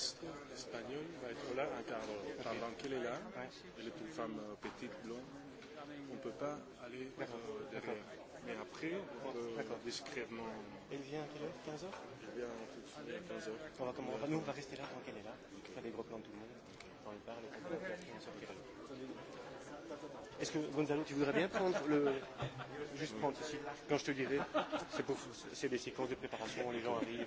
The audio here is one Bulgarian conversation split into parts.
ministre espagnol va être là un quart d'heure. Pendant qu'elle est là, elle est une femme petite, blonde, on ne peut pas aller euh, derrière. Mais après, on peut discrètement. Elle vient à quelle heure 15 heures Elle vient tout de suite à 15 heures. On va, comment, nous, on va rester là tant qu'elle est là, On okay. faire des gros plans de tout le monde, quand elle parle, et puis après on sortira. Est-ce que Gonzalo, tu voudrais bien prendre le. Juste prendre ici. Quand je te dirai, c'est des séquences de préparation, les gens arrivent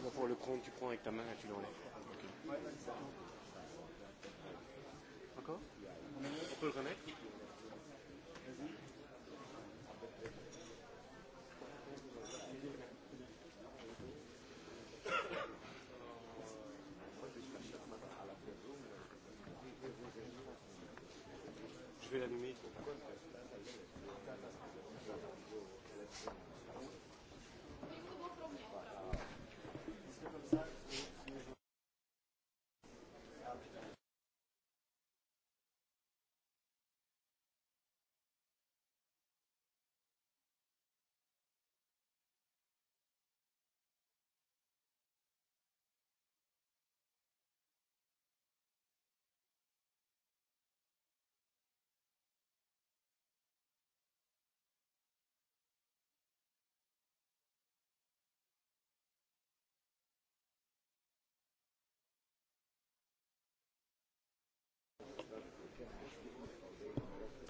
tu vas pouvoir le prendre, tu prends avec ta main et tu l'enlèves. Okay. Encore On peut le remettre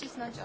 nacisnąć 8.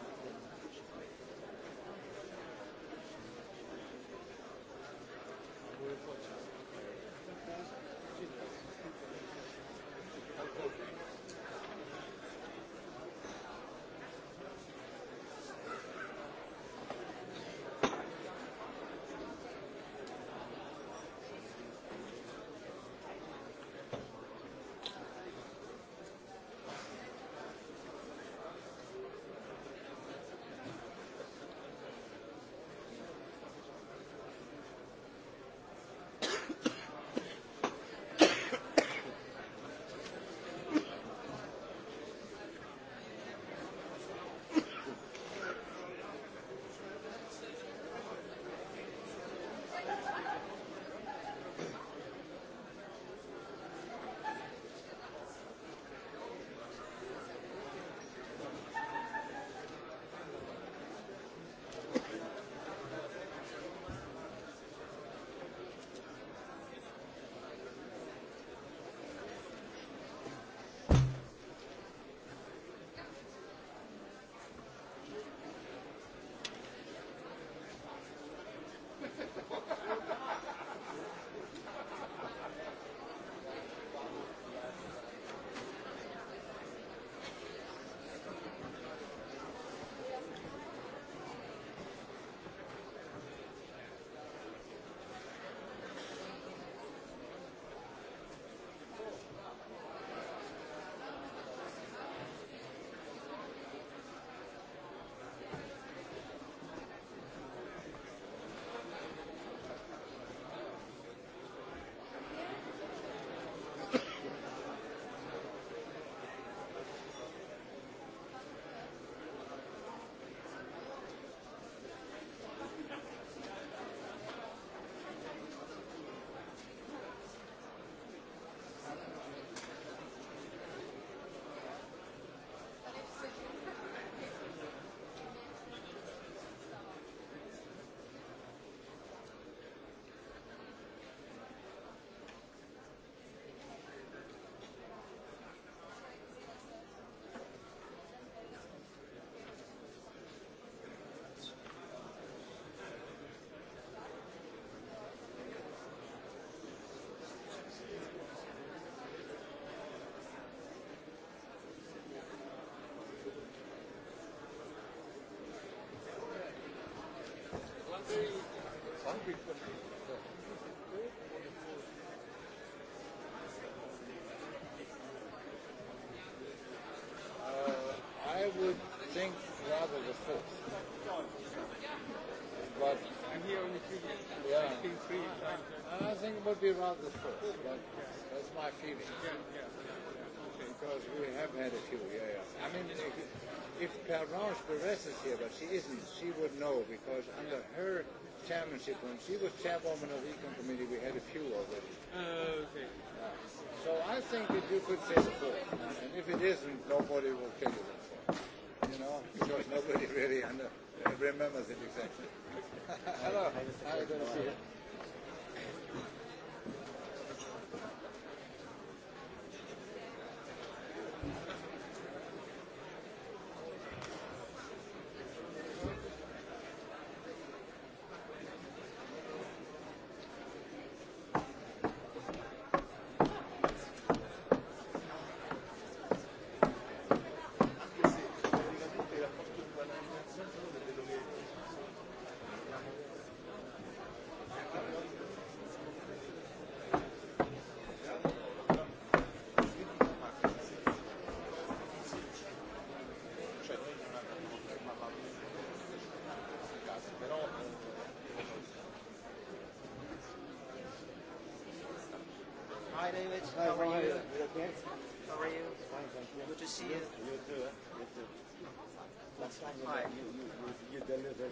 I would think rather the fourth. But I'm here only three years. Yeah. I think it would be rather the fourth. But that's my feeling. Yeah, yeah because we have had a few, yeah, yeah. I mean, if, if Perez is here, but she isn't, she would know because under her chairmanship, when she was chairwoman of the Econ Committee, we had a few already. Uh, okay. Yeah. So I think that you could say the four. And if it isn't, nobody will tell you that You know, because nobody really under, remembers it exactly. Hello. Hi, good to see it? David. how, are you? How are you? thank you. Good to see you. You too. You too. Last time you, delivered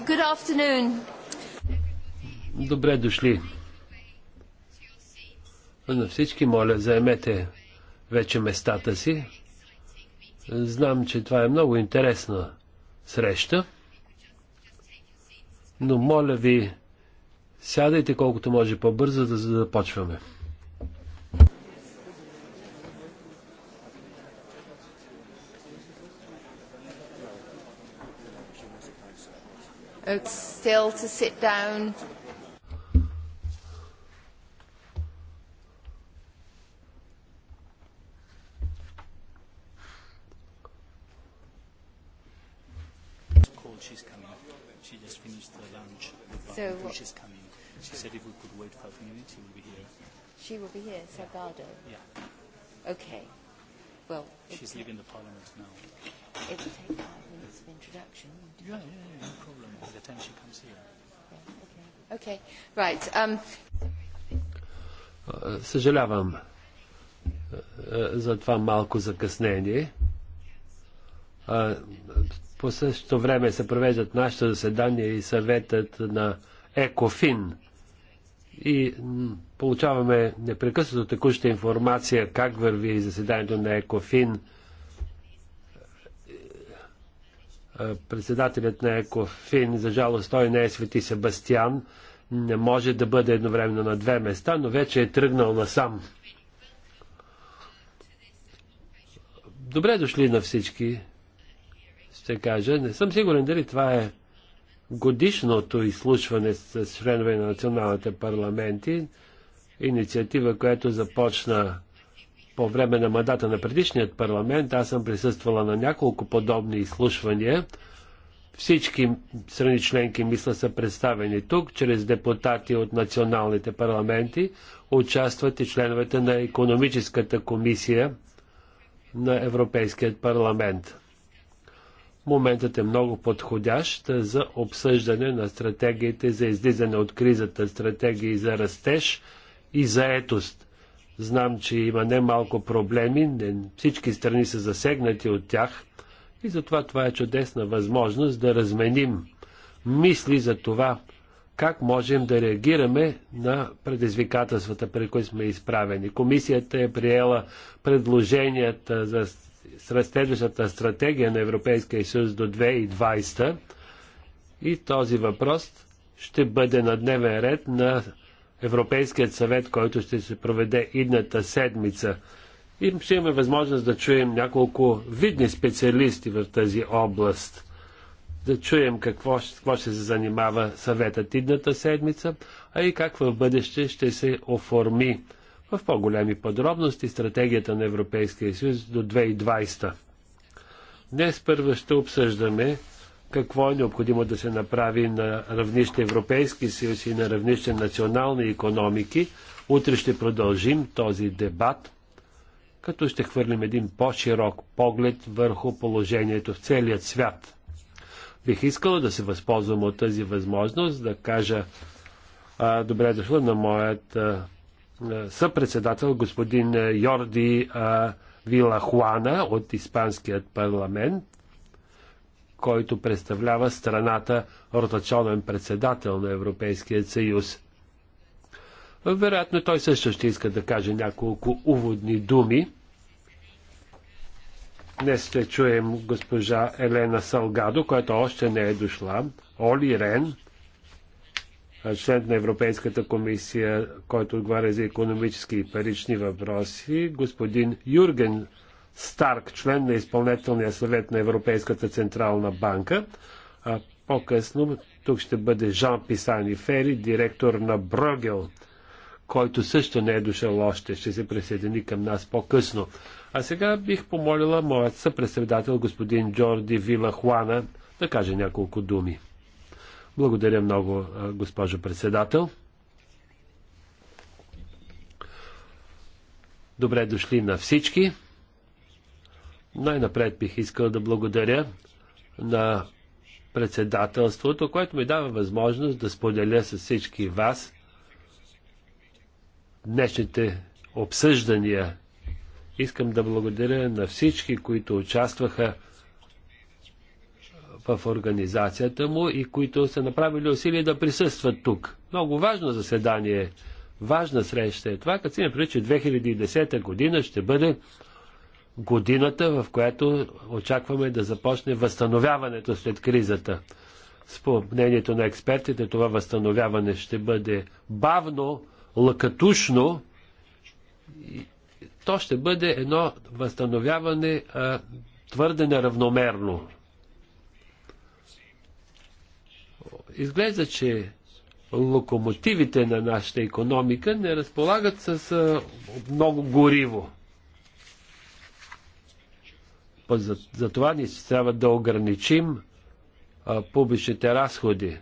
Good afternoon. Добре дошли. На всички моля, заемете вече местата си. Знам, че това е много интересна среща, но моля ви, сядайте колкото може по-бързо, за да започваме. still, to sit down. She's coming. She just finished the lunch. So She's coming. She said if we could wait five minutes, she will be here. She will be here, Salgado. Yeah. Okay. Well. She's leaving the parliament now. It will take five minutes of introduction. Yeah, yeah, yeah. Okay. Right. Um... Съжалявам за това малко закъснение. По същото време се провеждат нашите заседания и съветът на ЕКОФИН. И получаваме непрекъснато текуща информация как върви заседанието на ЕКОФИН – председателят на Екофин, за жалост той не е Свети Себастиан, не може да бъде едновременно на две места, но вече е тръгнал насам. Добре дошли на всички, ще кажа. Не съм сигурен дали това е годишното изслушване с членове на националните парламенти, инициатива, която започна по време на мандата на предишният парламент аз съм присъствала на няколко подобни изслушвания. Всички страни членки, мисля, са представени тук, чрез депутати от националните парламенти, участват и членовете на економическата комисия на Европейският парламент. Моментът е много подходящ за обсъждане на стратегиите за излизане от кризата, стратегии за растеж и заетост – Знам, че има немалко проблеми, не, всички страни са засегнати от тях и затова това е чудесна възможност да разменим мисли за това, как можем да реагираме на предизвикателствата, при които сме изправени. Комисията е приела предложенията за следващата стратегия на Европейския съюз до 2020 и този въпрос ще бъде на дневен ред на Европейският съвет, който ще се проведе идната седмица. И ще имаме възможност да чуем няколко видни специалисти в тази област. Да чуем какво, какво ще се занимава съветът идната седмица, а и как в бъдеще ще се оформи в по-големи подробности стратегията на Европейския съюз до 2020. Днес първо ще обсъждаме какво е необходимо да се направи на равнище Европейски съюз и на равнище национални економики. Утре ще продължим този дебат, като ще хвърлим един по-широк поглед върху положението в целият свят. Бих искала да се възползвам от тази възможност да кажа а, добре дошла на моят а, съпредседател господин Йорди а, Вилахуана от Испанският парламент който представлява страната ротационен председател на Европейския съюз. Вероятно той също ще иска да каже няколко уводни думи. Днес ще чуем госпожа Елена Салгадо, която още не е дошла, Оли Рен, член на Европейската комисия, който отговаря за економически и парични въпроси, господин Юрген Старк, член на изпълнителния съвет на Европейската централна банка. А по-късно тук ще бъде Жан Писани Фери, директор на Брогел, който също не е дошъл още. Ще се присъедини към нас по-късно. А сега бих помолила моят съпредседател господин Джорди Вила Хуана да каже няколко думи. Благодаря много, госпожо председател. Добре дошли на всички. Най-напред бих искал да благодаря на председателството, което ми дава възможност да споделя с всички вас днешните обсъждания. Искам да благодаря на всички, които участваха в организацията му и които са направили усилия да присъстват тук. Много важно заседание, важна среща е това, като си напред, че 2010 година ще бъде годината, в която очакваме да започне възстановяването след кризата. По мнението на експертите, това възстановяване ще бъде бавно, лъкатушно. То ще бъде едно възстановяване а, твърде неравномерно. Изглежда, че локомотивите на нашата економика не разполагат с а, много гориво. За, за това ни трябва да ограничим а, публичните разходи.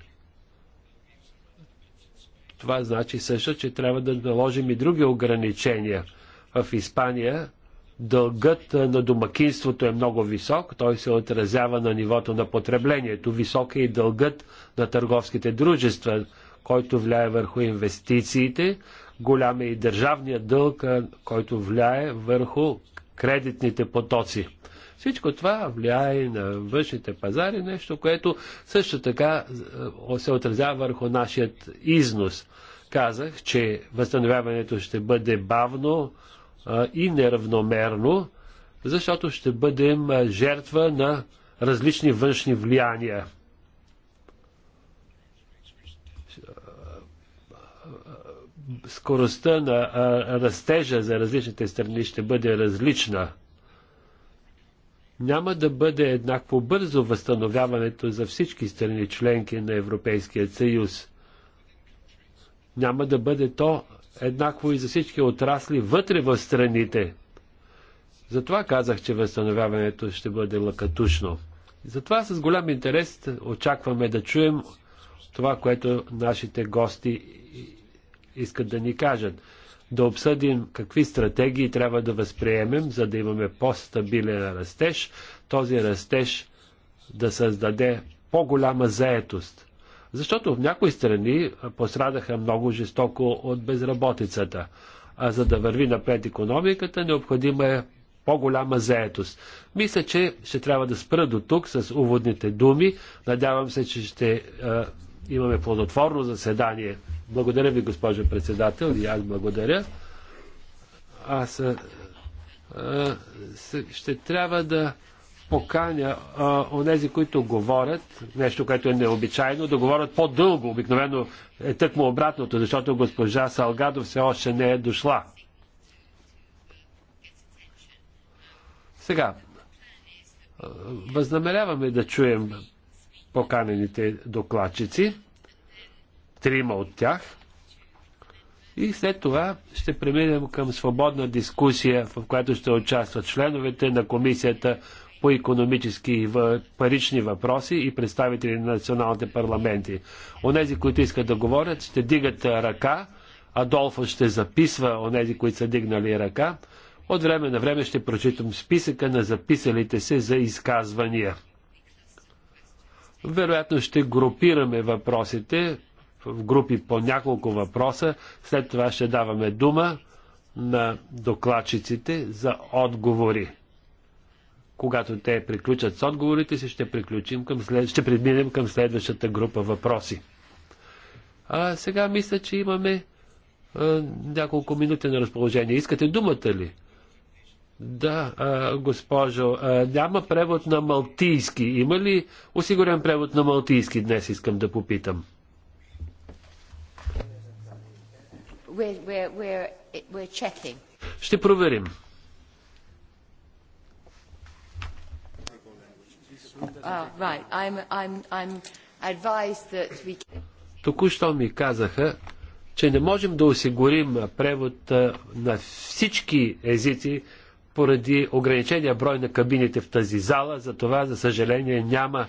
Това значи също, че трябва да наложим и други ограничения. В Испания дългът на домакинството е много висок, той се отразява на нивото на потреблението. Висок е и дългът на търговските дружества, който влияе върху инвестициите. Голям е и държавният дълг, който влияе върху кредитните потоци. Всичко това влияе на външните пазари, нещо, което също така е, се отразява върху нашият износ. Казах, че възстановяването ще бъде бавно и неравномерно, защото ще бъдем жертва на различни външни влияния. скоростта на растежа за различните страни ще бъде различна няма да бъде еднакво бързо възстановяването за всички страни членки на Европейския съюз. Няма да бъде то еднакво и за всички отрасли вътре в страните. Затова казах, че възстановяването ще бъде лакатушно. Затова с голям интерес очакваме да чуем това, което нашите гости искат да ни кажат да обсъдим какви стратегии трябва да възприемем, за да имаме по-стабилен растеж, този растеж да създаде по-голяма заетост. Защото в някои страни пострадаха много жестоко от безработицата. А за да върви напред економиката, необходима е по-голяма заетост. Мисля, че ще трябва да спра до тук с уводните думи. Надявам се, че ще имаме плодотворно заседание. Благодаря ви, госпожо председател, и аз благодаря. Аз а, ще трябва да поканя а, онези, които говорят, нещо, което е необичайно, да говорят по-дълго. Обикновено е тъкмо обратното, защото госпожа Салгадо все още не е дошла. Сега, възнамеряваме да чуем поканените докладчици, трима от тях. И след това ще преминем към свободна дискусия, в която ще участват членовете на комисията по економически и парични въпроси и представители на националните парламенти. Онези, които искат да говорят, ще дигат ръка. Адолфо ще записва онези, които са дигнали ръка. От време на време ще прочитам списъка на записалите се за изказвания. Вероятно ще групираме въпросите в групи по няколко въпроса. След това ще даваме дума на докладчиците за отговори. Когато те приключат с отговорите си, ще, приключим към след... ще предминем към следващата група въпроси. А сега мисля, че имаме а, няколко минути на разположение. Искате думата ли? Да, госпожо, няма превод на малтийски. Има ли осигурен превод на малтийски днес, искам да попитам? Ще проверим. Току-що ми казаха, че не можем да осигурим превод на всички езици, поради ограничения брой на кабините в тази зала, за това, за съжаление, няма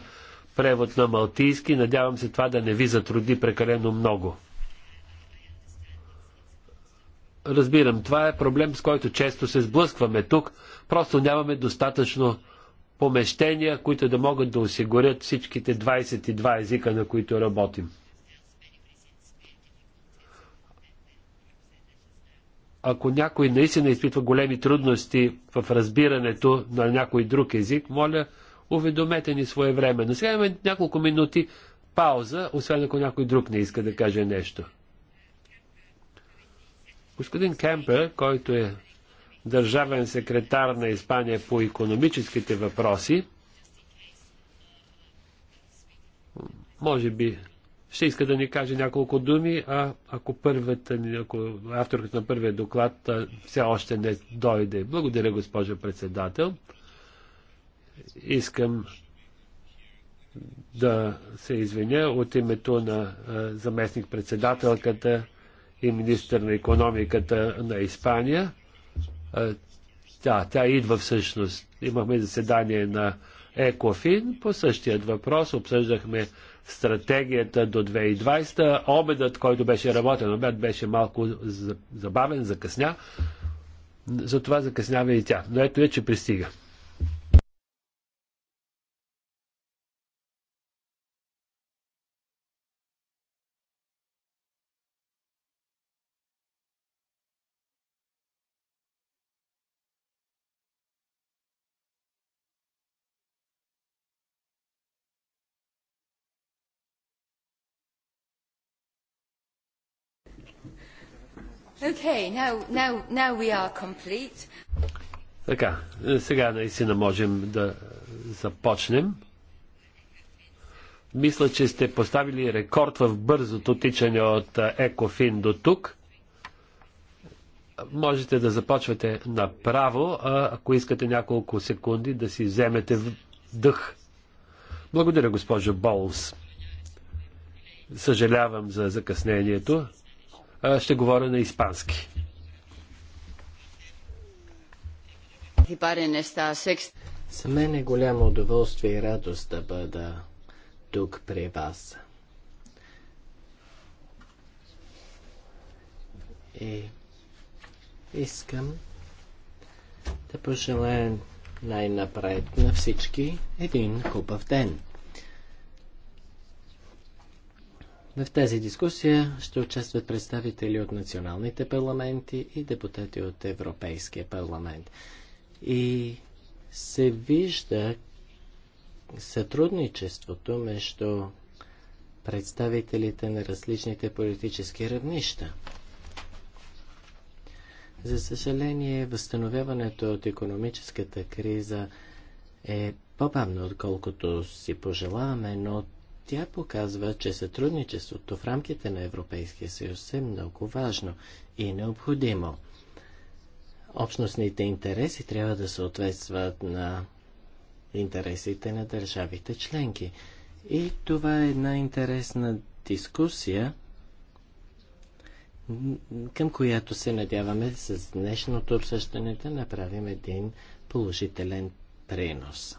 превод на малтийски. Надявам се това да не ви затруди прекалено много. Разбирам, това е проблем, с който често се сблъскваме тук. Просто нямаме достатъчно помещения, които да могат да осигурят всичките 22 езика, на които работим. ако някой наистина изпитва големи трудности в разбирането на някой друг език, моля, уведомете ни свое време. Но. Сега имаме няколко минути пауза, освен ако някой друг не иска да каже нещо. Господин Кемпер, който е държавен секретар на Испания по економическите въпроси, може би ще иска да ни каже няколко думи, а ако, първата, ако авторът на първия доклад все още не дойде. Благодаря, госпожо председател. Искам да се извиня от името на заместник-председателката и министър на економиката на Испания. Тя, тя идва всъщност. Имахме заседание на Екофин по същият въпрос. Обсъждахме стратегията до 2020. Обедът, който беше работен обед, беше малко забавен, закъсня. Затова закъснява и тя. Но ето е, че пристига. Okay, now, now, now we are complete. Така, е, сега наистина можем да започнем. Мисля, че сте поставили рекорд в бързото тичане от е, Екофин до тук. Можете да започвате направо, ако искате няколко секунди да си вземете дъх. Благодаря, госпожо Болс. Съжалявам за закъснението ще говоря на испански. За мен е голямо удоволствие и радост да бъда тук при вас. И искам да пожелая най-напред на всички един хубав ден. В тази дискусия ще участват представители от националните парламенти и депутати от Европейския парламент. И се вижда сътрудничеството между представителите на различните политически равнища. За съжаление, възстановяването от економическата криза е по-бавно, отколкото си пожелаваме, но тя показва, че сътрудничеството в рамките на Европейския съюз е много важно и необходимо. Общностните интереси трябва да съответстват на интересите на държавите членки. И това е една интересна дискусия, към която се надяваме с днешното обсъждане да направим един положителен принос.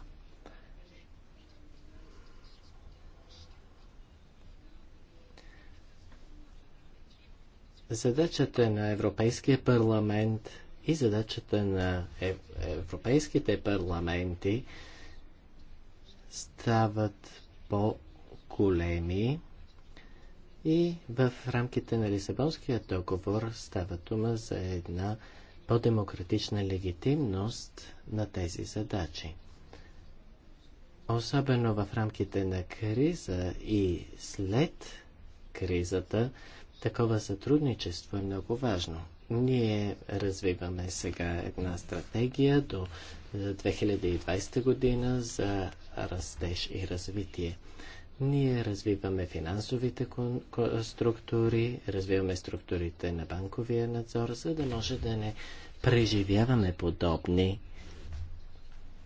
задачата на Европейския парламент и задачата на европейските парламенти стават по-големи и в рамките на Лисабонския договор става дума за една по-демократична легитимност на тези задачи. Особено в рамките на криза и след кризата, Такова сътрудничество е много важно. Ние развиваме сега една стратегия до 2020 е, година за растеж и развитие. Ние развиваме финансовите структури, развиваме структурите на банковия надзор, за да може да не преживяваме подобни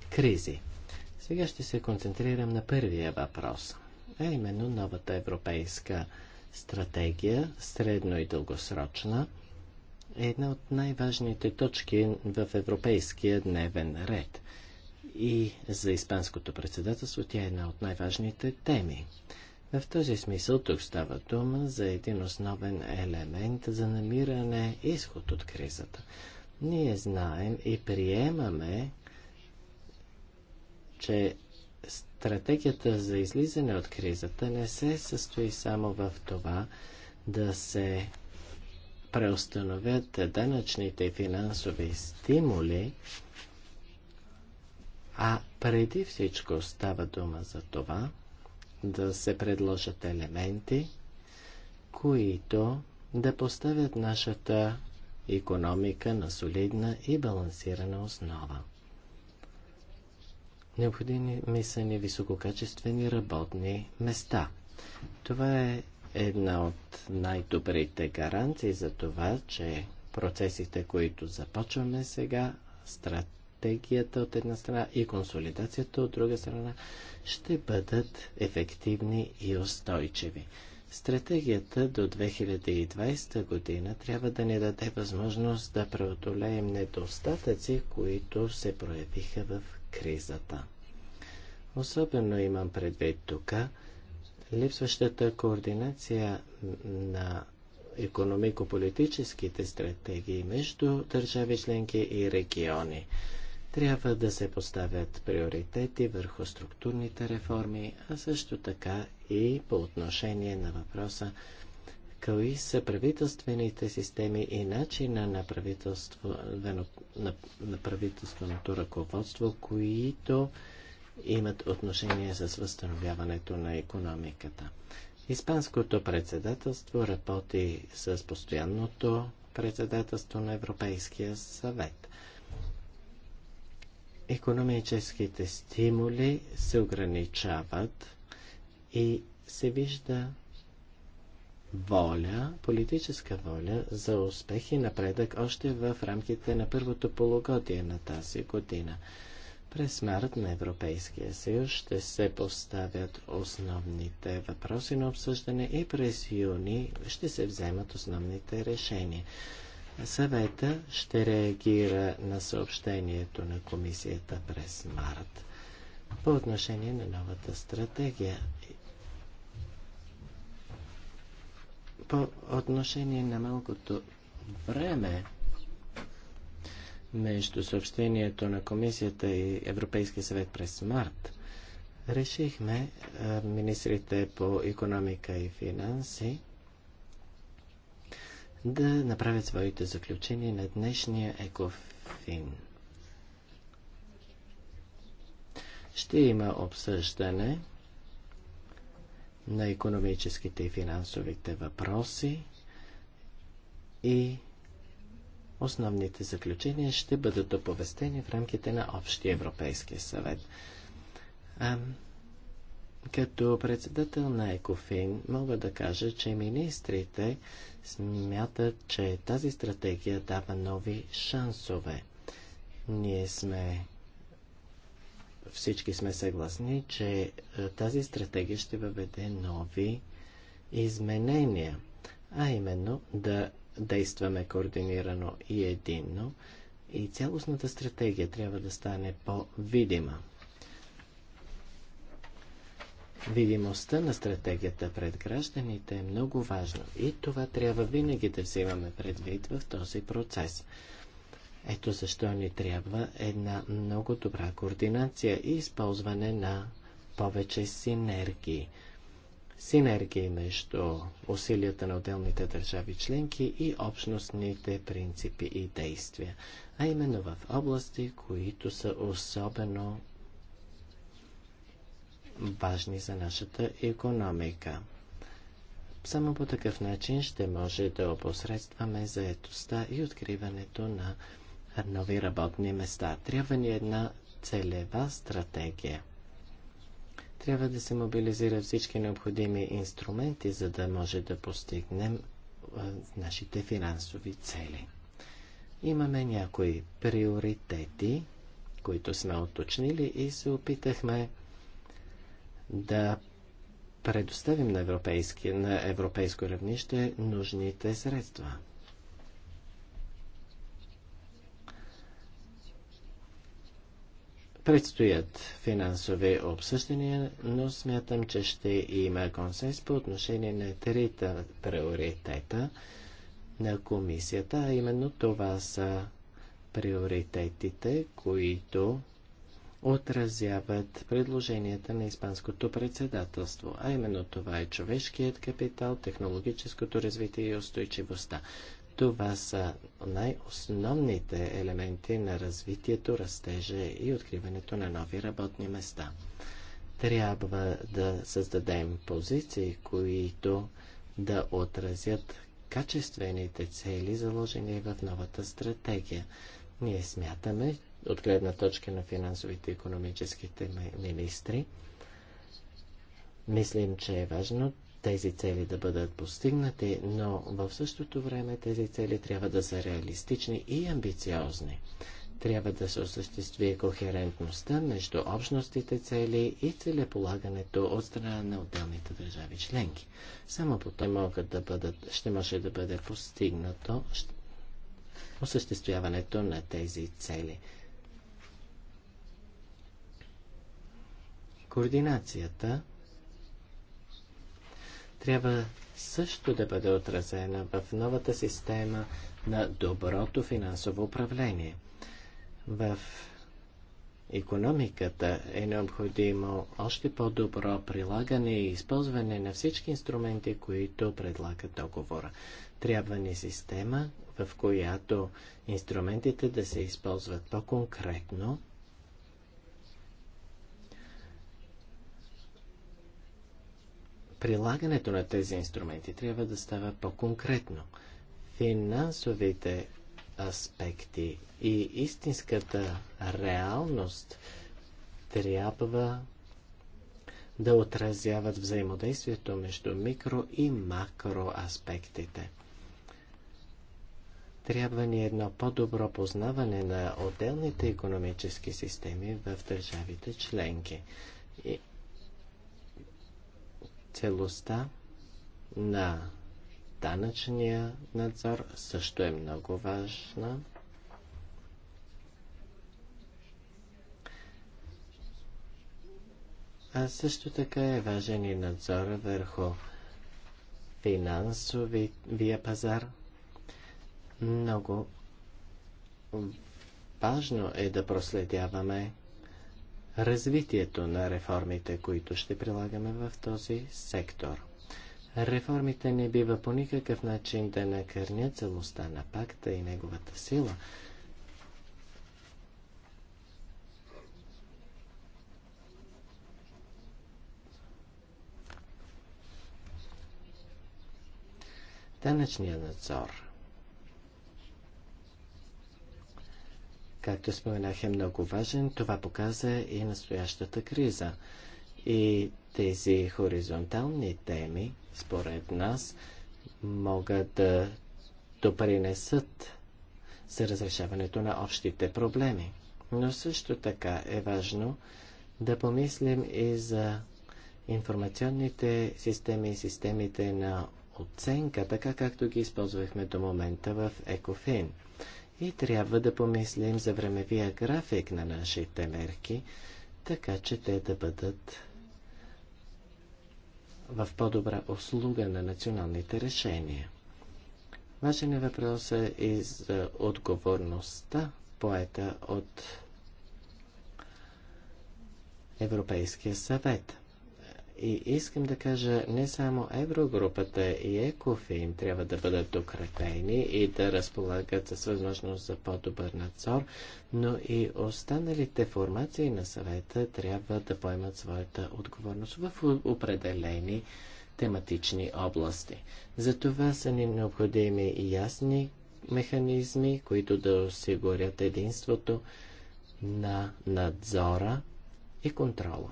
кризи. Сега ще се концентрирам на първия въпрос, а именно новата европейска стратегия, средно и дългосрочна, е една от най-важните точки в европейския дневен ред. И за Испанското председателство тя е една от най-важните теми. В този смисъл тук става дума за един основен елемент за намиране изход от кризата. Ние знаем и приемаме, че стратегията за излизане от кризата не се състои само в това да се преустановят данъчните и финансови стимули, а преди всичко става дума за това да се предложат елементи, които да поставят нашата економика на солидна и балансирана основа. Необходими са ни висококачествени работни места. Това е една от най-добрите гаранции за това, че процесите, които започваме сега, стратегията от една страна и консолидацията от друга страна, ще бъдат ефективни и устойчиви. Стратегията до 2020 година трябва да ни даде възможност да преодолеем недостатъци, които се проявиха в кризата. Особено имам предвид тук липсващата координация на економико-политическите стратегии между държави членки и региони. Трябва да се поставят приоритети върху структурните реформи, а също така и по отношение на въпроса кои са правителствените системи и начина на, правителство, на, на, на правителственото ръководство, които имат отношение с възстановяването на економиката. Испанското председателство работи с постоянното председателство на Европейския съвет. Економическите стимули се ограничават и се вижда воля, политическа воля за успех и напредък още в рамките на първото полугодие на тази година. През март на Европейския съюз ще се поставят основните въпроси на обсъждане и през юни ще се вземат основните решения. Съвета ще реагира на съобщението на комисията през март по отношение на новата стратегия. По отношение на малкото време между съобщението на комисията и Европейския съвет през март, решихме министрите по економика и финанси да направят своите заключения на днешния екофин. Ще има обсъждане на економическите и финансовите въпроси и основните заключения ще бъдат оповестени в рамките на Общия Европейски съвет. А, като председател на ЕКОФИН мога да кажа, че министрите смятат, че тази стратегия дава нови шансове. Ние сме всички сме съгласни, че е, тази стратегия ще въведе нови изменения, а именно да действаме координирано и единно и цялостната стратегия трябва да стане по-видима. Видимостта на стратегията пред гражданите е много важна и това трябва винаги да взимаме предвид в този процес. Ето защо ни трябва една много добра координация и използване на повече синергии. Синергии между усилията на отделните държави членки и общностните принципи и действия, а именно в области, които са особено важни за нашата економика. Само по такъв начин ще може да опосредстваме заетостта и откриването на нови работни места. Трябва ни една целева стратегия. Трябва да се мобилизират всички необходими инструменти, за да може да постигнем нашите финансови цели. Имаме някои приоритети, които сме оточнили и се опитахме да предоставим на, европейски, на европейско равнище нужните средства. Предстоят финансови обсъждания, но смятам, че ще има консенс по отношение на трите приоритета на комисията, а именно това са приоритетите, които отразяват предложенията на Испанското председателство, а именно това е човешкият капитал, технологическото развитие и устойчивостта. Това са най-основните елементи на развитието, растежа и откриването на нови работни места. Трябва да създадем позиции, които да отразят качествените цели, заложени в новата стратегия. Ние смятаме, от гледна точка на финансовите и економическите министри, мислим, че е важно тези цели да бъдат постигнати, но в същото време тези цели трябва да са реалистични и амбициозни. Трябва да се осъществи кохерентността между общностите цели и целеполагането от страна на отделните държави членки. Само по това могат да бъдат, ще може да бъде постигнато осъществяването на тези цели. Координацията трябва също да бъде отразена в новата система на доброто финансово управление. В економиката е необходимо още по-добро прилагане и използване на всички инструменти, които предлагат договора. Трябва ни система, в която инструментите да се използват по-конкретно прилагането на тези инструменти трябва да става по-конкретно. Финансовите аспекти и истинската реалност трябва да отразяват взаимодействието между микро и макро аспектите. Трябва ни едно по-добро познаване на отделните економически системи в държавите членки. И целостта на данъчния надзор също е много важна. А също така е важен и надзор върху финансовия пазар. Много важно е да проследяваме развитието на реформите, които ще прилагаме в този сектор. Реформите не бива по никакъв начин да накърнят целостта на пакта и неговата сила. Данъчният надзор както споменах, е много важен. Това показа и настоящата криза. И тези хоризонтални теми, според нас, могат да допринесат за разрешаването на общите проблеми. Но също така е важно да помислим и за информационните системи и системите на оценка, така както ги използвахме до момента в ЕКОФИН и трябва да помислим за времевия график на нашите мерки, така че те да бъдат в по-добра услуга на националните решения. Важен е въпросът и за отговорността, поета от Европейския съвет – и искам да кажа, не само Еврогрупата и Екофин трябва да бъдат укрепени и да разполагат с възможност за по-добър надзор, но и останалите формации на съвета трябва да поемат своята отговорност в определени тематични области. За това са ни необходими и ясни механизми, които да осигурят единството на надзора и контрола.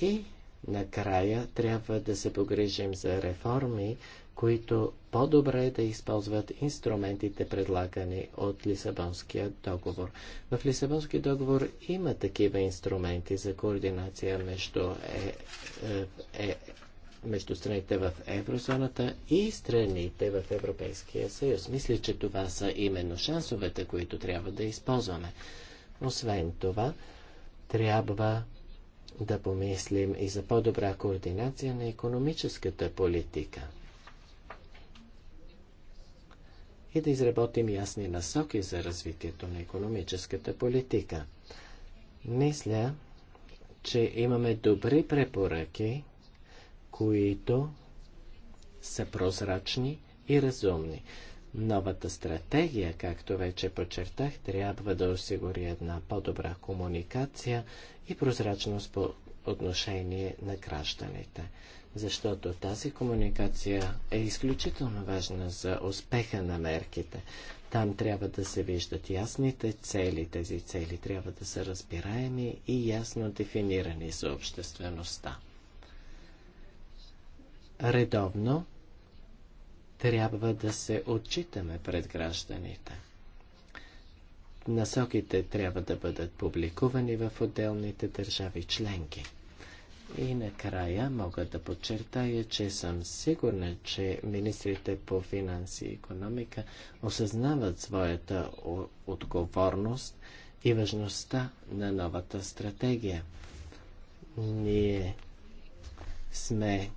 И Накрая трябва да се погрижим за реформи, които по-добре да използват инструментите предлагани от Лисабонския договор. В Лисабонския договор има такива инструменти за координация между, е, е, е, между страните в еврозоната и страните в Европейския съюз. Мисля, че това са именно шансовете, които трябва да използваме. Освен това, трябва да помислим и за по-добра координация на економическата политика. И да изработим ясни насоки за развитието на економическата политика. Мисля, че имаме добри препоръки, които са прозрачни и разумни. Новата стратегия, както вече подчертах, трябва да осигури една по-добра комуникация и прозрачност по отношение на гражданите, защото тази комуникация е изключително важна за успеха на мерките. Там трябва да се виждат ясните цели. Тези цели трябва да са разбираеми и ясно дефинирани за обществеността. Редовно трябва да се отчитаме пред гражданите. Насоките трябва да бъдат публикувани в отделните държави членки. И накрая мога да подчертая, че съм сигурна, че министрите по финанси и економика осъзнават своята отговорност и важността на новата стратегия. Ние сме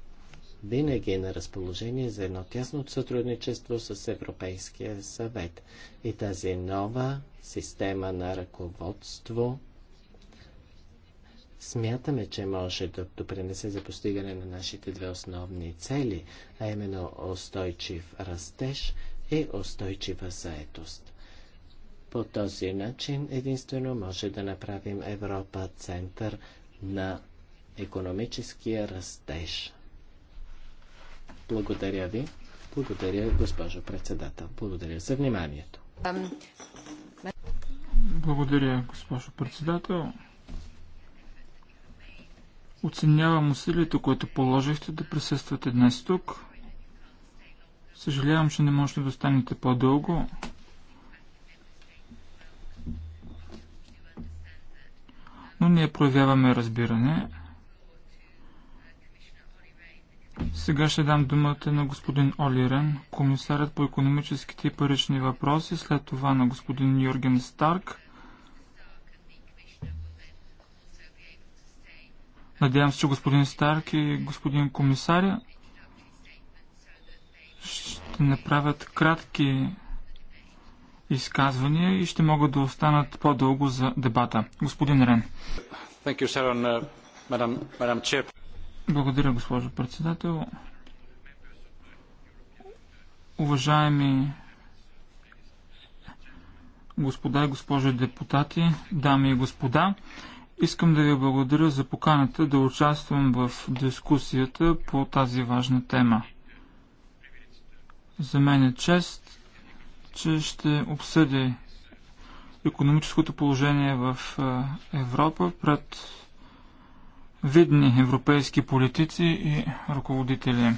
винаги е на разположение за едно тясно сътрудничество с Европейския съвет. И тази нова система на ръководство смятаме, че може да допринесе за постигане на нашите две основни цели, а именно устойчив растеж и устойчива заетост. По този начин единствено може да направим Европа център на економическия растеж. Благодаря ви. Благодаря, госпожо председател. Благодаря за вниманието. Благодаря, госпожо председател. Оценявам усилието, което положихте да присъствате днес тук. Съжалявам, че не можете да останете по-дълго. Но ние проявяваме разбиране. Сега ще дам думата на господин Олирен, комисарът по економическите и парични въпроси, след това на господин Йорген Старк. Надявам се, че господин Старк и господин комисаря ще направят кратки изказвания и ще могат да останат по-дълго за дебата. Господин Рен. Uh, благодаря, госпожо председател. Уважаеми господа и госпожи депутати, дами и господа, искам да ви благодаря за поканата да участвам в дискусията по тази важна тема. За мен е чест, че ще обсъдя економическото положение в е, Европа пред видни европейски политици и ръководители.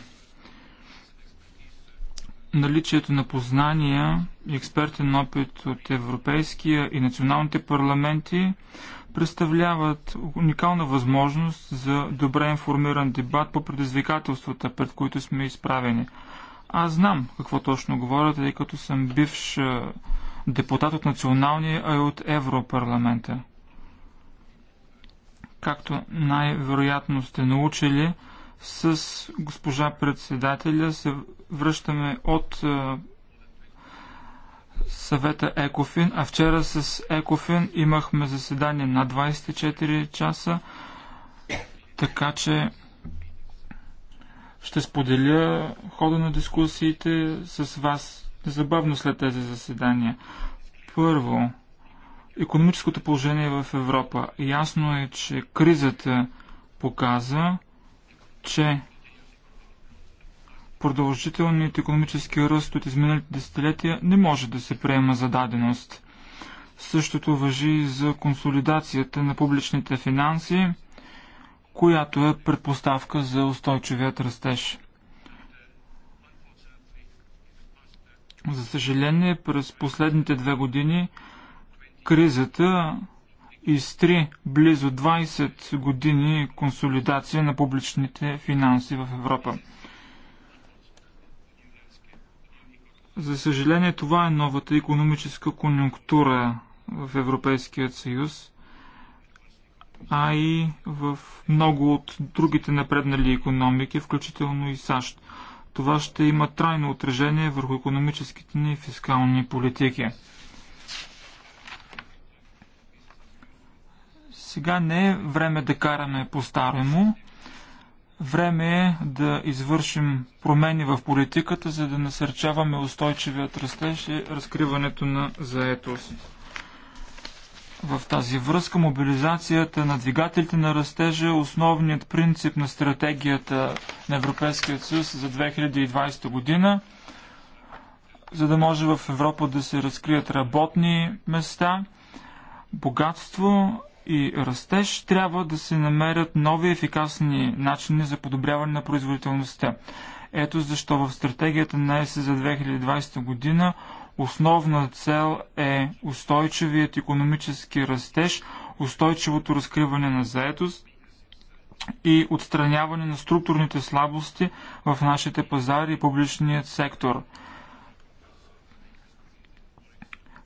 Наличието на познания и експертен опит от европейския и националните парламенти представляват уникална възможност за добре информиран дебат по предизвикателствата, пред които сме изправени. Аз знам какво точно говоря, тъй като съм бивш депутат от националния, а и от Европарламента. Както най-вероятно сте научили, с госпожа председателя се връщаме от е, съвета Екофин, а вчера с Екофин имахме заседание на 24 часа, така че ще споделя хода на дискусиите с вас незабавно след тези заседания. Първо, економическото положение в Европа. Ясно е, че кризата показа, че продължителният економически ръст от изминалите десетилетия не може да се приема за даденост. Същото въжи и за консолидацията на публичните финанси, която е предпоставка за устойчивият растеж. За съжаление, през последните две години – Кризата изтри близо 20 години консолидация на публичните финанси в Европа. За съжаление, това е новата економическа конюнктура в Европейския съюз, а и в много от другите напреднали економики, включително и САЩ. Това ще има трайно отражение върху економическите ни фискални политики. Сега не е време да караме по-старому. Време е да извършим промени в политиката, за да насърчаваме устойчивият растеж и разкриването на заетост. В тази връзка мобилизацията на двигателите на растежа е основният принцип на стратегията на Европейския съюз за 2020 година, за да може в Европа да се разкрият работни места, богатство, и растеж, трябва да се намерят нови ефикасни начини за подобряване на производителността. Ето защо в стратегията на ЕС за 2020 година основна цел е устойчивият економически растеж, устойчивото разкриване на заетост и отстраняване на структурните слабости в нашите пазари и публичният сектор –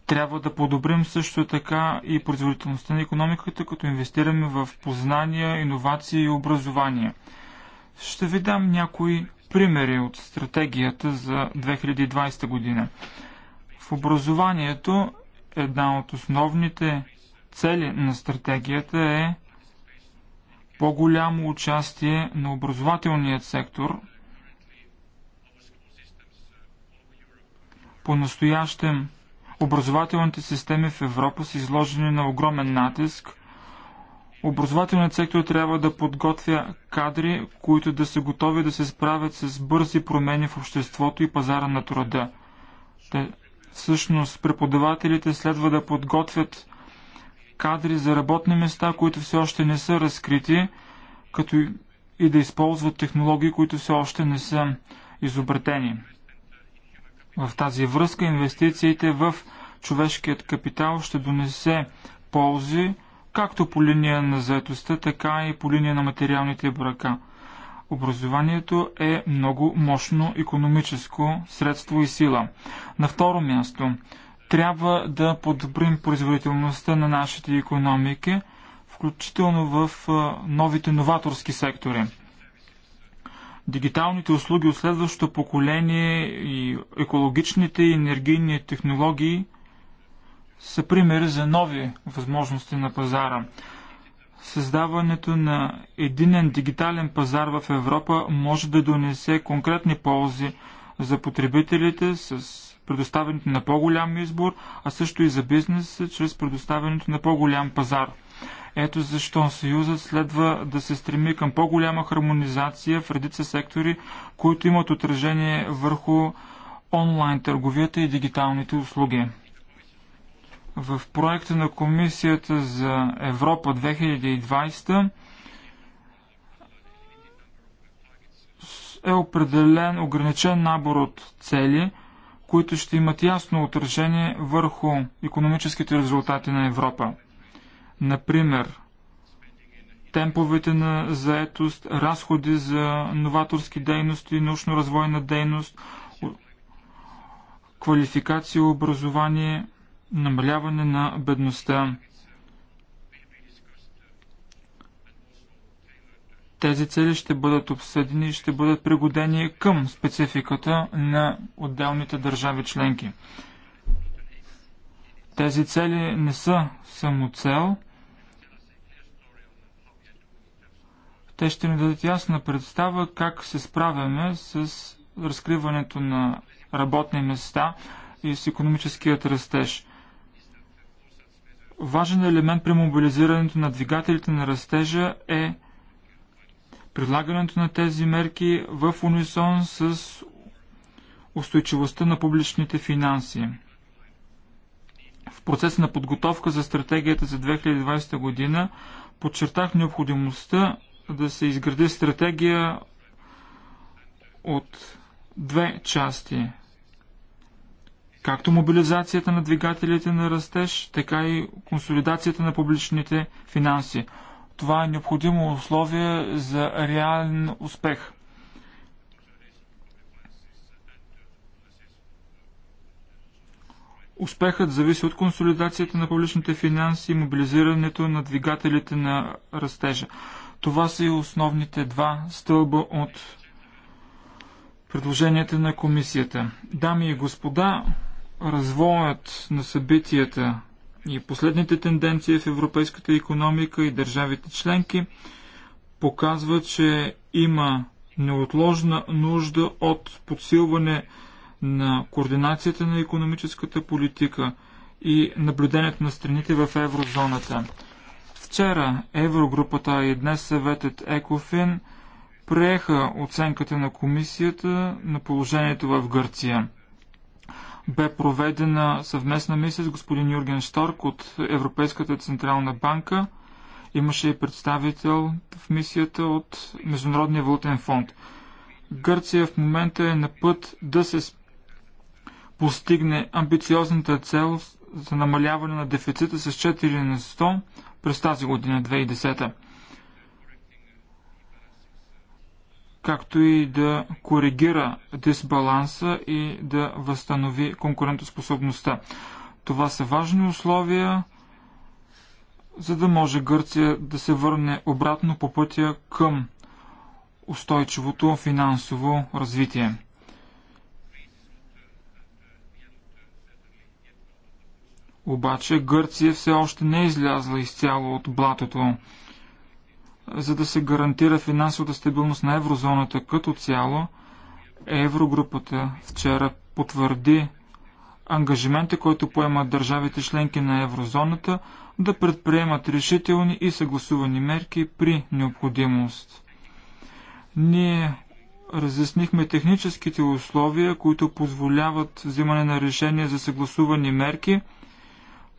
Трябва да подобрим също така и производителността на економиката, като инвестираме в познания, иновации и образование. Ще ви дам някои примери от стратегията за 2020 година. В образованието една от основните цели на стратегията е по-голямо участие на образователният сектор. По-настоящем Образователните системи в Европа са изложени на огромен натиск. Образователният сектор трябва да подготвя кадри, които да са готови да се справят с бързи промени в обществото и пазара на труда. Те, всъщност, преподавателите следва да подготвят кадри за работни места, които все още не са разкрити, като и да използват технологии, които все още не са изобретени. В тази връзка инвестициите в човешкият капитал ще донесе ползи както по линия на заетостта, така и по линия на материалните брака. Образованието е много мощно економическо средство и сила. На второ място, трябва да подобрим производителността на нашите економики, включително в новите новаторски сектори дигиталните услуги от следващото поколение и екологичните и енергийни технологии са примери за нови възможности на пазара. Създаването на единен дигитален пазар в Европа може да донесе конкретни ползи за потребителите с предоставянето на по-голям избор, а също и за бизнеса чрез предоставянето на по-голям пазар. Ето защо Съюзът следва да се стреми към по-голяма хармонизация в редица сектори, които имат отражение върху онлайн търговията и дигиталните услуги. В проекта на Комисията за Европа 2020 е определен ограничен набор от цели, които ще имат ясно отражение върху економическите резултати на Европа. Например, темповете на заетост, разходи за новаторски дейности, научно-развойна дейност, квалификация, образование, намаляване на бедността. Тези цели ще бъдат обсъдени и ще бъдат пригодени към спецификата на отделните държави членки. Тези цели не са само цел – Те ще ни дадат ясна представа как се справяме с разкриването на работни места и с економическият растеж. Важен елемент при мобилизирането на двигателите на растежа е прилагането на тези мерки в унисон с устойчивостта на публичните финанси. В процеса на подготовка за стратегията за 2020 година подчертах необходимостта да се изгради стратегия от две части. Както мобилизацията на двигателите на растеж, така и консолидацията на публичните финанси. Това е необходимо условие за реален успех. Успехът зависи от консолидацията на публичните финанси и мобилизирането на двигателите на растежа. Това са и основните два стълба от предложенията на комисията. Дами и господа, развоят на събитията и последните тенденции в европейската економика и държавите членки показва, че има неотложна нужда от подсилване на координацията на економическата политика и наблюдението на страните в еврозоната. Вчера Еврогрупата и днес съветът ЕКОФИН приеха оценката на комисията на положението в Гърция. Бе проведена съвместна мисия с господин Юрген Шторк от Европейската централна банка. Имаше и представител в мисията от Международния валутен фонд. Гърция в момента е на път да се постигне амбициозната цел за намаляване на дефицита с 4 на 100 през тази година, 2010. Както и да коригира дисбаланса и да възстанови конкурентоспособността. Това са важни условия, за да може Гърция да се върне обратно по пътя към устойчивото финансово развитие. Обаче Гърция все още не е излязла изцяло от блатото. За да се гарантира финансовата стабилност на еврозоната като цяло, еврогрупата вчера потвърди ангажимента, който поемат държавите членки на еврозоната, да предприемат решителни и съгласувани мерки при необходимост. Ние разяснихме техническите условия, които позволяват взимане на решения за съгласувани мерки –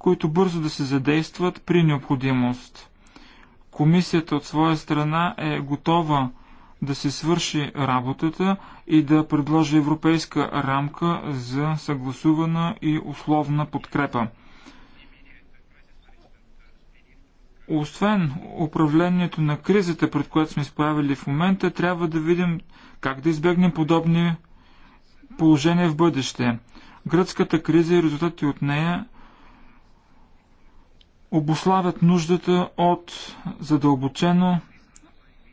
които бързо да се задействат при необходимост. Комисията от своя страна е готова да се свърши работата и да предложи европейска рамка за съгласувана и условна подкрепа. Освен управлението на кризата, пред която сме справили в момента, трябва да видим как да избегнем подобни положения в бъдеще. Гръцката криза и резултати от нея – обославят нуждата от задълбочено,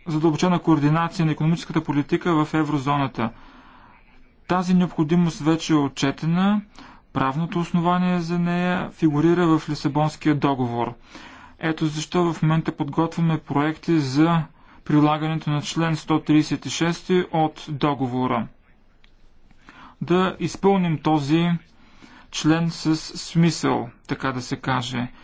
задълбочена координация на економическата политика в еврозоната. Тази необходимост вече е отчетена, правното основание за нея фигурира в Лисабонския договор. Ето защо в момента подготвяме проекти за прилагането на член 136 от договора. Да изпълним този член с смисъл, така да се каже –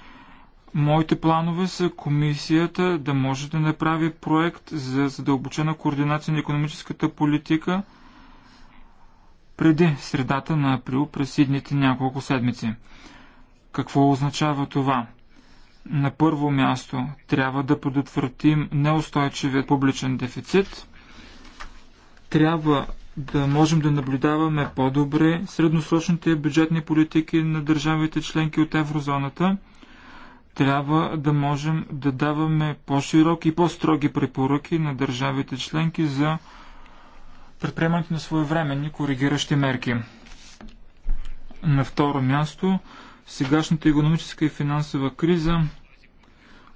Моите планове са комисията да може да направи проект за задълбочена координация на економическата политика преди средата на април през идните няколко седмици. Какво означава това? На първо място трябва да предотвратим неустойчивият публичен дефицит. Трябва да можем да наблюдаваме по-добре средносрочните бюджетни политики на държавите членки от еврозоната – трябва да можем да даваме по-широки и по-строги препоръки на държавите членки за предприемането на своевременни коригиращи мерки. На второ място, сегашната економическа и финансова криза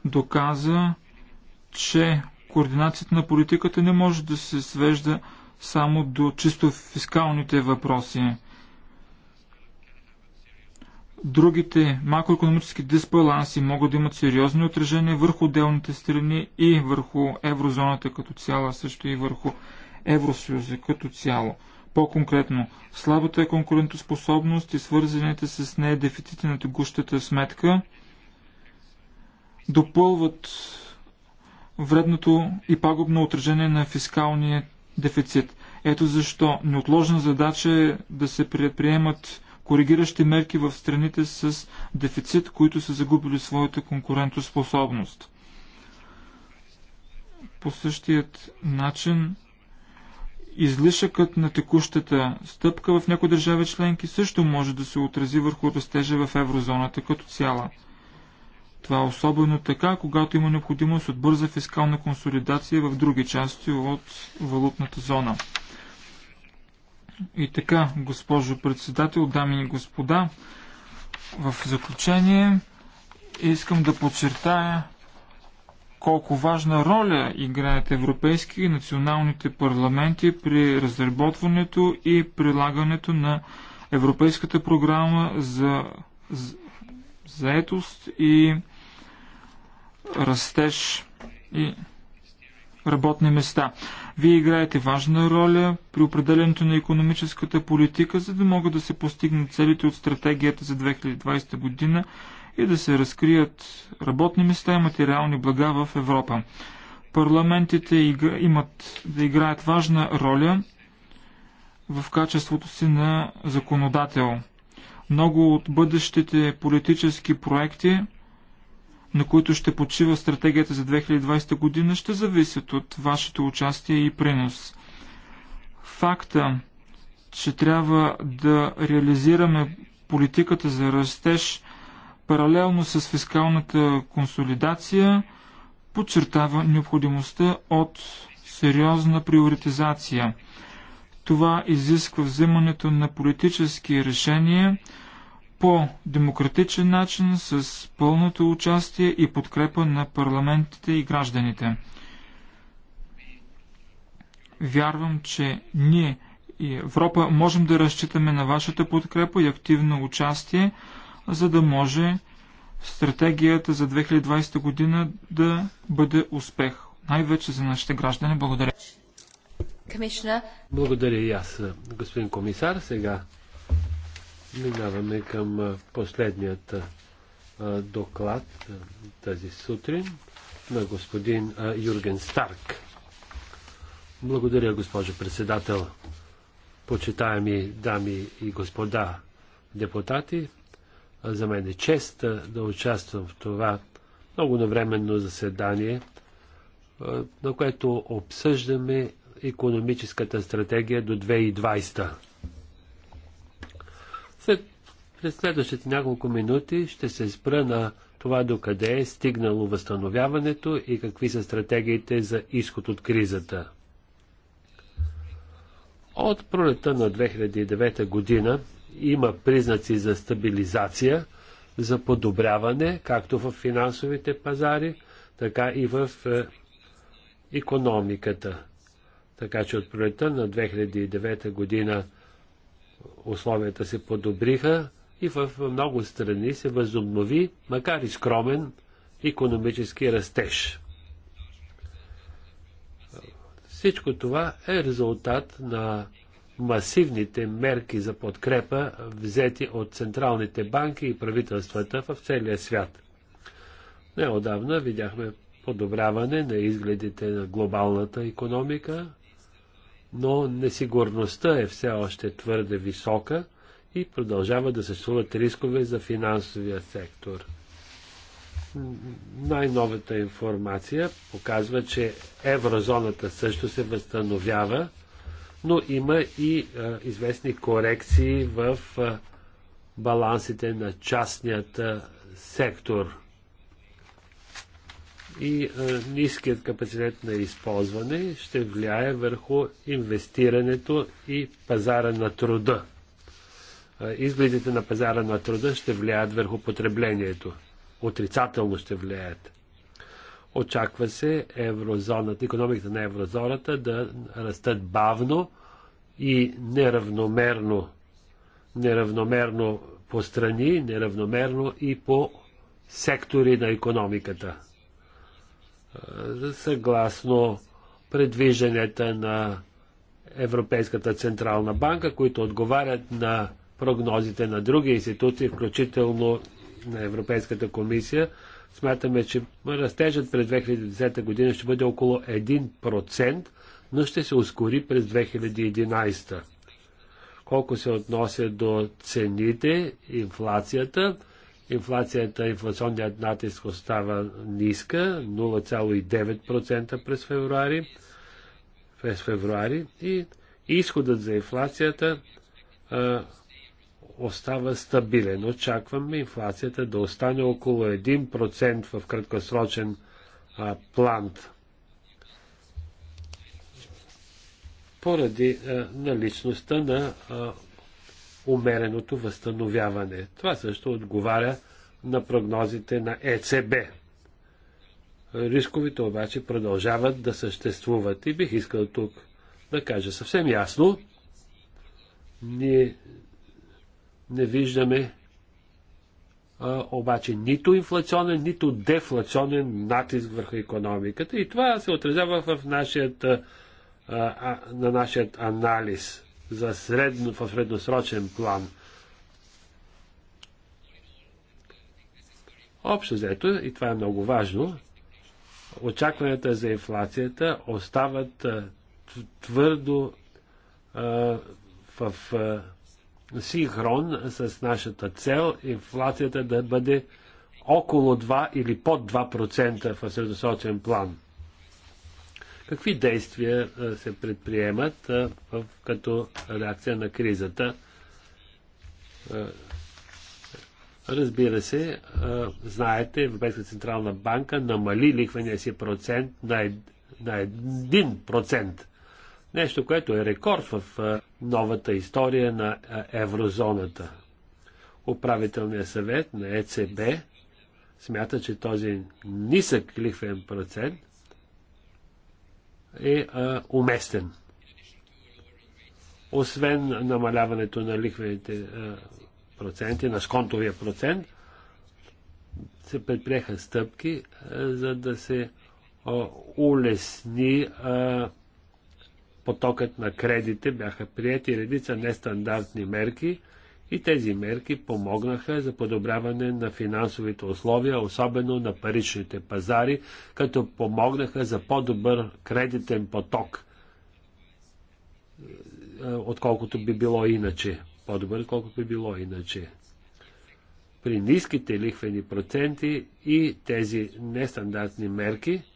доказа, че координацията на политиката не може да се свежда само до чисто фискалните въпроси. Другите макроекономически дисбаланси могат да имат сериозни отражения върху отделните страни и върху еврозоната като цяло, също и върху Евросъюза като цяло. По-конкретно, слабата е конкурентоспособност и свързаните с нея дефицити на тегущата сметка допълват вредното и пагубно отражение на фискалния дефицит. Ето защо неотложна задача е да се предприемат коригиращи мерки в страните с дефицит, които са загубили своята конкурентоспособност. По същият начин излишъкът на текущата стъпка в някои държави членки също може да се отрази върху растежа в еврозоната като цяла. Това е особено така, когато има необходимост от бърза фискална консолидация в други части от валутната зона. И така, госпожо председател, дами и господа, в заключение искам да подчертая колко важна роля играят европейски и националните парламенти при разработването и прилагането на Европейската програма за заетост и растеж и работни места. Вие играете важна роля при определенето на економическата политика, за да могат да се постигнат целите от стратегията за 2020 година и да се разкрият работни места и материални блага в Европа. Парламентите имат да играят важна роля в качеството си на законодател. Много от бъдещите политически проекти на които ще почива стратегията за 2020 година, ще зависят от вашето участие и принос. Факта, че трябва да реализираме политиката за растеж паралелно с фискалната консолидация, подчертава необходимостта от сериозна приоритизация. Това изисква взимането на политически решения, по демократичен начин с пълното участие и подкрепа на парламентите и гражданите. Вярвам, че ние и Европа можем да разчитаме на вашата подкрепа и активно участие, за да може стратегията за 2020 година да бъде успех. Най-вече за нашите граждани. Благодаря. Благодаря и аз, господин комисар. Сега Минаваме към последният доклад тази сутрин на господин Юрген Старк. Благодаря, госпожо председател. Почитаеми дами и господа депутати, за мен е чест да участвам в това много навременно заседание, на което обсъждаме економическата стратегия до 2020. След, през следващите няколко минути ще се спра на това докъде е стигнало възстановяването и какви са стратегиите за изход от кризата. От пролета на 2009 година има признаци за стабилизация, за подобряване, както в финансовите пазари, така и в економиката. Така че от пролета на 2009 година условията се подобриха и в много страни се възобнови, макар и скромен, економически растеж. Всичко това е резултат на масивните мерки за подкрепа, взети от централните банки и правителствата в целия свят. Неодавна видяхме подобряване на изгледите на глобалната економика, но несигурността е все още твърде висока и продължава да съществуват рискове за финансовия сектор. Най-новата информация показва, че еврозоната също се възстановява, но има и а, известни корекции в а, балансите на частният сектор и е, ниският капацитет на използване ще влияе върху инвестирането и пазара на труда. Е, изгледите на пазара на труда ще влияят върху потреблението. Отрицателно ще влияят. Очаква се еврозоната, економиката на еврозоната да растат бавно и неравномерно. Неравномерно по страни, неравномерно и по сектори на економиката. Е, съгласно предвижданията на Европейската централна банка, които отговарят на прогнозите на други институции, включително на Европейската комисия. Смятаме, че растежът през 2010 година ще бъде около 1%, но ще се ускори през 2011. Колко се отнася до цените, инфлацията, Инфлацията, инфлационният натиск остава ниска, 0,9% през февруари, през февруари и изходът за инфлацията а, остава стабилен. Очакваме инфлацията да остане около 1% в краткосрочен а, план. Поради а, наличността на а, умереното възстановяване. Това също отговаря на прогнозите на ЕЦБ. Рисковите обаче продължават да съществуват и бих искал тук да кажа съвсем ясно, ние не виждаме а, обаче нито инфлационен, нито дефлационен натиск върху економиката и това се отразява в нашият, а, а, на нашият анализ за средно, в средносрочен план. Общо взето, и това е много важно, очакванията за инфлацията остават твърдо в синхрон с нашата цел инфлацията да бъде около 2 или под 2% в средосрочен план. Какви действия се предприемат като реакция на кризата? Разбира се, знаете, Европейската централна банка намали лихвения си процент на, на 1%. Нещо, което е рекорд в новата история на еврозоната. Управителният съвет на ЕЦБ смята, че този нисък лихвен процент е уместен. Освен намаляването на лихвените проценти, на сконтовия процент, се предприеха стъпки, за да се улесни потокът на кредите. Бяха прияти редица нестандартни мерки – и тези мерки помогнаха за подобряване на финансовите условия, особено на паричните пазари, като помогнаха за по-добър кредитен поток, е, отколкото би било иначе. По-добър, отколкото би било иначе. При ниските лихвени проценти и тези нестандартни мерки –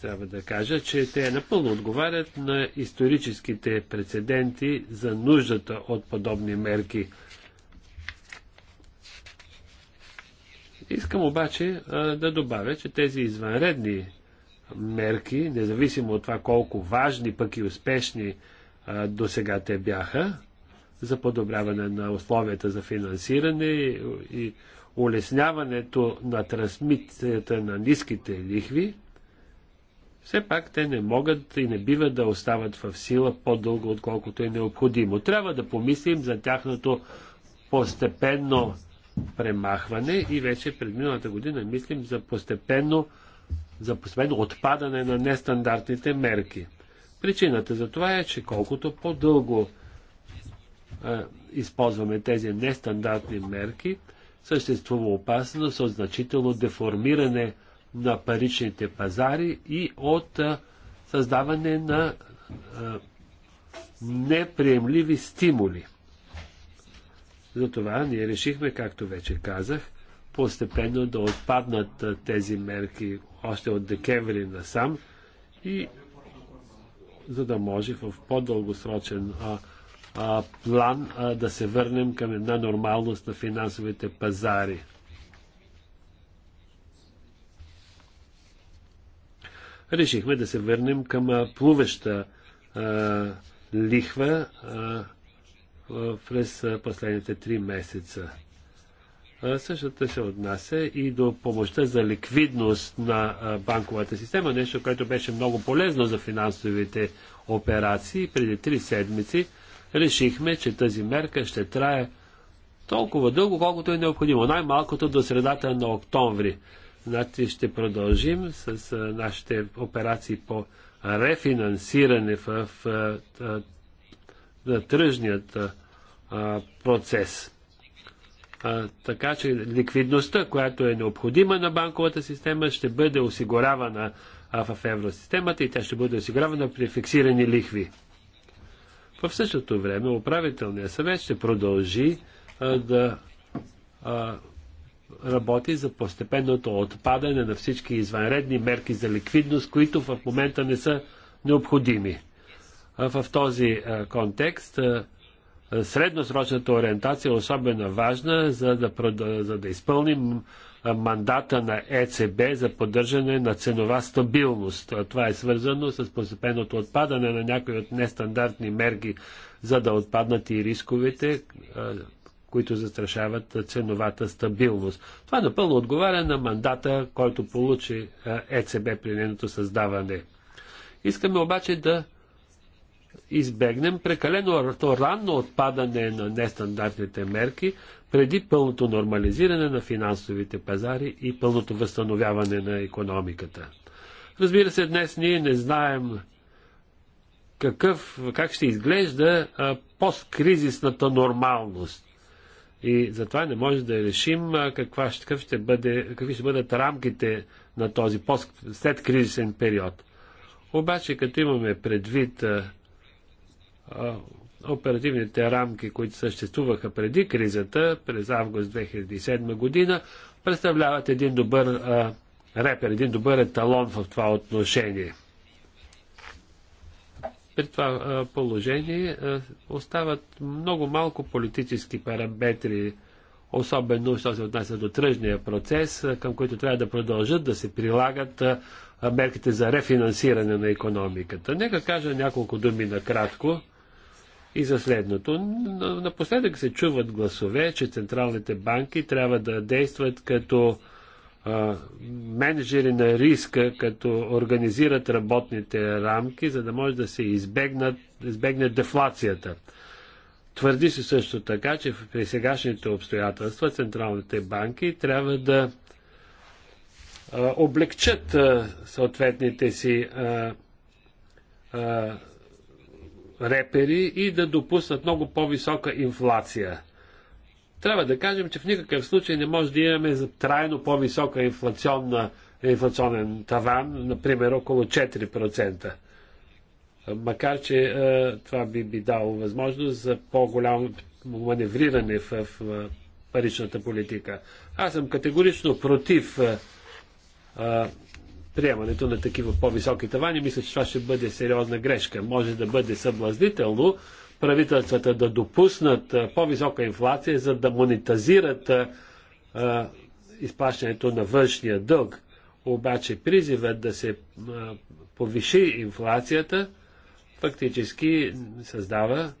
трябва да кажа, че те напълно отговарят на историческите прецеденти за нуждата от подобни мерки. Искам обаче да добавя, че тези извънредни мерки, независимо от това колко важни, пък и успешни до сега те бяха, за подобряване на условията за финансиране и, улесняването на трансмисията на ниските лихви, все пак те не могат и не бива да остават в сила по-дълго, отколкото е необходимо. Трябва да помислим за тяхното постепенно премахване и вече пред миналата година мислим за постепенно, за постепенно отпадане на нестандартните мерки. Причината за това е, че колкото по-дълго е, използваме тези нестандартни мерки, съществува опасност от значително деформиране на паричните пазари и от създаване на неприемливи стимули. Затова ние решихме, както вече казах, постепенно да отпаднат тези мерки още от декември насам и за да може в по-дългосрочен план а, да се върнем към една нормалност на финансовите пазари. решихме да се върнем към плуваща лихва през последните три месеца. Същото се отнася и до помощта за ликвидност на банковата система, нещо, което беше много полезно за финансовите операции. Преди три седмици решихме, че тази мерка ще трае толкова дълго, колкото е необходимо. Най-малкото до средата на октомври. Значи ще продължим с нашите операции по рефинансиране в в тръжният процес. Така че ликвидността, която е необходима на банковата система, ще бъде осигурявана в евросистемата и тя ще бъде осигурявана при фиксирани лихви. В същото време управителният съвет ще продължи а, да а, работи за постепенното отпадане на всички извънредни мерки за ликвидност, които в момента не са необходими. В този контекст средносрочната ориентация е особено важна, за да, за да изпълним мандата на ЕЦБ за поддържане на ценова стабилност. Това е свързано с постепенното отпадане на някои от нестандартни мерки, за да отпаднат и рисковете, които застрашават ценовата стабилност. Това напълно отговаря на мандата, който получи ЕЦБ при нейното създаване. Искаме обаче да избегнем прекалено ранно отпадане на нестандартните мерки преди пълното нормализиране на финансовите пазари и пълното възстановяване на економиката. Разбира се, днес ние не знаем какъв, как ще изглежда посткризисната нормалност. И затова не може да решим каква, какъв ще бъде, какви ще бъдат рамките на този след кризисен период. Обаче, като имаме предвид а, а, оперативните рамки, които съществуваха преди кризата, през август 2007 година, представляват един добър а, репер, един добър еталон в това отношение при това положение остават много малко политически параметри, особено що се отнася до тръжния процес, към който трябва да продължат да се прилагат мерките за рефинансиране на економиката. Нека кажа няколко думи накратко и за следното. Напоследък се чуват гласове, че централните банки трябва да действат като менеджери на риска, като организират работните рамки, за да може да се избегнат, избегне дефлацията. Твърди се също така, че при сегашните обстоятелства централните банки трябва да облегчат съответните си репери и да допуснат много по-висока инфлация трябва да кажем, че в никакъв случай не може да имаме за трайно по-висока инфлационна, инфлационен таван, например около 4%. Макар, че е, това би, би дало възможност за по-голямо маневриране в, в, в паричната политика. Аз съм категорично против е, е, приемането на такива по-високи тавани. Мисля, че това ще бъде сериозна грешка. Може да бъде съблазнително, правителствата да допуснат по-висока инфлация, за да монетизират изплащането на външния дълг. Обаче призивът да се повиши инфлацията фактически създава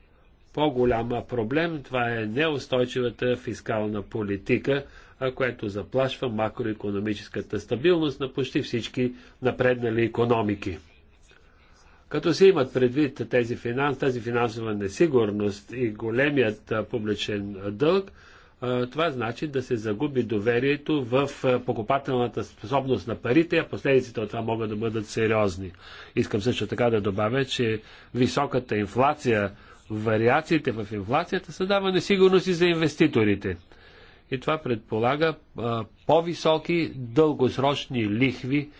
по-голяма проблем. Това е неустойчивата фискална политика, която заплашва макроекономическата стабилност на почти всички напреднали економики. Като се имат предвид тези финанс, тази финансова несигурност и големият публичен дълг, това значи да се загуби доверието в покупателната способност на парите, а последиците от това могат да бъдат сериозни. Искам също така да добавя, че високата инфлация, вариациите в инфлацията създава несигурност и за инвеститорите. И това предполага по-високи дългосрочни лихви,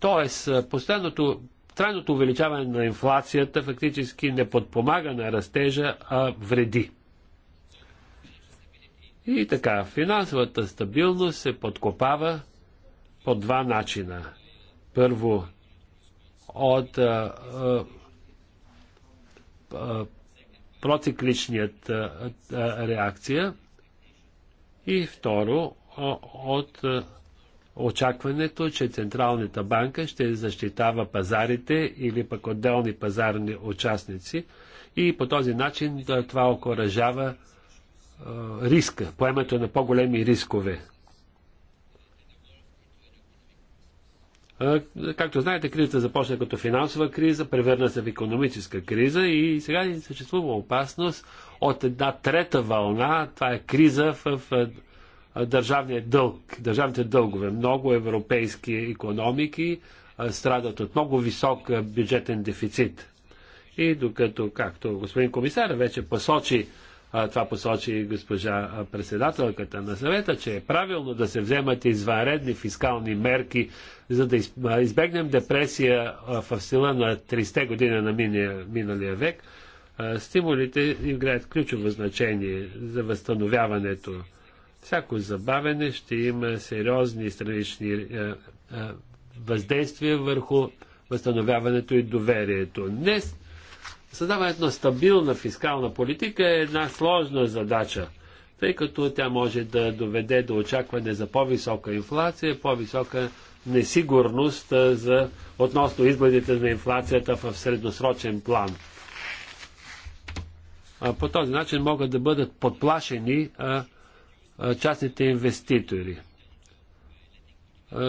Тоест, последното трайното увеличаване на инфлацията фактически не подпомага на растежа, а вреди. И така, финансовата стабилност се подкопава по два начина. Първо, от а, а, процикличният а, а, реакция и второ, от а, очакването, е, че Централната банка ще защитава пазарите или пък отделни пазарни участници и по този начин това окоръжава риска, поемането на по-големи рискове. Както знаете, кризата започна като финансова криза, превърна се в економическа криза и сега съществува опасност от една трета вълна. Това е криза в държавния дълг, държавните дългове. Много европейски економики страдат от много висок бюджетен дефицит. И докато, както господин комисар вече посочи, това посочи и госпожа председателката на съвета, че е правилно да се вземат извънредни фискални мерки, за да избегнем депресия в сила на 30-те години на миналия век. Стимулите играят ключово значение за възстановяването Всяко забавене ще има сериозни странични е, е, въздействия върху възстановяването и доверието. Днес създаването на стабилна фискална политика е една сложна задача, тъй като тя може да доведе до очакване за по-висока инфлация, по-висока несигурност е, за, относно изгледите на инфлацията в средносрочен план. По този начин могат да бъдат подплашени а, е, частните инвеститори.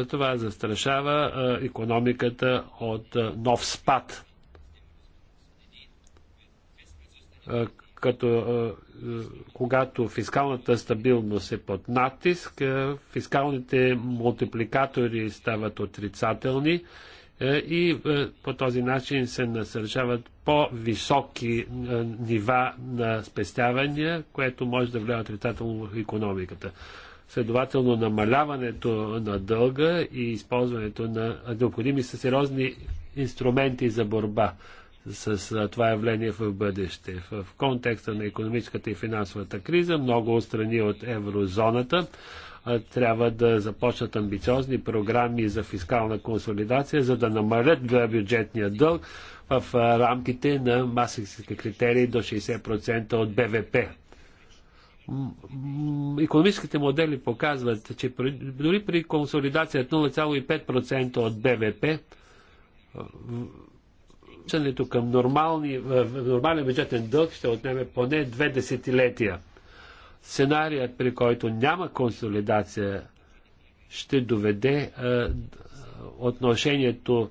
Това застрашава економиката от нов спад. Като когато фискалната стабилност е под натиск, фискалните мултипликатори стават отрицателни е, и е, по този начин се насърчават по-високи е, нива на спестявания, което може да влияе отрицателно в економиката. Следователно, намаляването на дълга и използването на необходими са сериозни инструменти за борба с това явление в бъдеще. В контекста на економическата и финансовата криза много страни от еврозоната трябва да започнат амбициозни програми за фискална консолидация, за да намалят бюджетния дълг в рамките на масовските критерии до 60% от БВП. Економическите модели показват, че дори при консолидация 0,5% от БВП, връщането към нормални, нормален бюджетен дълг ще отнеме поне две десетилетия. Сценарият, при който няма консолидация, ще доведе е, отношението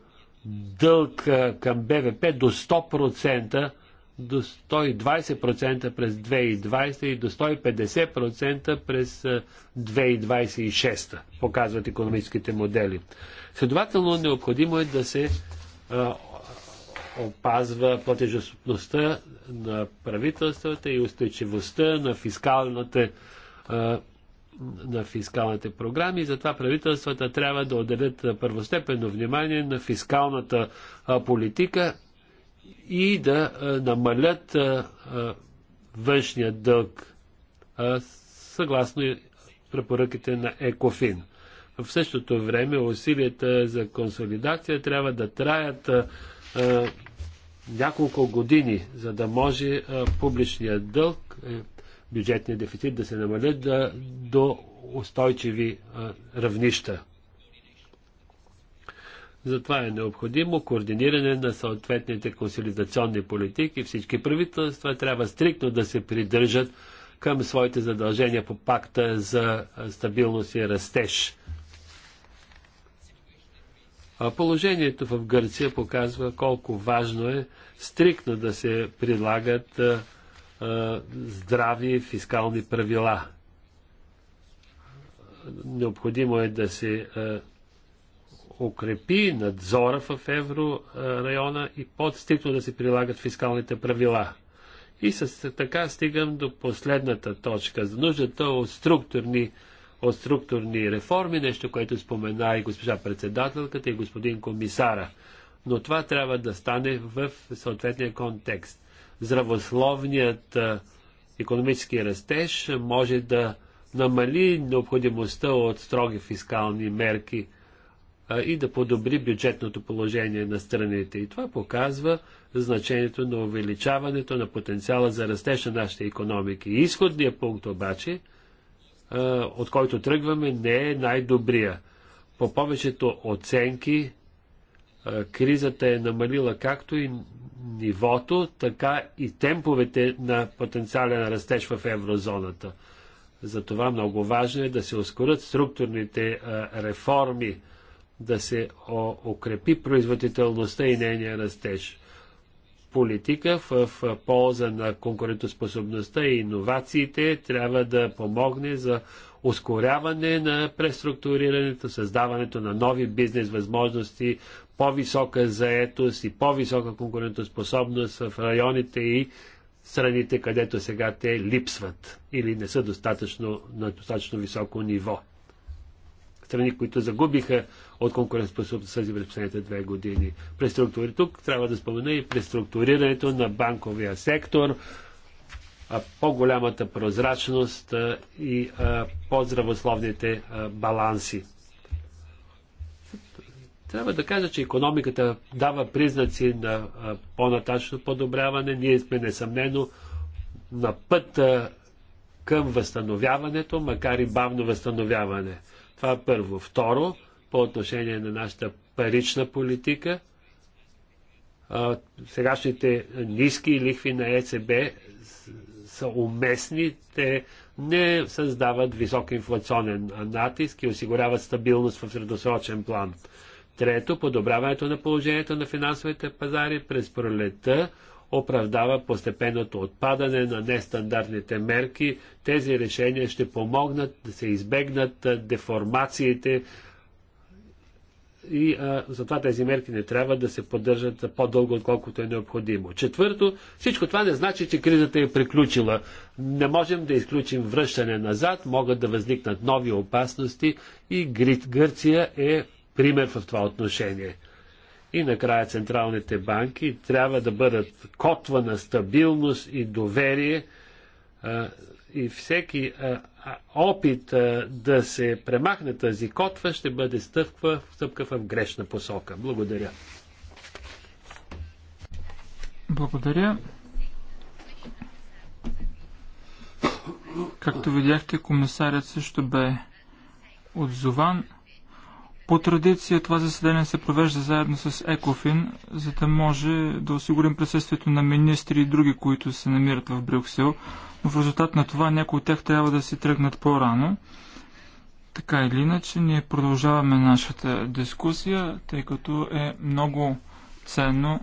дълг е, към БВП до 100%, до 120% през 2020 и до 150% през 2026, е, показват економическите модели. Следователно, необходимо е да се а, опазва платежоспособността на правителствата и устойчивостта на фискалната на фискалните програми. Затова правителствата трябва да отделят първостепенно внимание на фискалната политика и да намалят външния дълг съгласно препоръките на ЕКОФИН. В същото време усилията за консолидация трябва да траят е, няколко години, за да може е, публичният дълг, е, бюджетният дефицит да се намалят да, до устойчиви равнища. Затова е необходимо координиране на съответните консолидационни политики. Всички правителства трябва стриктно да се придържат към своите задължения по пакта за стабилност и растеж. Положението в Гърция показва колко важно е стрикно да се прилагат здрави фискални правила. Необходимо е да се укрепи надзора в еврорайона и по-стрикно да се прилагат фискалните правила. И с така стигам до последната точка. За нуждата от структурни от структурни реформи, нещо, което спомена и госпожа председателката и господин комисара. Но това трябва да стане в съответния контекст. Здравословният економически растеж може да намали необходимостта от строги фискални мерки и да подобри бюджетното положение на страните. И това показва значението на увеличаването на потенциала за растеж на нашите економики. Изходният пункт обаче – от който тръгваме, не е най-добрия. По повечето оценки, кризата е намалила както и нивото, така и темповете на потенциален растеж в еврозоната. Затова много важно е да се ускорят структурните реформи, да се укрепи производителността и нейния растеж политика в полза на конкурентоспособността и иновациите трябва да помогне за ускоряване на преструктурирането, създаването на нови бизнес възможности, по-висока заетост и по-висока конкурентоспособност в районите и страните, където сега те липсват или не са достатъчно, на достатъчно високо ниво. Страни, които загубиха от конкурентоспособност за през последните две години. Преструктури. Тук трябва да спомена и преструктурирането на банковия сектор, по-голямата прозрачност и по-здравословните баланси. Трябва да кажа, че економиката дава признаци на по натачно подобряване. Ние сме несъмнено на път към възстановяването, макар и бавно възстановяване. Това е първо. Второ, по отношение на нашата парична политика. Сегашните ниски лихви на ЕЦБ са уместни, те не създават висок инфлационен натиск и осигуряват стабилност в средосрочен план. Трето, подобряването на положението на финансовите пазари през пролета оправдава постепенното отпадане на нестандартните мерки. Тези решения ще помогнат да се избегнат деформациите и а, затова тези мерки не трябва да се поддържат по-дълго, отколкото е необходимо. Четвърто, всичко това не значи, че кризата е приключила. Не можем да изключим връщане назад, могат да възникнат нови опасности и Гърция е пример в това отношение. И накрая централните банки трябва да бъдат котва на стабилност и доверие а, и всеки а, опит да се премахне тази котва ще бъде стъпка, стъпка в грешна посока. Благодаря. Благодаря. Както видяхте, комисарят също бе отзован. По традиция това заседание се провежда заедно с ЕКОФИН, за да може да осигурим присъствието на министри и други, които се намират в Брюксел, но в резултат на това някои от тях трябва да си тръгнат по-рано. Така или иначе, ние продължаваме нашата дискусия, тъй като е много ценно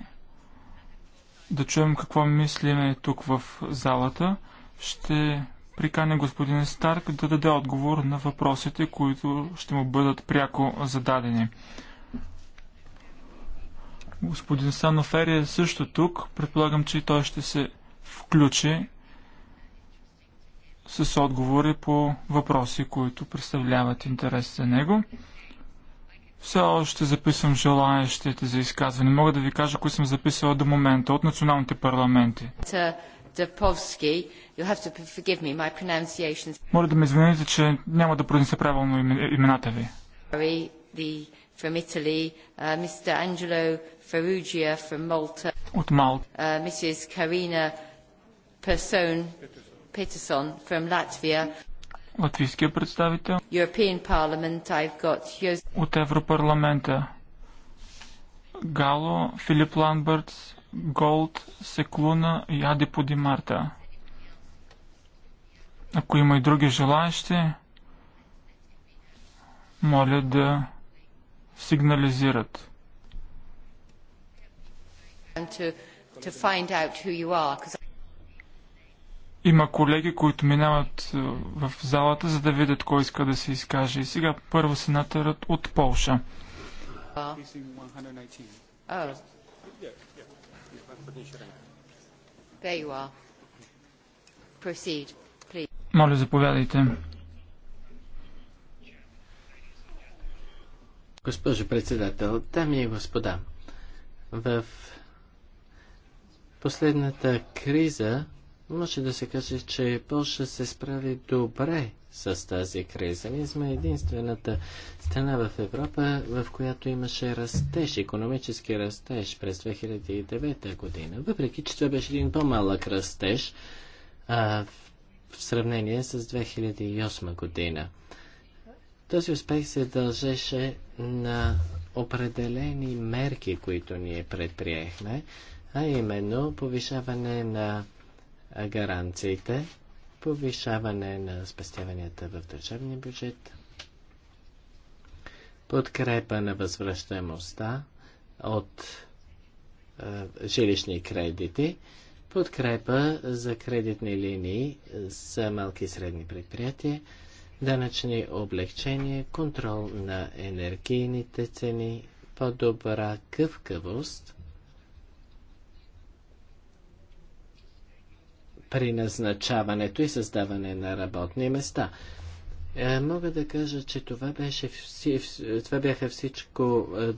да чуем какво мислиме тук в залата. Ще приканя господин Старк да даде отговор на въпросите, които ще му бъдат пряко зададени. Господин Санофер е също тук. Предполагам, че и той ще се включи с отговори по въпроси, които представляват интерес за него. Все още записвам желаящите за изказване. Мога да ви кажа, кои съм записала до момента от националните парламенти. Dapovsky. You'll have to forgive me, my pronunciation. Моля да ме извините, че няма да произнеса правилно имената ви. The, from Italy, uh, Mr. Angelo Ferrugia from Malta. От Малта. Uh, Mrs. Karina Persone Peterson from Latvia. Латвийския представител. European Parliament, I've got... От Европарламента. Гало, Филип Ламбъртс, Голд, Секлуна и Ади Подимарта. Ако има и други желаящи, моля да сигнализират. Има колеги, които минават е, в залата, за да видят кой иска да се изкаже. И сега първо сенаторът от Полша. Uh, oh. Моля, заповядайте. Госпожо председател, дами и господа, в последната криза може да се каже, че Польша се справи добре с тази криза. Ние сме единствената страна в Европа, в която имаше растеж, економически растеж през 2009 година. Въпреки, че това беше един по-малък растеж а, в сравнение с 2008 година. Този успех се дължеше на определени мерки, които ние предприехме, а именно повишаване на гаранциите, повишаване на спестяванията в държавния бюджет, подкрепа на възвръщаемостта от е, жилищни кредити, подкрепа за кредитни линии за малки и средни предприятия, данъчни облегчения, контрол на енергийните цени, по-добра гъвкавост при назначаването и създаване на работни места. Е, мога да кажа, че това, беше вси, това бяха всичко е,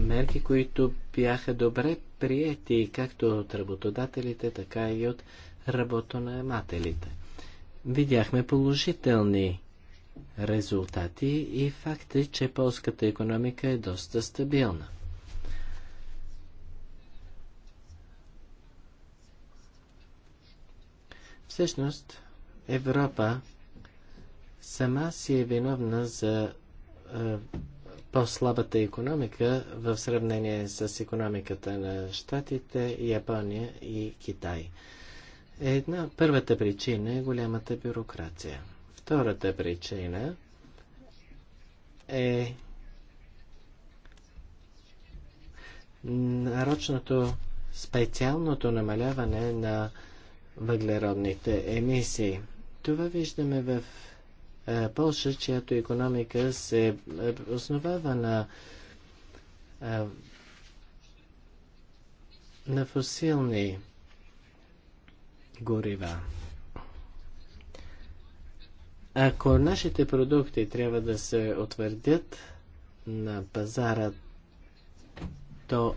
мерки, които бяха добре приети както от работодателите, така и от работонаемателите. Видяхме положителни резултати и факти, е, че полската економика е доста стабилна. Всъщност, Европа сама си е виновна за е, по-слабата економика в сравнение с економиката на Штатите, Япония и Китай. Една, първата причина е голямата бюрокрация. Втората причина е нарочното специалното намаляване на въглеродните емисии. Това виждаме в Польша, чиято економика се основава на, на фосилни горива. Ако нашите продукти трябва да се утвърдят на пазара, то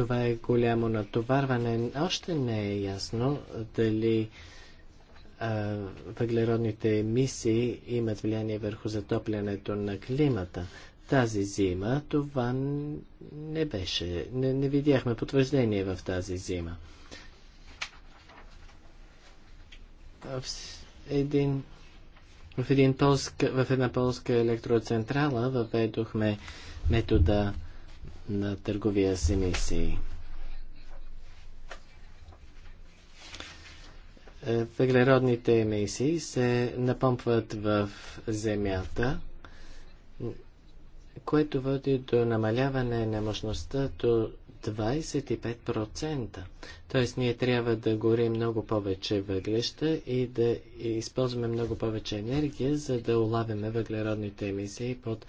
това е голямо натоварване. Още не е ясно дали а, въглеродните емисии имат влияние върху затоплянето на климата. Тази зима това не беше. Не, не видяхме потвърждение в тази зима. В един, в, един полск, в една полска електроцентрала въведохме метода на търговия с емисии. Е, въглеродните емисии се напомпват в земята, което води до намаляване на мощността до 25%. Тоест ние трябва да горим много повече въглеща и да използваме много повече енергия, за да улавяме въглеродните емисии под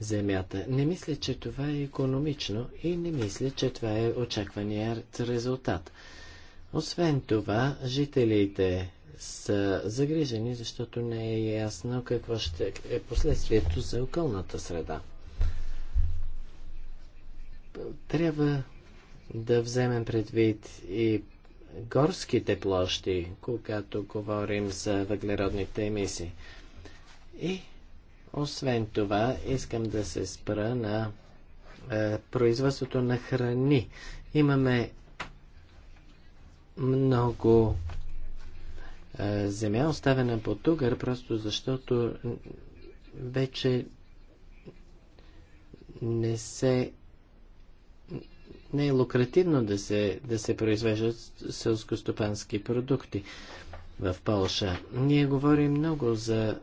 земята. Не мисля, че това е економично и не мисля, че това е очакваният резултат. Освен това, жителите са загрижени, защото не е ясно какво ще е последствието за околната среда. Трябва да вземем предвид и горските площи, когато говорим за въглеродните емисии. И освен това, искам да се спра на е, производството на храни. Имаме много е, земя, оставена под тугър, просто защото вече не се не е лукративно да се, да се произвеждат селскостопански продукти в Полша. Ние говорим много за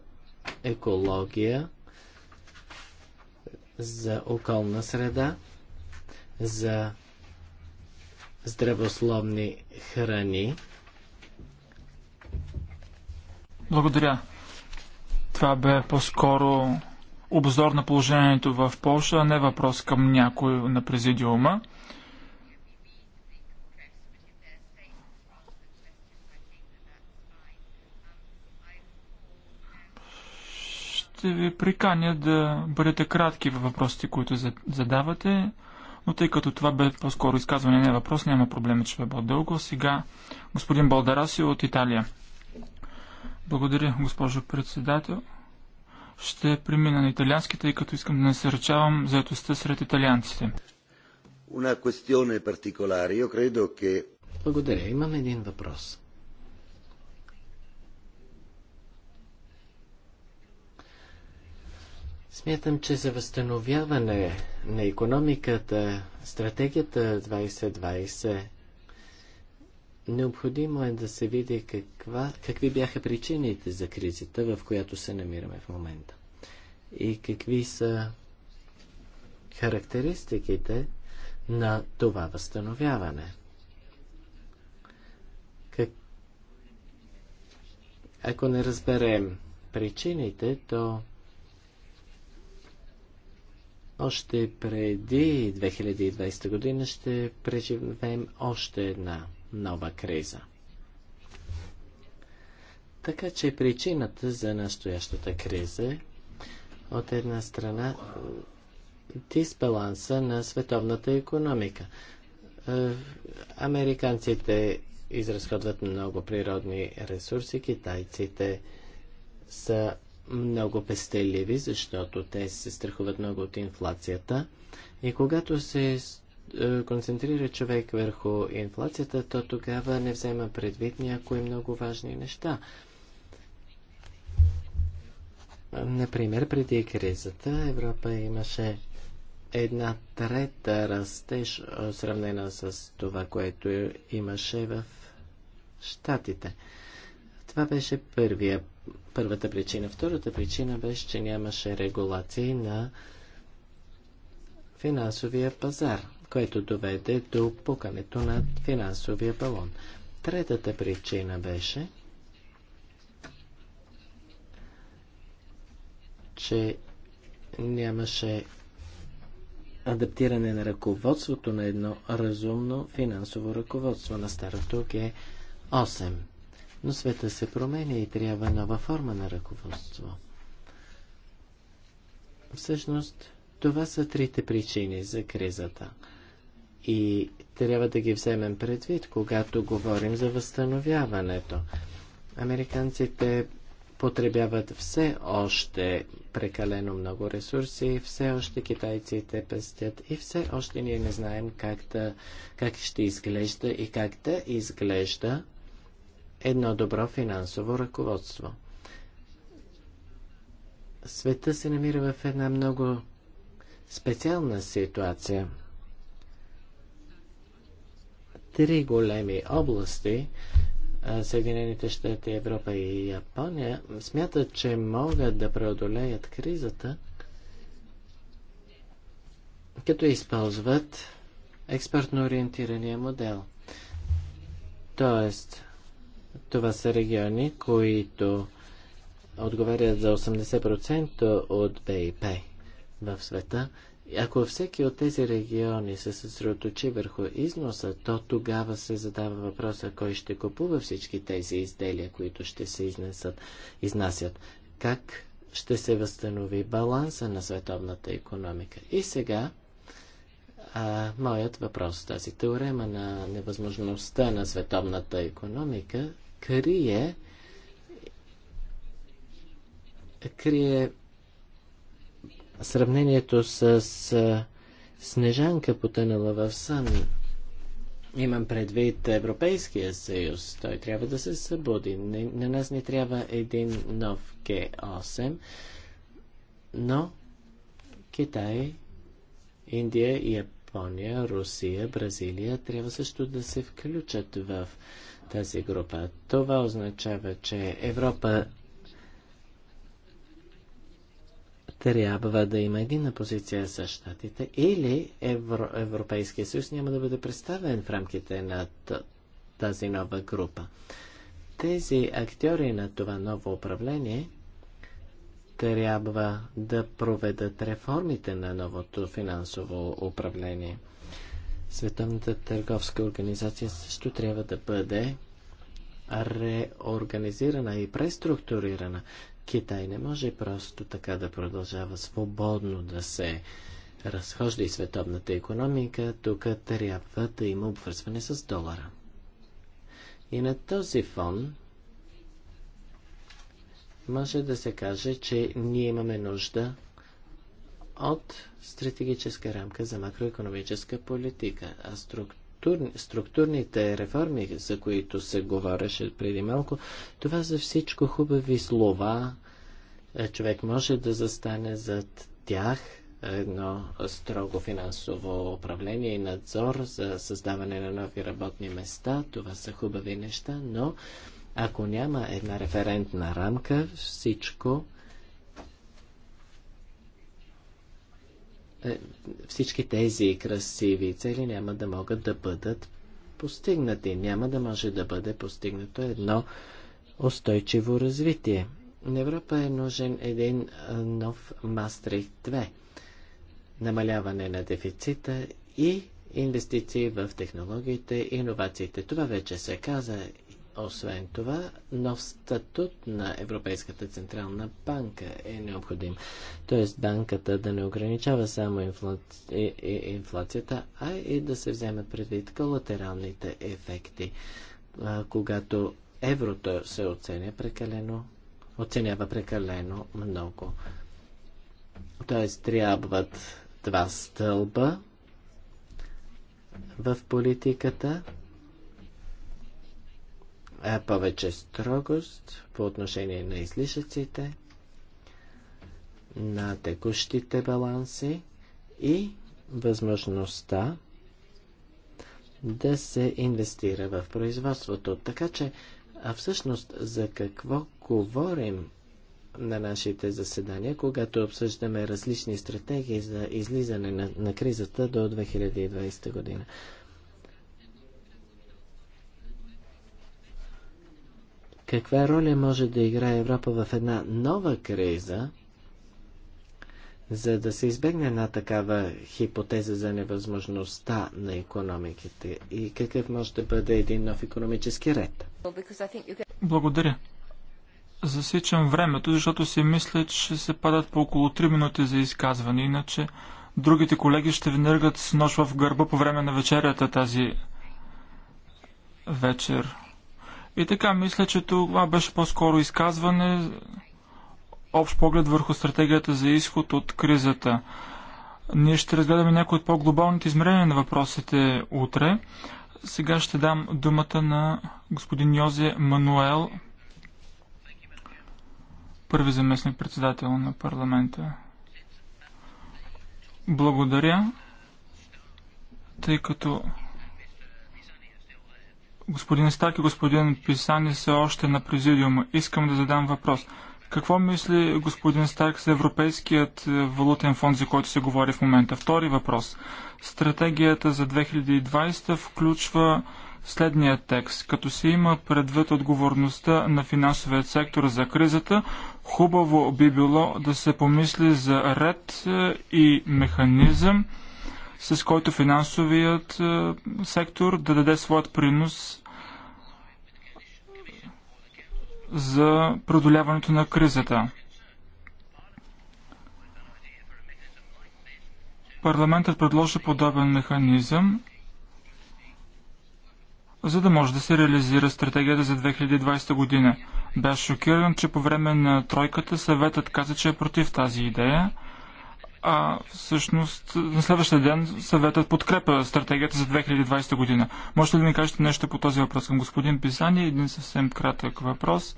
екология, за околна среда, за здравословни храни. Благодаря. Това бе по-скоро обзор на положението в Польша, а не въпрос към някой на президиума. ще ви приканя да бъдете кратки във въпросите, които задавате, но тъй като това бе по-скоро изказване, не е въпрос, няма проблеми, че бе по-дълго. Сега господин Балдараси от Италия. Благодаря, госпожо председател. Ще премина на италиански, тъй като искам да насърчавам заетостта сред италианците. Una questione particolare. Io credo che... Благодаря. Имам един въпрос. Смятам, че за възстановяване на економиката, стратегията 2020, необходимо е да се види каква, какви бяха причините за кризата, в която се намираме в момента. И какви са характеристиките на това възстановяване. Как... Ако не разберем причините, то още преди 2020 година ще преживеем още една нова криза. Така че причината за настоящата криза е от една страна дисбаланса на световната економика. Е, американците изразходват много природни ресурси, китайците са много пестеливи, защото те се страхуват много от инфлацията. И когато се е, концентрира човек върху инфлацията, то тогава не взема предвид някои много важни неща. Например, преди кризата Европа имаше една трета растеж, е, сравнена с това, което имаше в Штатите. Това беше първия първата причина. Втората причина беше, че нямаше регулации на финансовия пазар, което доведе до пукането на финансовия балон. Третата причина беше, че нямаше адаптиране на ръководството на едно разумно финансово ръководство на старото Г8 но света се променя и трябва нова форма на ръководство. Всъщност, това са трите причини за кризата. И трябва да ги вземем предвид, когато говорим за възстановяването. Американците потребяват все още прекалено много ресурси, все още китайците пестят и все още ние не знаем как, да, как ще изглежда и как да изглежда едно добро финансово ръководство. Света се намира в една много специална ситуация. Три големи области Съединените щати, Европа и Япония смятат, че могат да преодолеят кризата, като използват експортно ориентирания модел. Тоест, това са региони, които отговарят за 80% от БИП в света. Ако всеки от тези региони се съсредоточи върху износа, то тогава се задава въпроса кой ще купува всички тези изделия, които ще се изнесат, изнасят. Как ще се възстанови баланса на световната економика? И сега а, моят въпрос, тази теорема на невъзможността на световната економика крие крие сравнението с Снежанка потънала в сън. Имам предвид Европейския съюз. Той трябва да се събуди. На нас не трябва един нов Г8, но Китай, Индия, Япония, Русия, Бразилия трябва също да се включат в тази група. Това означава, че Европа трябва да има единна позиция за щатите или Евро, Европейския съюз няма да бъде представен в рамките на тази нова група. Тези актьори на това ново управление трябва да проведат реформите на новото финансово управление – Световната търговска организация също трябва да бъде реорганизирана и преструктурирана. Китай не може просто така да продължава свободно да се разхожда и световната економика, тук трябва да има обвързване с долара. И на този фон може да се каже, че ние имаме нужда от стратегическа рамка за макроекономическа политика, а структурни, структурните реформи, за които се говореше преди малко, това за всичко хубави слова. Е, човек може да застане зад тях, е, едно строго финансово управление и надзор за създаване на нови работни места. Това са хубави неща, но ако няма една референтна рамка, всичко Е, всички тези красиви цели няма да могат да бъдат постигнати. Няма да може да бъде постигнато едно устойчиво развитие. На Европа е нужен един нов Мастрих 2. Намаляване на дефицита и инвестиции в технологиите и иновациите. Това вече се каза освен това, нов статут на Европейската централна банка е необходим. Тоест банката да не ограничава само инфла... и, и, инфлацията, а и да се вземат предвид колатералните ефекти, а, когато еврото се оценя прекалено, оценява прекалено много. Тоест трябват два стълба в политиката повече строгост по отношение на излишъците, на текущите баланси и възможността да се инвестира в производството. Така че, а всъщност за какво говорим на нашите заседания, когато обсъждаме различни стратегии за излизане на, на кризата до 2020 година? каква роля може да играе Европа в една нова криза, за да се избегне една такава хипотеза за невъзможността на економиките и какъв може да бъде един нов економически ред? Благодаря. Засичам времето, защото си мисля, че се падат по около 3 минути за изказване, иначе другите колеги ще ви нъргат с нож в гърба по време на вечерята тази вечер. И така, мисля, че това беше по-скоро изказване, общ поглед върху стратегията за изход от кризата. Ние ще разгледаме някои от по-глобалните измерения на въпросите утре. Сега ще дам думата на господин Йозе Мануел, първи заместник председател на парламента. Благодаря, тъй като Господин Стак и господин Писани са още на президиума. Искам да задам въпрос. Какво мисли господин Старк за Европейският е, валутен фонд, за който се говори в момента? Втори въпрос. Стратегията за 2020 включва следния текст. Като се има предвид отговорността на финансовият сектор за кризата, хубаво би било да се помисли за ред е, и механизъм, с който финансовият е, сектор да даде своят принос за продоляването на кризата. Парламентът предложи подобен механизъм, за да може да се реализира стратегията за 2020 година. Бях шокиран, че по време на тройката съветът каза, че е против тази идея а всъщност на следващия ден съветът подкрепа стратегията за 2020 година. Можете ли да ми кажете нещо по този въпрос към господин Писани? Един съвсем кратък въпрос.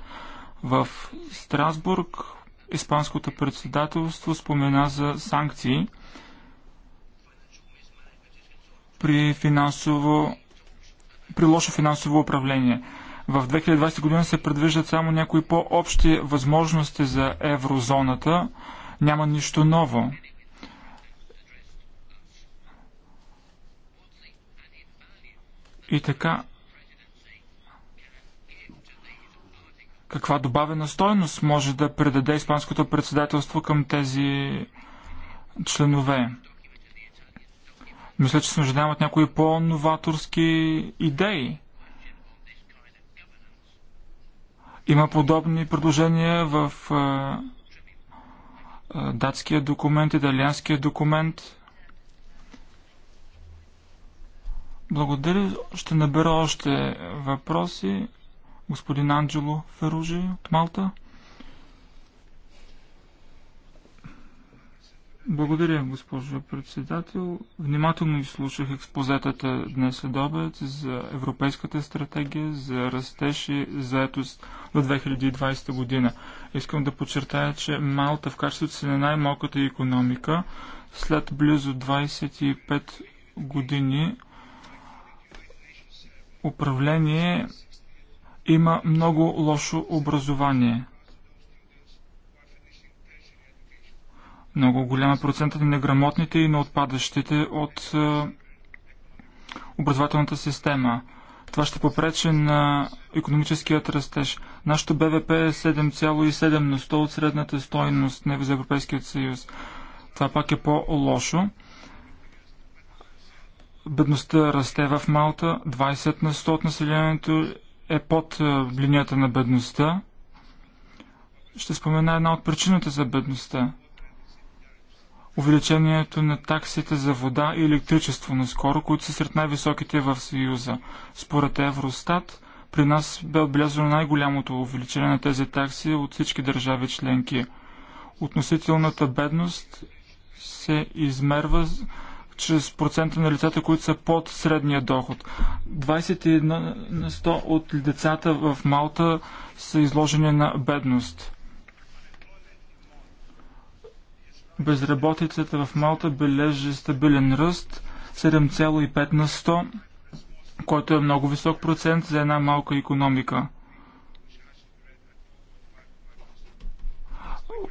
В Страсбург Испанското председателство спомена за санкции при, финансово, при лошо финансово управление. В 2020 година се предвиждат само някои по-общи възможности за еврозоната. Няма нищо ново. И така, каква добавена стойност може да предаде Испанското председателство към тези членове? Мисля, че се нуждаем от някои по-новаторски идеи. Има подобни предложения в датския документ, италианския документ. Благодаря. Ще набера още въпроси. Господин Анджело Феружи от Малта. Благодаря, госпожо председател. Внимателно изслушах експозетата днес след обед за Европейската стратегия за растеж и заетост до 2020 година. Искам да подчертая, че Малта в качеството си на най-малката економика след близо 25 години управление има много лошо образование. Много голяма е процентът на неграмотните и на отпадащите от е, образователната система. Това ще попречи на економическият растеж. Нашето БВП е 7,7 на 100 от средната стойност на Европейския съюз. Това пак е по-лошо. Бедността расте в Малта. 20 на 100 от населението е под е, линията на бедността. Ще спомена една от причините за бедността. Увеличението на таксите за вода и електричество наскоро, които са сред най-високите в Съюза. Според Евростат, при нас бе отбелязано най-голямото увеличение на тези такси от всички държави членки. Относителната бедност се измерва чрез процента на лицата, които са под средния доход. 21 на 100 от децата в Малта са изложени на бедност. Безработицата в Малта бележи стабилен ръст 7,5 на 100, който е много висок процент за една малка економика.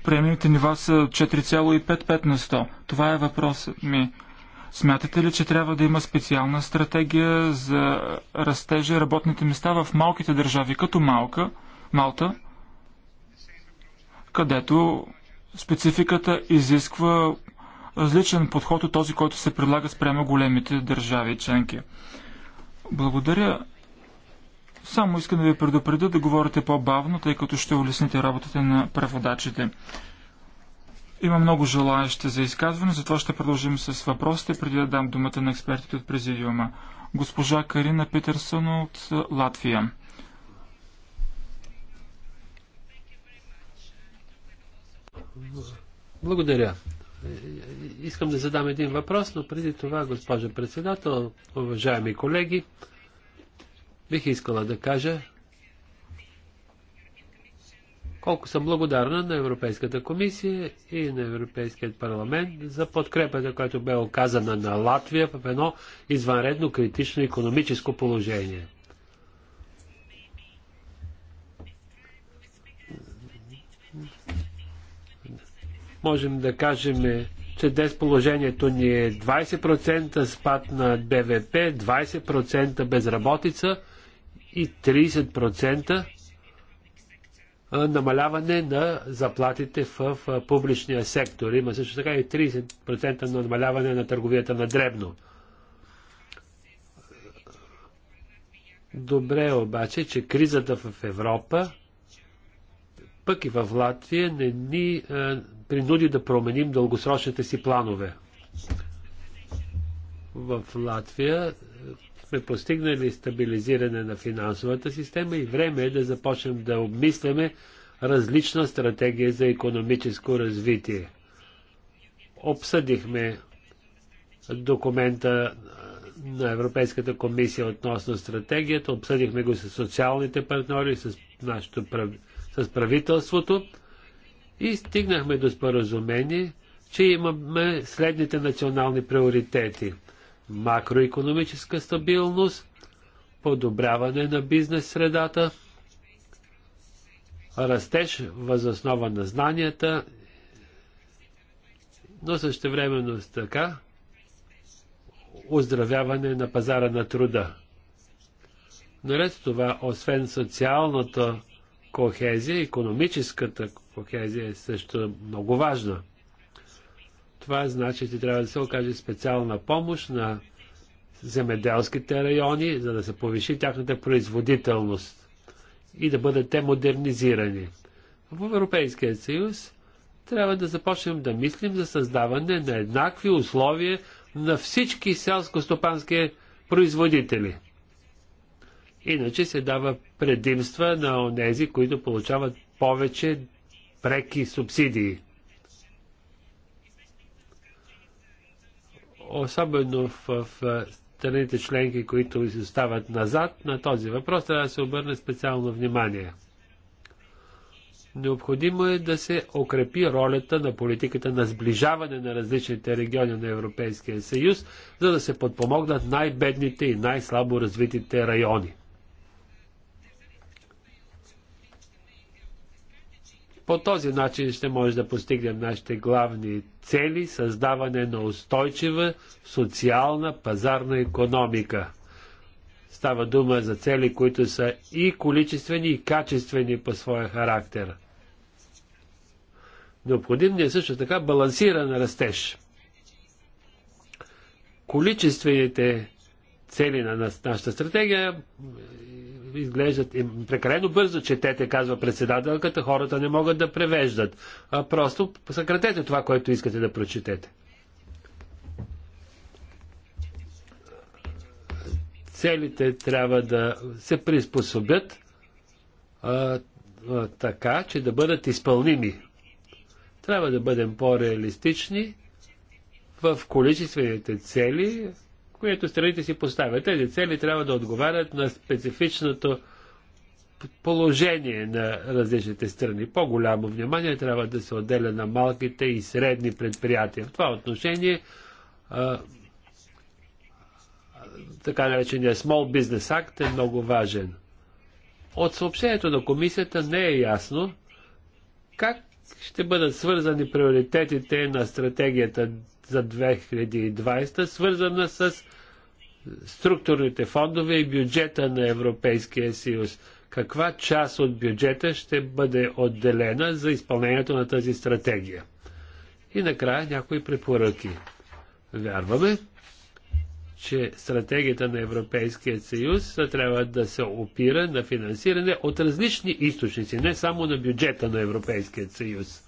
Приемните нива са 4,55 на 100. Това е въпросът ми. Смятате ли, че трябва да има специална стратегия за растежа работните места в малките държави, като Малка, Малта, където спецификата изисква различен подход от този, който се предлага спрямо големите държави членки? Благодаря. Само искам да ви предупредя да говорите по-бавно, тъй като ще улесните работата на преводачите. Има много желаящи за изказване, затова ще продължим с въпросите, преди да дам думата на експертите от президиума. Госпожа Карина Питерсон от Латвия. Благодаря. Искам да задам един въпрос, но преди това, госпожа председател, уважаеми колеги, бих искала да кажа, колко съм благодарна на Европейската комисия и на Европейският парламент за подкрепата, която бе оказана на Латвия в едно извънредно критично економическо положение. Можем да кажем, че днес положението ни е 20% спад на БВП, 20% безработица и 30% намаляване на заплатите в публичния сектор. Има също така и 30% на намаляване на търговията на дребно. Добре е обаче, че кризата в Европа, пък и в Латвия, не ни а, принуди да променим дългосрочните си планове. В Латвия сме постигнали стабилизиране на финансовата система и време е да започнем да обмисляме различна стратегия за економическо развитие. Обсъдихме документа на Европейската комисия относно стратегията, обсъдихме го с социалните партньори, с, нашото, с правителството и стигнахме до споразумение, че имаме следните национални приоритети – макроекономическа стабилност, подобряване на бизнес средата, растеж възоснова на знанията, но същевременно с така оздравяване на пазара на труда. Наред с това, освен социалната кохезия, економическата кохезия е също много важна – това значи, че трябва да се окаже специална помощ на земеделските райони, за да се повиши тяхната производителност и да бъдат те модернизирани. В Европейския съюз трябва да започнем да мислим за създаване на еднакви условия на всички селско-стопански производители. Иначе се дава предимства на онези, които получават повече преки субсидии. особено в, в страните членки, които изостават назад, на този въпрос трябва да се обърне специално внимание. Необходимо е да се укрепи ролята на политиката на сближаване на различните региони на Европейския съюз, за да се подпомогнат най-бедните и най-слабо развитите райони. По този начин ще може да постигнем нашите главни цели създаване на устойчива социална пазарна економика. Става дума за цели, които са и количествени, и качествени по своя характер. Необходим ни е също така балансиран растеж. Количествените цели на нашата стратегия изглеждат прекалено бързо четете, казва председателката, хората не могат да превеждат. А просто съкратете това, което искате да прочетете. Целите трябва да се приспособят а, а, така, че да бъдат изпълними. Трябва да бъдем по-реалистични в количествените цели, което страните си поставят. Тези цели трябва да отговарят на специфичното положение на различните страни. По-голямо внимание трябва да се отделя на малките и средни предприятия. В това отношение така наречения Small Business Act е много важен. От съобщението на комисията не е ясно как ще бъдат свързани приоритетите на стратегията за 2020, свързана с структурните фондове и бюджета на Европейския съюз. Каква част от бюджета ще бъде отделена за изпълнението на тази стратегия? И накрая някои препоръки. Вярваме, че стратегията на Европейския съюз трябва да се опира на финансиране от различни източници, не само на бюджета на Европейския съюз.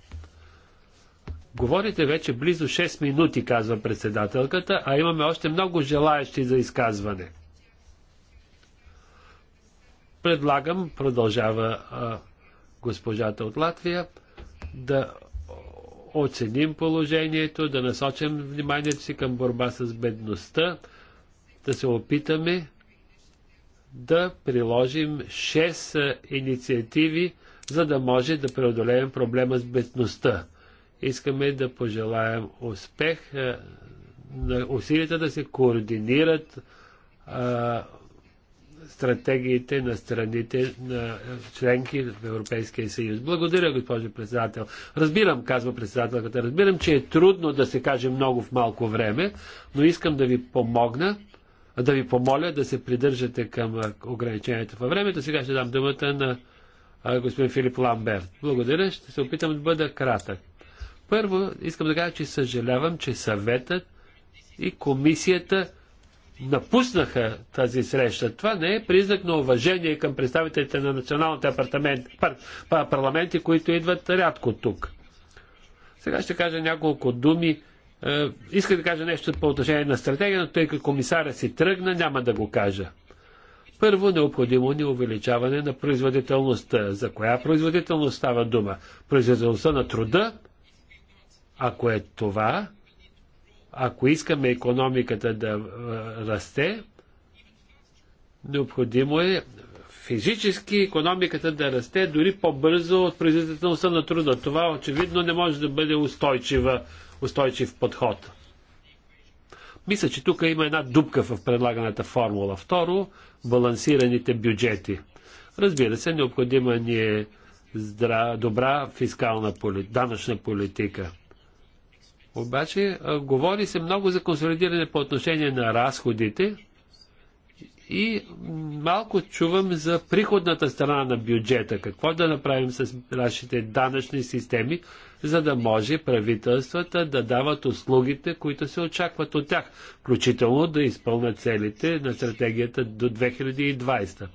Говорите вече близо 6 минути, казва председателката, а имаме още много желаящи за изказване. Предлагам, продължава а, госпожата от Латвия, да оценим положението, да насочим вниманието си към борба с бедността, да се опитаме да приложим 6 инициативи, за да може да преодолеем проблема с бедността. Искаме да пожелаем успех е, на усилията да се координират а, е, стратегиите на страните на членки в Европейския съюз. Благодаря, госпожо председател. Разбирам, казва председателката, разбирам, че е трудно да се каже много в малко време, но искам да ви помогна, да ви помоля да се придържате към е, ограничението във времето. Сега ще дам думата на господин Филип Ламберт. Благодаря, ще се опитам да бъда кратък. Първо, искам да кажа, че съжалявам, че съветът и комисията напуснаха тази среща. Това не е признак на уважение към представителите на националните пар, пар, парламенти, които идват рядко тук. Сега ще кажа няколко думи. Е, исках да кажа нещо по отношение на стратегия, но тъй като комисаря си тръгна, няма да го кажа. Първо, необходимо ни увеличаване на производителността. За коя производителност става дума? Производителността на труда ако е това, ако искаме економиката да расте, необходимо е физически економиката да расте дори по-бързо от производителността на труда. Това очевидно не може да бъде устойчива, устойчив подход. Мисля, че тук има една дупка в предлаганата формула. Второ, балансираните бюджети. Разбира се, необходима ни е здра, добра фискална поли, данъчна политика. Обаче а, говори се много за консолидиране по отношение на разходите и малко чувам за приходната страна на бюджета. Какво да направим с нашите данъчни системи, за да може правителствата да дават услугите, които се очакват от тях, включително да изпълнят целите на стратегията до 2020.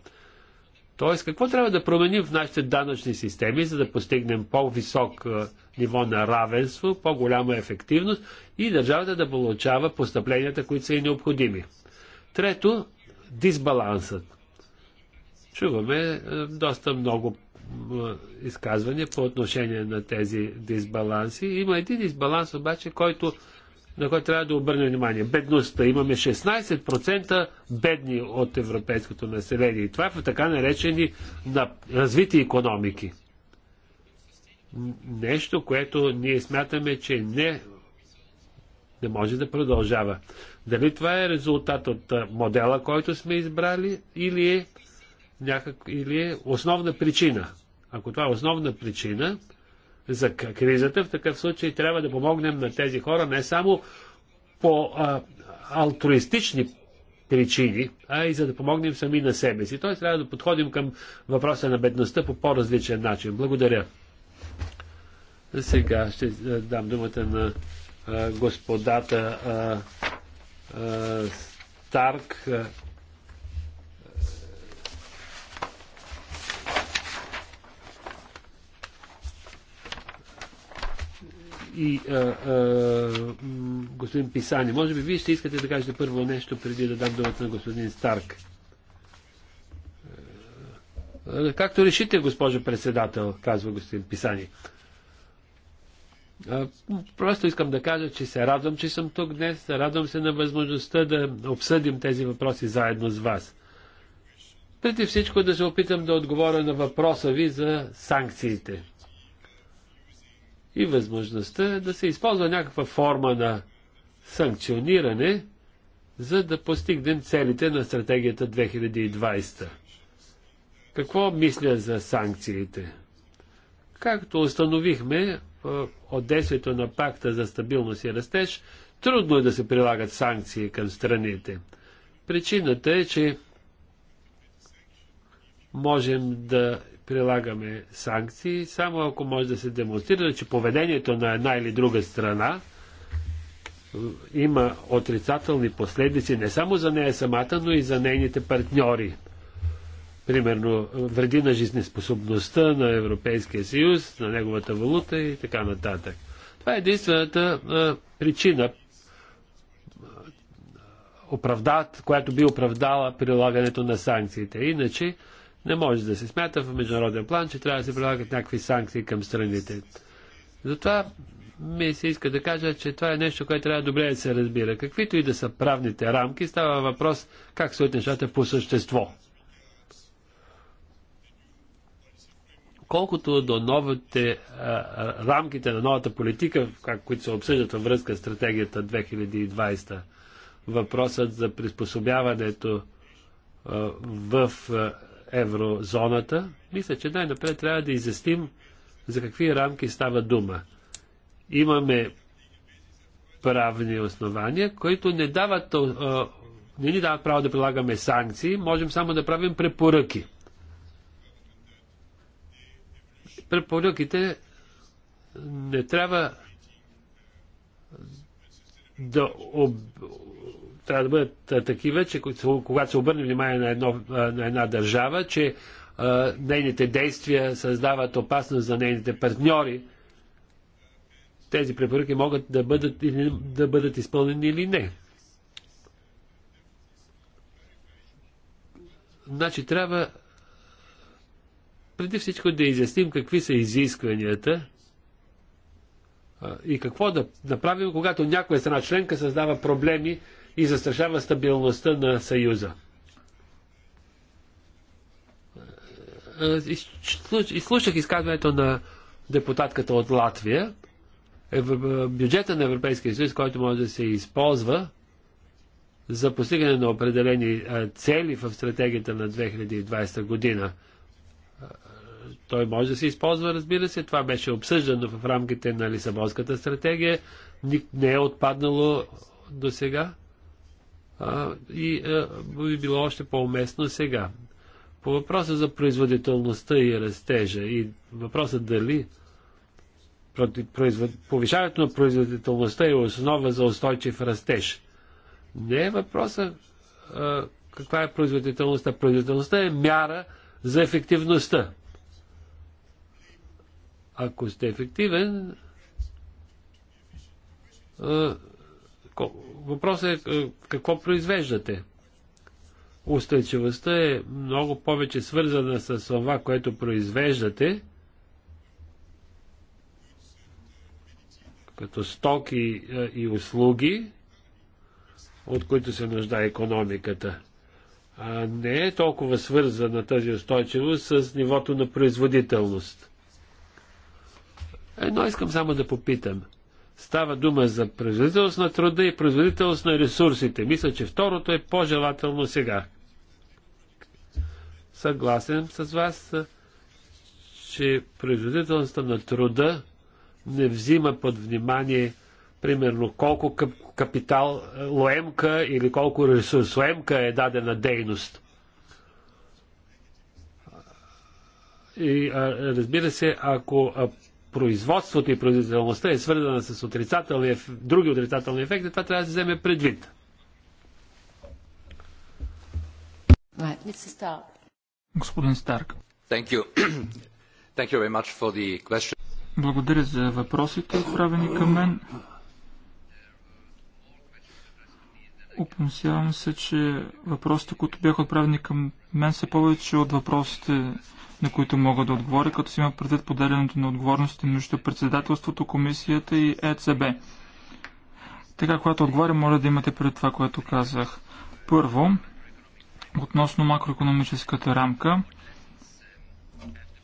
Тоест, какво трябва да променим в нашите данъчни системи, за да постигнем по-висок е, ниво на равенство, по-голяма ефективност и държавата да получава постъпленията, които са и необходими. Трето, дисбалансът. Чуваме е, доста много е, изказвания по отношение на тези дисбаланси. Има един дисбаланс обаче, който на който трябва да обърнем внимание. Бедността. Имаме 16% бедни от европейското население. И това е в така наречени на развити економики. Нещо, което ние смятаме, че не, не може да продължава. Дали това е резултат от модела, който сме избрали, или е, някак, или е основна причина. Ако това е основна причина, за кризата, в такъв случай трябва да помогнем на тези хора не само по а, алтруистични причини, а и за да помогнем сами на себе си. Тоест трябва да подходим към въпроса на бедността по по-различен начин. Благодаря. Сега ще дам думата на а, господата а, а, Старк. А, и а, а, господин Писани. Може би вие ще искате да кажете първо нещо, преди да дам думата на господин Старк. Както решите, госпожо председател, казва господин Писани. Просто искам да кажа, че се радвам, че съм тук днес. Радвам се на възможността да обсъдим тези въпроси заедно с вас. Преди всичко да се опитам да отговоря на въпроса ви за санкциите и възможността да се използва някаква форма на санкциониране, за да постигнем целите на стратегията 2020. Какво мисля за санкциите? Както установихме от действието на пакта за стабилност и растеж, трудно е да се прилагат санкции към страните. Причината е, че можем да прилагаме санкции, само ако може да се демонстрира, че поведението на една или друга страна има отрицателни последици не само за нея самата, но и за нейните партньори. Примерно, вреди на жизнеспособността на Европейския съюз, на неговата валута и така нататък. Това е единствената а, причина, оправдат, която би оправдала прилагането на санкциите. Иначе, не може да се смята в международен план, че трябва да се прилагат някакви санкции към страните. Затова ми се иска да кажа, че това е нещо, което трябва добре да се разбира. Каквито и да са правните рамки, става въпрос как се нещата по същество. Колкото до новите а, рамките на новата политика, как, които се обсъждат във връзка с стратегията 2020, въпросът за приспособяването а, в а, еврозоната, мисля, че най-напред трябва да изясним за какви рамки става дума. Имаме правни основания, които не дават не ни дават право да прилагаме санкции, можем само да правим препоръки. Препоръките не трябва да трябва да бъдат такива, че когато се обърне внимание на, едно, на една държава, че а, нейните действия създават опасност за нейните партньори, тези препоръки могат да бъдат, да бъдат изпълнени или не. Значи трябва преди всичко да изясним какви са изискванията и какво да направим, когато някоя страна членка създава проблеми и застрашава стабилността на Съюза. Е, изслушах изказването на депутатката от Латвия. Бюджета на Европейския съюз, който може да се използва за постигане на определени е, цели в стратегията на 2020 година. Е, той може да се използва, разбира се. Това беше обсъждано в рамките на Лисабонската стратегия. Не е отпаднало до сега и би било още по-уместно сега. По въпроса за производителността и растежа и въпроса дали повишаването на производителността е основа за устойчив растеж. Не е въпроса а, каква е производителността. Производителността е мяра за ефективността. Ако сте ефективен, а, въпросът е, е какво произвеждате. Устойчивостта е много повече свързана с това, което произвеждате, като стоки е, и услуги, от които се нуждае економиката. А не е толкова свързана тази устойчивост с нивото на производителност. Едно искам само да попитам – Става дума за производителност на труда и производителност на ресурсите. Мисля, че второто е по-желателно сега. Съгласен с вас, че производителността на труда не взима под внимание примерно колко капитал е, лоемка или колко ресурс лоемка е дадена дейност. И разбира се, ако производството и производителността е свързана с отрицателни, други отрицателни ефекти, това трябва да се вземе предвид. Господин Старк. Thank you. Thank you very much for the question. Благодаря за въпросите, отправени към мен. Опонсявам се, че въпросите, които бяха отправени към мен, са повече от въпросите, на които мога да отговоря, като си има предвид поделянето на отговорности между председателството, комисията и ЕЦБ. Така, когато отговаря, моля да имате пред това, което казах. Първо, относно макроекономическата рамка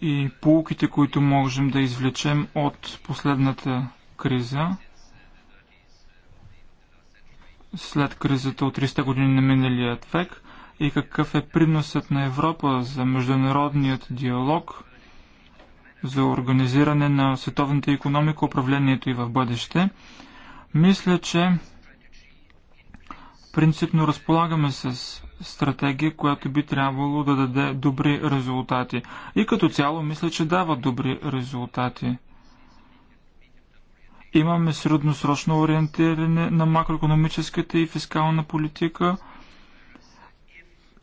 и полуките, които можем да извлечем от последната криза – след кризата от 300 години на миналият век и какъв е приносът на Европа за международният диалог, за организиране на световната економика, управлението и в бъдеще. Мисля, че принципно разполагаме с стратегия, която би трябвало да даде добри резултати. И като цяло мисля, че дава добри резултати. Имаме средносрочно ориентиране на макроекономическата и фискална политика.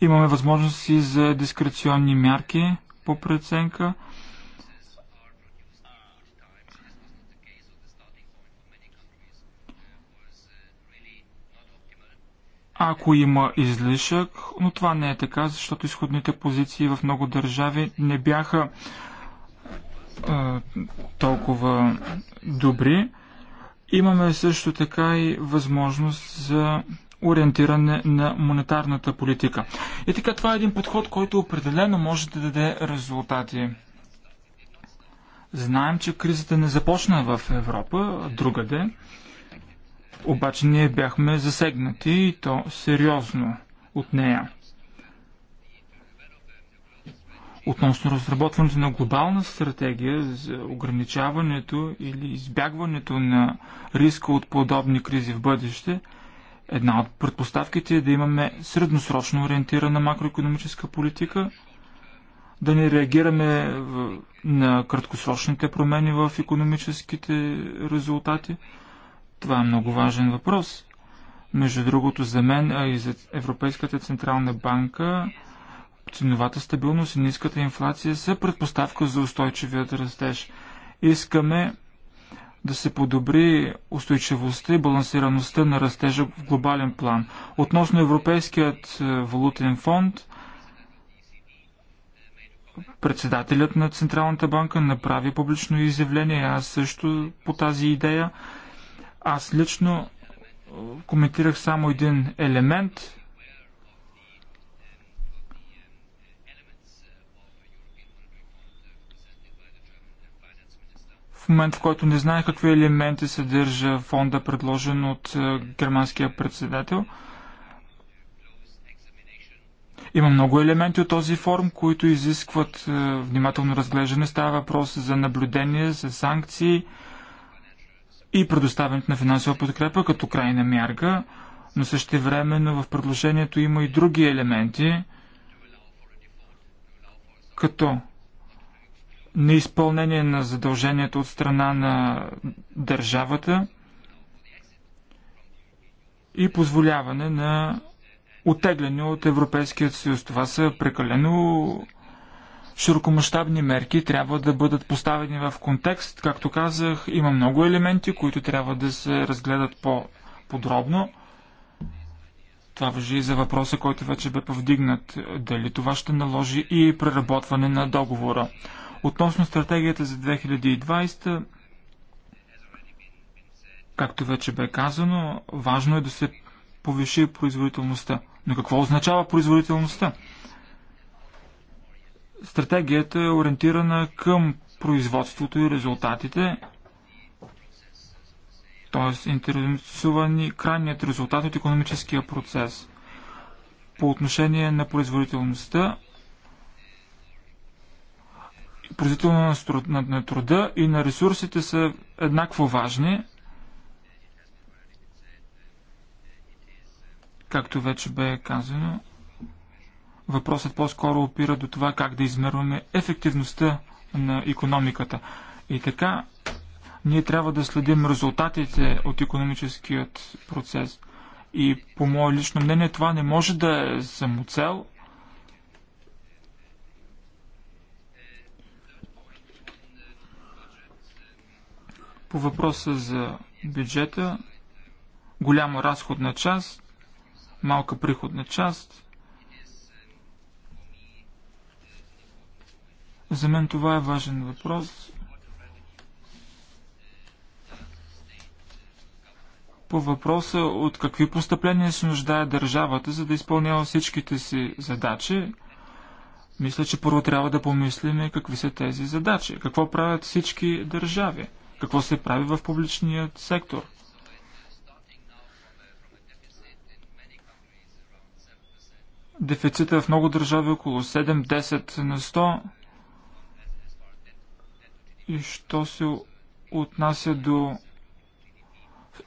Имаме възможности за дискреционни мярки по преценка. ако има излишък, но това не е така, защото изходните позиции в много държави не бяха толкова добри. Имаме също така и възможност за ориентиране на монетарната политика. И така това е един подход, който определено може да даде резултати. Знаем, че кризата не започна в Европа, другаде. Обаче ние бяхме засегнати и то сериозно от нея. Относно разработването на глобална стратегия за ограничаването или избягването на риска от подобни кризи в бъдеще, една от предпоставките е да имаме средносрочно ориентирана макроекономическа политика, да не реагираме на краткосрочните промени в економическите резултати. Това е много важен въпрос. Между другото, за мен, а и за Европейската Централна банка, Ценовата стабилност и ниската инфлация са предпоставка за устойчивият растеж. Искаме да се подобри устойчивостта и балансираността на растежа в глобален план. Относно Европейският е, валутен фонд, председателят на Централната банка направи публично изявление, аз също по тази идея. Аз лично е, коментирах само един елемент в момент, в който не знае какви елементи съдържа фонда, предложен от е, германския председател. Има много елементи от този форум, които изискват е, внимателно разглеждане. Става въпрос за наблюдение, за санкции и предоставянето на финансова подкрепа като крайна мярка, но също времено в предложението има и други елементи, като неизпълнение на задълженията от страна на държавата и позволяване на отегляне от Европейския съюз. Това са прекалено широкомащабни мерки, трябва да бъдат поставени в контекст. Както казах, има много елементи, които трябва да се разгледат по-подробно. Това въжи и за въпроса, който вече бе повдигнат. Дали това ще наложи и преработване на договора. Относно стратегията за 2020, както вече бе казано, важно е да се повиши производителността. Но какво означава производителността? Стратегията е ориентирана към производството и резултатите, т.е. интересувани крайният резултат от економическия процес. По отношение на производителността, производително на труда и на ресурсите са еднакво важни. Както вече бе казано, въпросът по-скоро опира до това как да измерваме ефективността на економиката. И така, ние трябва да следим резултатите от економическият процес. И по мое лично мнение това не може да е самоцел, По въпроса за бюджета, голяма разходна част, малка приходна част. За мен това е важен въпрос. По въпроса от какви постъпления се нуждае държавата, за да изпълнява всичките си задачи, мисля, че първо трябва да помислим какви са тези задачи, какво правят всички държави – какво се прави в публичния сектор. Дефицита в много държави е около 7-10 на 100. И що се отнася до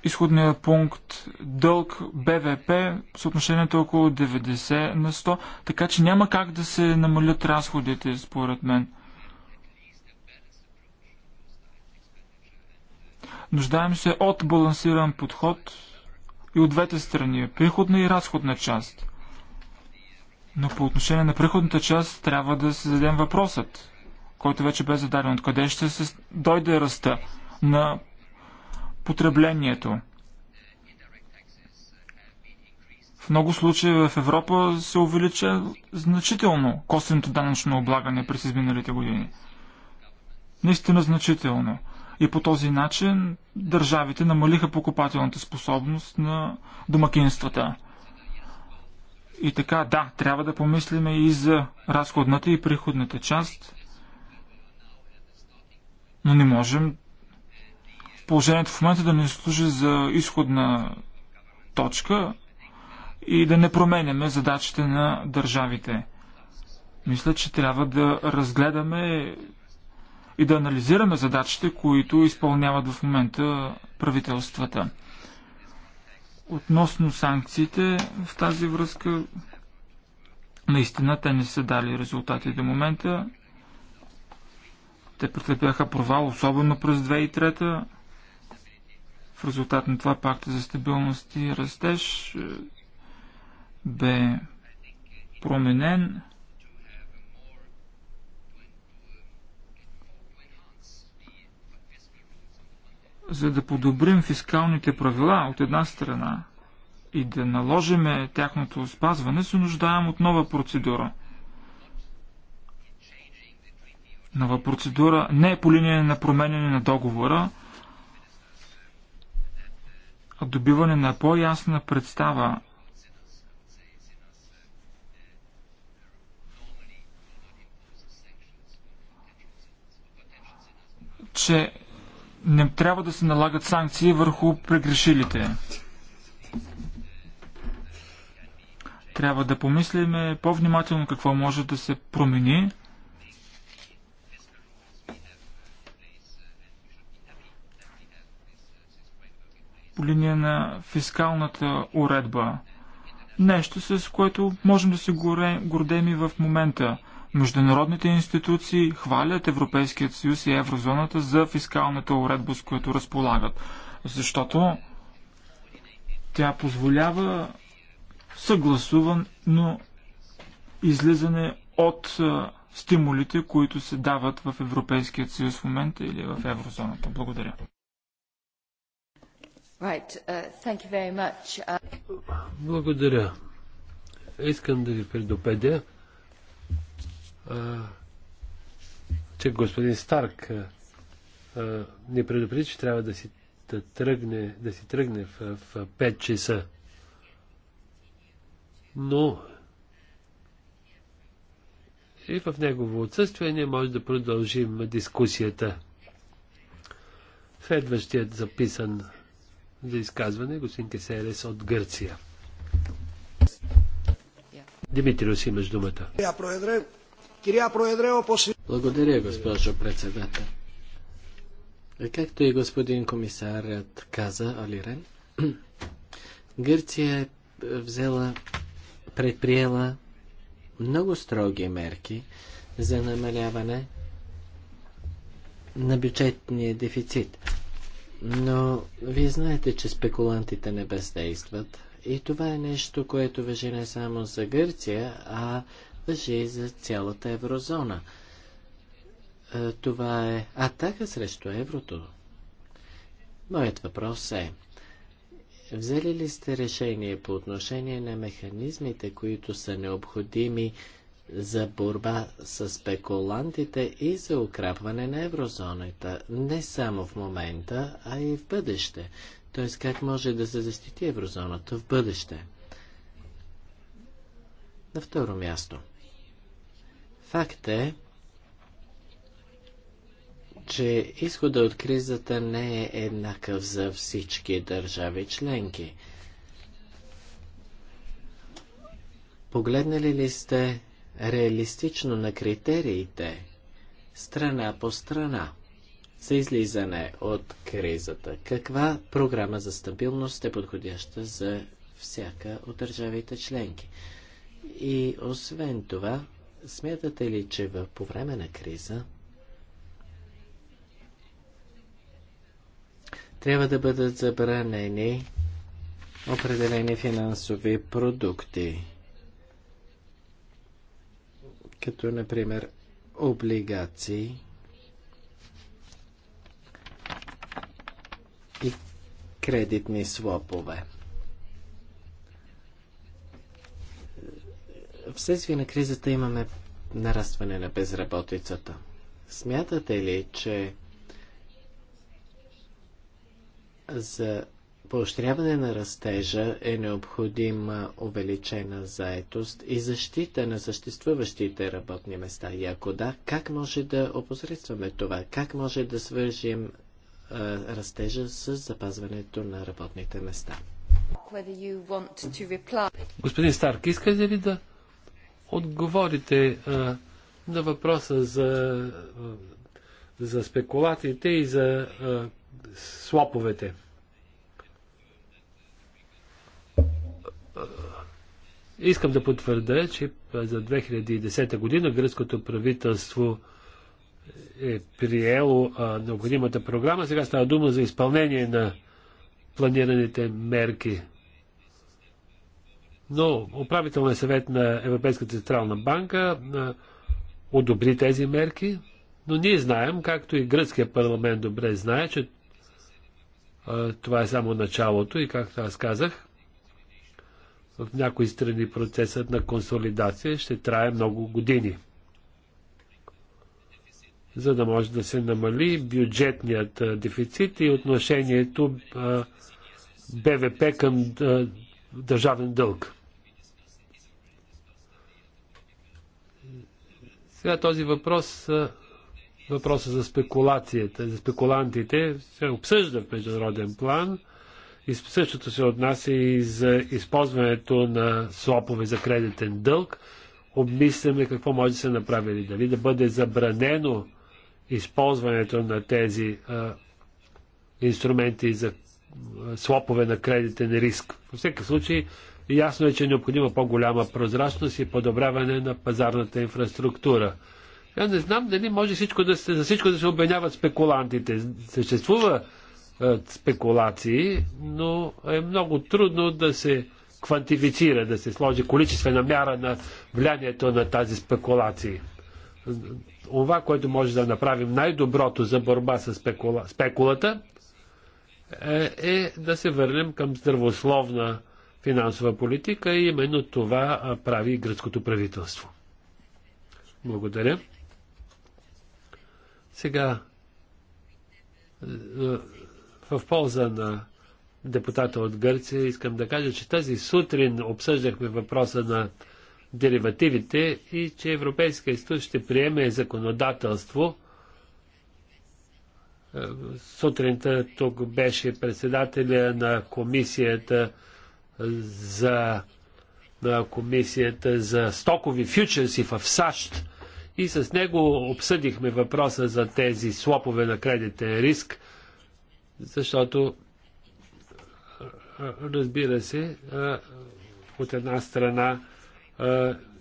изходния пункт дълг БВП, съотношението е около 90 на 100, така че няма как да се намалят разходите, според мен. Нуждаем се от балансиран подход и от двете страни, приходна и разходна част. Но по отношение на приходната част трябва да се зададем въпросът, който вече бе зададен. Откъде ще се дойде ръста на потреблението? В много случаи в Европа се увелича значително косвеното данъчно облагане през изминалите години. Наистина значително. И по този начин държавите намалиха покупателната способност на домакинствата. И така, да, трябва да помислиме и за разходната и приходната част, но не можем положението в момента да не служи за изходна точка и да не променяме задачите на държавите. Мисля, че трябва да разгледаме и да анализираме задачите, които изпълняват в момента правителствата. Относно санкциите в тази връзка, наистина те не са дали резултати до момента. Те претърпяха провал, особено през 2003 В резултат на това пакта за стабилност и растеж е, бе променен. за да подобрим фискалните правила от една страна и да наложиме тяхното спазване, се нуждаем от нова процедура. Нова процедура не е по линия на променяне на договора, а добиване на по-ясна представа че не трябва да се налагат санкции върху прегрешилите. Трябва да помислим по-внимателно какво може да се промени. по линия на фискалната уредба. Нещо, с което можем да се гордеем и в момента – Международните институции хвалят Европейският съюз и еврозоната за фискалната уредба, с която разполагат, защото тя позволява съгласувано излизане от стимулите, които се дават в Европейският съюз в момента или в еврозоната. Благодаря. Right. Uh, uh... Благодаря. Искам да ви предупредя, че господин Старк не предупреди, че трябва да си да тръгне, да си тръгне в, в 5 часа. Но и в негово отсъствие ние може да продължим дискусията. Следващият записан за изказване е господин Кесерес от Гърция. Димитрио си имаш думата. Благодаря, госпожо председател. Е, както и господин комисарят каза, Алирен, Гърция е взела, предприела много строги мерки за намаляване на бюджетния дефицит. Но вие знаете, че спекулантите не бездействат. И това е нещо, което въжи не само за Гърция, а въже за цялата еврозона. Е, това е атака срещу еврото. Моят въпрос е, взели ли сте решение по отношение на механизмите, които са необходими за борба с спекулантите и за украпване на еврозоната, не само в момента, а и в бъдеще? Т.е. как може да се защити еврозоната в бъдеще? На второ място – Факт е, че изхода от кризата не е еднакъв за всички държави членки. Погледнали ли сте реалистично на критериите, страна по страна, за излизане от кризата? Каква програма за стабилност е подходяща за всяка от държавите членки? И освен това, Смятате ли, че в, по време на криза трябва да бъдат забранени определени финансови продукти, като например облигации и кредитни слопове. Вследствие на кризата имаме нарастване на безработицата. Смятате ли, че за поощряване на растежа е необходима увеличена заетост и защита на съществуващите работни места? И ако да, как може да опосредстваме това? Как може да свържим а, растежа с запазването на работните места? Господин Старк, искате ли да отговорите а, на въпроса за, за спекулациите и за а, слоповете. Искам да потвърда, че за 2010 година гръцкото правителство е приело а, необходимата програма. Сега става дума за изпълнение на планираните мерки. Но управителният съвет на Европейската централна банка одобри тези мерки, но ние знаем, както и гръцкият парламент добре знае, че това е само началото и както аз казах, в някои страни процесът на консолидация ще трае много години. За да може да се намали бюджетният дефицит и отношението БВП към държавен дълг. Сега този въпрос, въпроса за спекулацията, за спекулантите, се обсъжда в международен план. И същото се отнася и за използването на слопове за кредитен дълг. Обмисляме какво може да се направи. Дали да бъде забранено използването на тези а, инструменти за слопове на кредитен риск. Във всеки случай Ясно е, че е необходима по-голяма прозрачност и подобряване на пазарната инфраструктура. Я не знам дали може всичко да се, за всичко да се обвиняват спекулантите. Съществува е, спекулации, но е много трудно да се квантифицира, да се сложи количествена мяра на влиянието на тази спекулации. Това, което може да направим най-доброто за борба с спекула, спекулата, е, е да се върнем към здравословна финансова политика и именно това прави гръцкото правителство. Благодаря. Сега в полза на депутата от Гърция искам да кажа, че тази сутрин обсъждахме въпроса на деривативите и че Европейския институт ще приеме законодателство. Сутринта тук беше председателя на комисията за комисията за стокови фьючерси в САЩ и с него обсъдихме въпроса за тези слопове на кредитен риск, защото разбира се, от една страна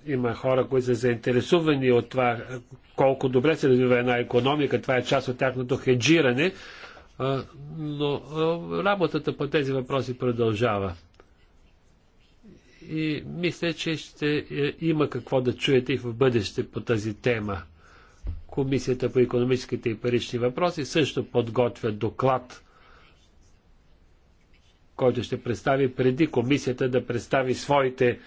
има хора, които са заинтересувани от това колко добре се развива една економика, това е част от тяхното хеджиране, но работата по тези въпроси продължава и мисля, че ще е, има какво да чуете и в бъдеще по тази тема. Комисията по економическите и парични въпроси също подготвя доклад, който ще представи преди комисията да представи своите е,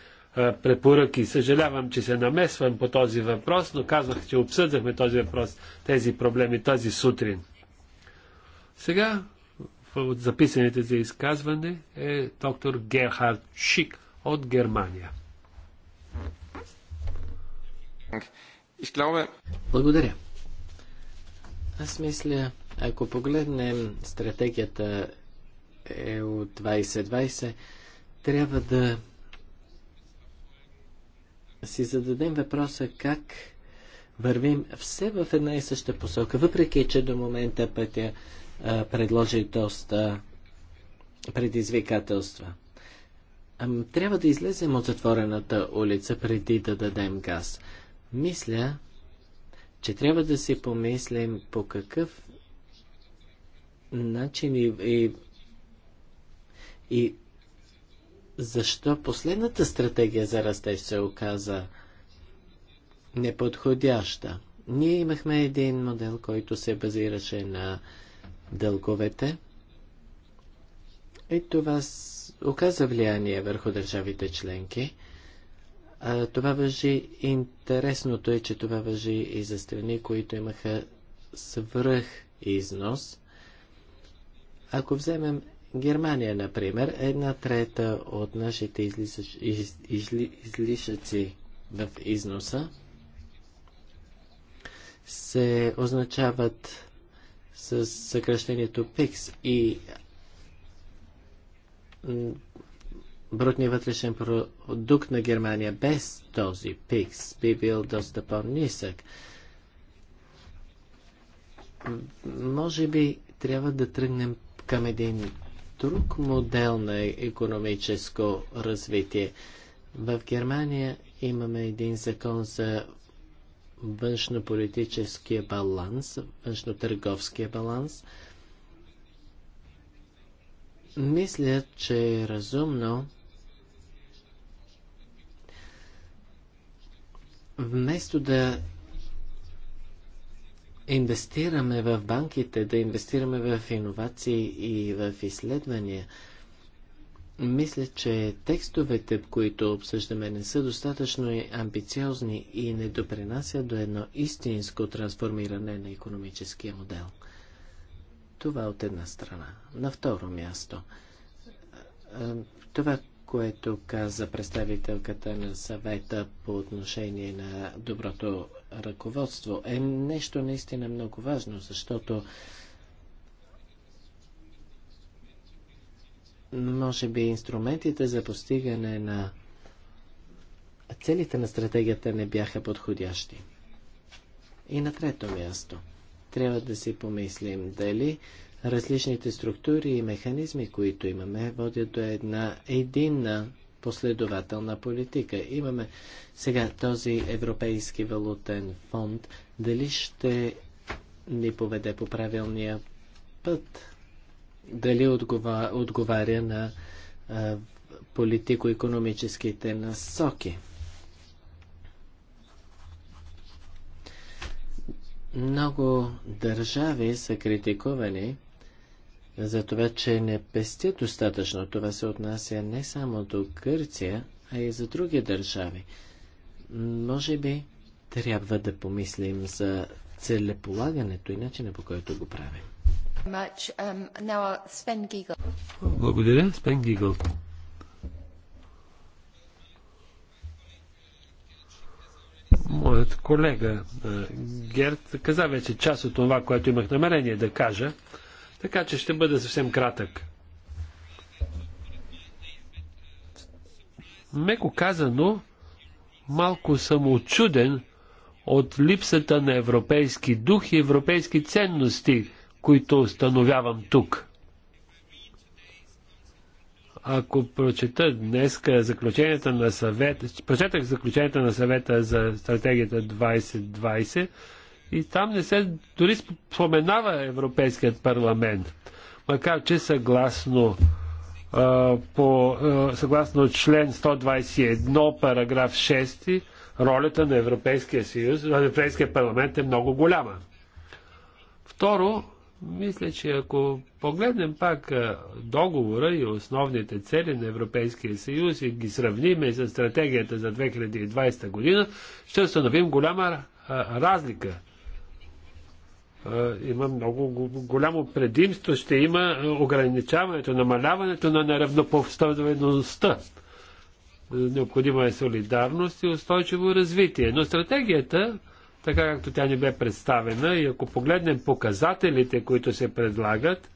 препоръки. Съжалявам, че се намесвам по този въпрос, но казах, че обсъдахме този въпрос, тези проблеми тази сутрин. Сега от записаните за изказване е доктор Герхард Шик от Германия. Благодаря. Аз мисля, ако погледнем стратегията ЕО 2020, трябва да си зададем въпроса как вървим все в една и съща посока, въпреки че до момента пътя предложи доста предизвикателства. Трябва да излезем от затворената улица преди да дадем газ. Мисля, че трябва да си помислим по какъв начин и, и, и защо последната стратегия за растеж се оказа неподходяща. Ние имахме един модел, който се базираше на дълговете и това оказа влияние върху държавите членки. А, това въжи, интересното е, че това въжи и за страни, които имаха свръх износ. Ако вземем Германия, например, една трета от нашите излишъци в износа се означават с съкръщението PIX И e брутния вътрешен продукт на Германия без този пикс би бил доста по-нисък. Може би трябва да тръгнем към един друг модел на економическо развитие. В Германия имаме един закон за външно-политическия баланс, външно-търговския баланс – мисля, че е разумно вместо да инвестираме в банките, да инвестираме в иновации и в изследвания, мисля, че текстовете, които обсъждаме, не са достатъчно амбициозни и не допринасят до едно истинско трансформиране на економическия модел. Това от една страна. На второ място. Това, което каза представителката на съвета по отношение на доброто ръководство, е нещо наистина много важно, защото може би инструментите за постигане на целите на стратегията не бяха подходящи. И на трето място – трябва да си помислим дали различните структури и механизми, които имаме, водят до една единна последователна политика. Имаме сега този Европейски валутен фонд. Дали ще ни поведе по правилния път? Дали отговаря на политико-економическите насоки? Много държави са критикували за това, че не пестят достатъчно. Това се отнася не само до Гърция, а и за други държави. Може би трябва да помислим за целеполагането и начина по който го правим. Um, uh, Благодаря, Спен Гигъл. Моят колега Герт каза вече част от това, което имах намерение да кажа, така че ще бъда съвсем кратък. Меко казано, малко съм очуден от липсата на европейски дух и европейски ценности, които установявам тук. Ако прочета днес заключенията на съвета, прочетах заключенията на съвета за стратегията 2020 и там не се дори споменава Европейският парламент. Макар, че съгласно по, съгласно член 121, параграф 6, ролята на Европейския съюз, на Европейския парламент е много голяма. Второ, мисля, че ако погледнем пак договора и основните цели на Европейския съюз и ги и с стратегията за 2020 година, ще установим голяма разлика. Има много голямо предимство, ще има ограничаването, намаляването на неравнопоставеността. Необходима е солидарност и устойчиво развитие. Но стратегията така както тя ни бе представена и ако погледнем показателите, които се предлагат,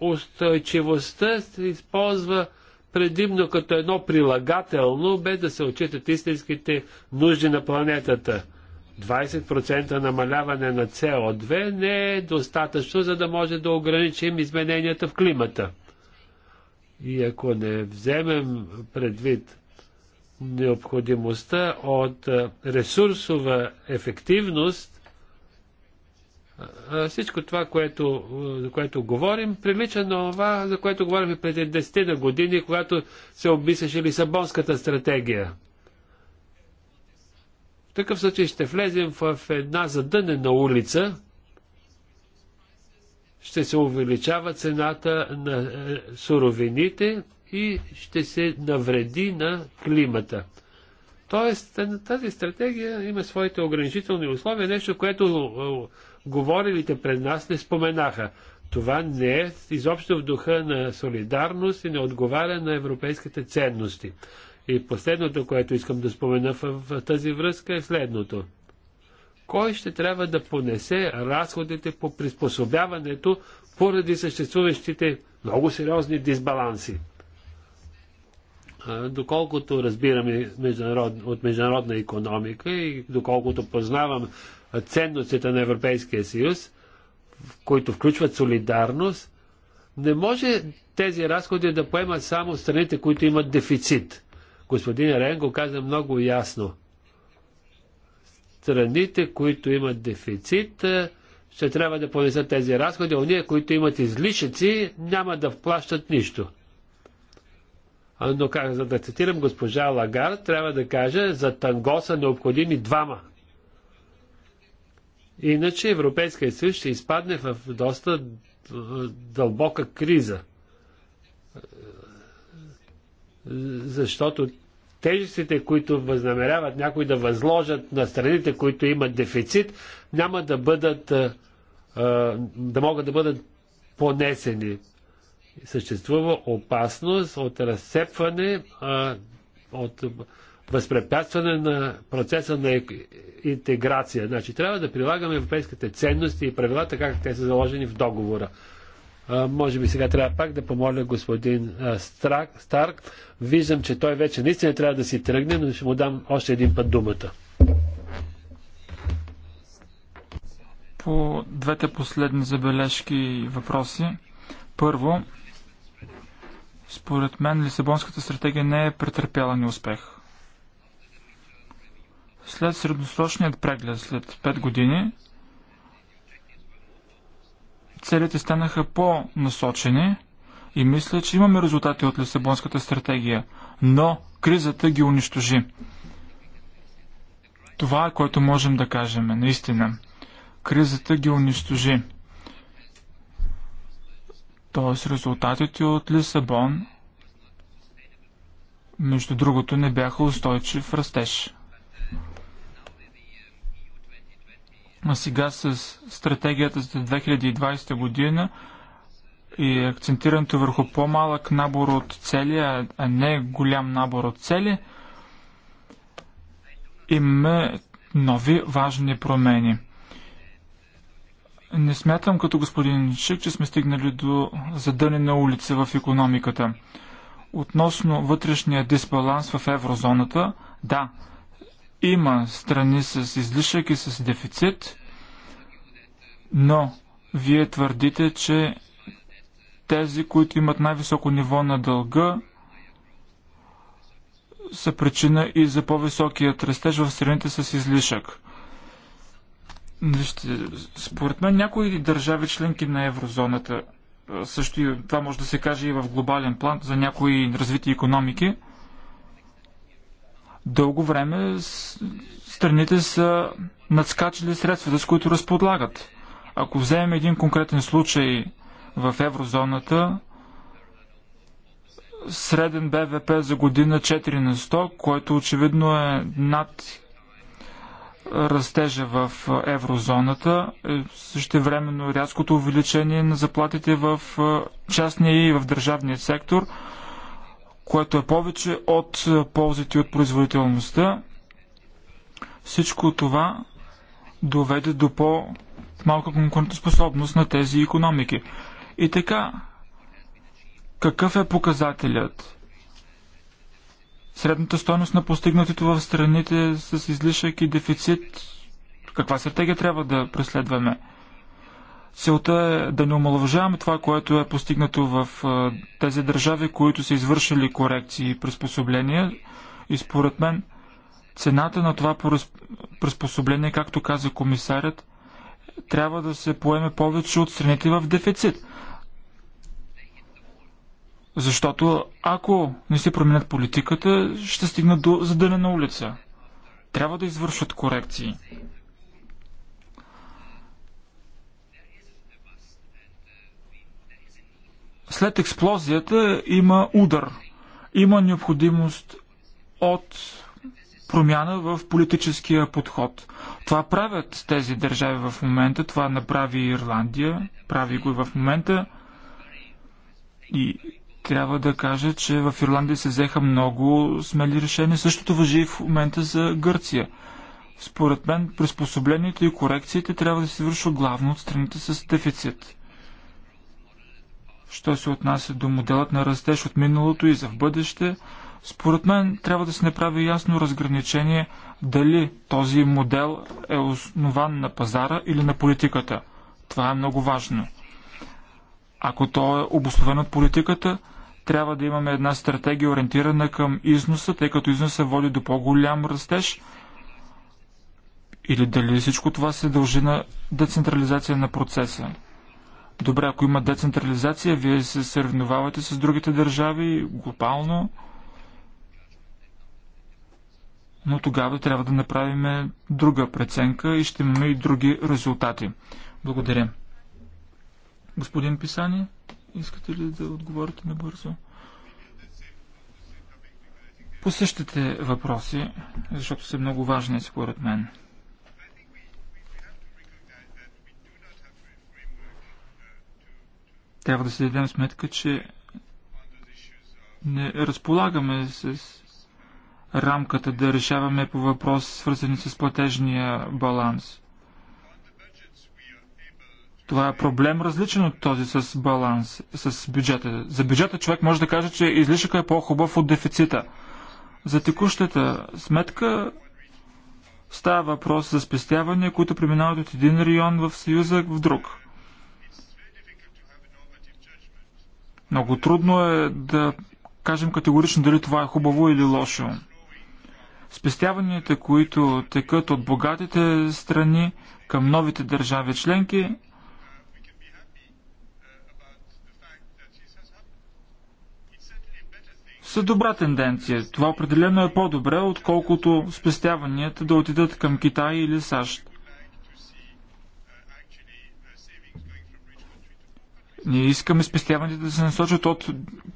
устойчивостта се използва предимно като едно прилагателно, без да се отчитат истинските нужди на планетата. 20% намаляване на CO2 не е достатъчно, за да може да ограничим измененията в климата. И ако не вземем предвид необходимостта от ресурсова ефективност, всичко това, което, за което говорим, прилича на това, за което говорим преди 10 на години, когато се обмисляше Лисабонската стратегия. В такъв случай ще влезем в една задънена улица, ще се увеличава цената на е, суровините, и ще се навреди на климата. Тоест, тази стратегия има своите ограничителни условия, нещо, което е, говорилите пред нас не споменаха. Това не е изобщо в духа на солидарност и не отговаря на европейските ценности. И последното, което искам да спомена в, в тази връзка е следното. Кой ще трябва да понесе разходите по приспособяването поради съществуващите много сериозни дисбаланси? Доколкото разбираме международ, от международна економика и доколкото познавам ценностите на Европейския съюз, които включват солидарност, не може тези разходи да поемат само страните, които имат дефицит. Господин Рен го каза много ясно. Страните, които имат дефицит, ще трябва да понесат тези разходи, а ние, които имат излишъци, няма да плащат нищо но как, за да цитирам госпожа Лагар, трябва да кажа, за танго са необходими двама. Иначе Европейския съюз ще изпадне в доста е, дълбока криза. Е, защото тежестите, които възнамеряват някои да възложат на страните, които имат дефицит, няма да бъдат е, да могат да бъдат понесени съществува опасност от разцепване, а, от възпрепятстване на процеса на интеграция. Значи трябва да прилагаме европейските ценности и правила така, как те са заложени в договора. А, може би сега трябва пак да помоля господин а, Страк, Старк. Виждам, че той вече наистина трябва да си тръгне, но ще му дам още един път думата. По двете последни забележки и въпроси. Първо, според мен Лисабонската стратегия не е претърпяла неуспех. След средносрочният преглед, след 5 години, целите станаха по-насочени и мисля, че имаме резултати от Лисабонската стратегия, но кризата ги унищожи. Това е което можем да кажем, наистина. Кризата ги унищожи т.е. резултатите от Лисабон, между другото, не бяха устойчив растеж. А сега с стратегията за 2020 година и акцентирането върху по-малък набор от цели, а не голям набор от цели, имаме нови важни промени – не смятам като господин Шик, че сме стигнали до задънена улица в економиката. Относно вътрешния дисбаланс в еврозоната, да, има страни с излишък и с дефицит, но вие твърдите, че тези, които имат най-високо ниво на дълга, са причина и за по-високият растеж в страните с излишък. Вижте, според мен някои държави членки на еврозоната, също и това може да се каже и в глобален план за някои развити економики, дълго време страните са надскачали средствата, с които разподлагат. Ако вземем един конкретен случай в еврозоната, среден БВП за година 4 на 100, който очевидно е над растежа в еврозоната, е, времено рязкото увеличение на заплатите в е, частния и в държавния сектор, което е повече от е, ползите от производителността. Всичко това доведе до по-малка конкурентоспособност на тези економики. И така, какъв е показателят? средната стойност на постигнатото в страните с излишък и дефицит, каква стратегия трябва да преследваме? Целта е да не омалуважаваме това, което е постигнато в тези държави, които са извършили корекции и приспособления. И според мен цената на това приспособление, както каза комисарят, трябва да се поеме повече от страните в дефицит. Защото ако не се променят политиката, ще стигнат до задънена улица. Трябва да извършат корекции. След експлозията има удар. Има необходимост от промяна в политическия подход. Това правят тези държави в момента, това направи Ирландия, прави го и в момента. И трябва да кажа, че в Ирландия се взеха много смели решения. Същото въжи и в момента за Гърция. Според мен, приспособлението и корекциите трябва да се вършат главно от страните с дефицит. Що се отнася до моделът на растеж от миналото и за в бъдеще, според мен трябва да се направи ясно разграничение дали този модел е основан на пазара или на политиката. Това е много важно. Ако то е обословен от политиката, трябва да имаме една стратегия ориентирана към износа, тъй като износа води до по-голям растеж. Или дали всичко това се дължи на децентрализация на процеса? Добре, ако има децентрализация, вие се съревновавате с другите държави глобално, но тогава трябва да направим друга преценка и ще имаме и други резултати. Благодаря. Господин Писани? Искате ли да отговорите набързо? По същите въпроси, защото са много важни според мен. Трябва да се дадем сметка, че не разполагаме с рамката да решаваме по въпрос, свързани с платежния баланс. Това е проблем различен от този с баланс, с бюджета. За бюджета човек може да каже, че излишъка е по-хубав от дефицита. За текущата сметка става въпрос за спестявания, които преминават от един район в Съюза в друг. Много трудно е да кажем категорично дали това е хубаво или лошо. Спестяванията, които текат от богатите страни към новите държави членки, с добра тенденция. Това определено е по-добре, отколкото спестяванията да отидат към Китай или САЩ. Ние искаме спестяванията да се насочат от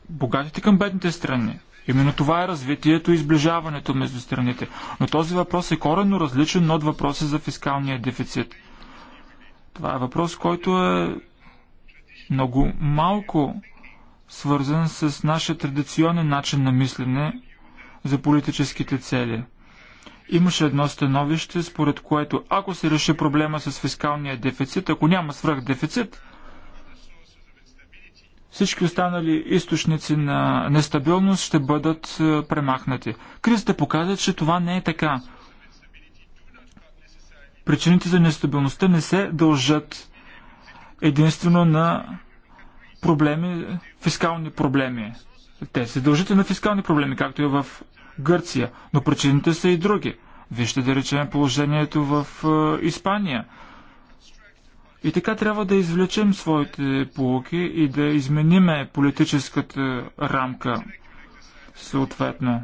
богатите към бедните страни. Именно това е развитието и сближаването между страните. Но този въпрос е коренно различен от въпроса за фискалния дефицит. Това е въпрос, който е много малко свързан с нашия традиционен начин на мислене за политическите цели. Имаше едно становище, според което ако се реши проблема с фискалния дефицит, ако няма свръх дефицит, всички останали източници на нестабилност ще бъдат е, премахнати. Кризата показва, че това не е така. Причините за нестабилността не се дължат единствено на проблеми, фискални проблеми. Те се дължат на фискални проблеми, както и в Гърция, но причините са и други. Вижте да речем положението в е, Испания. И така трябва да извлечем своите полуки и да измениме политическата рамка съответно.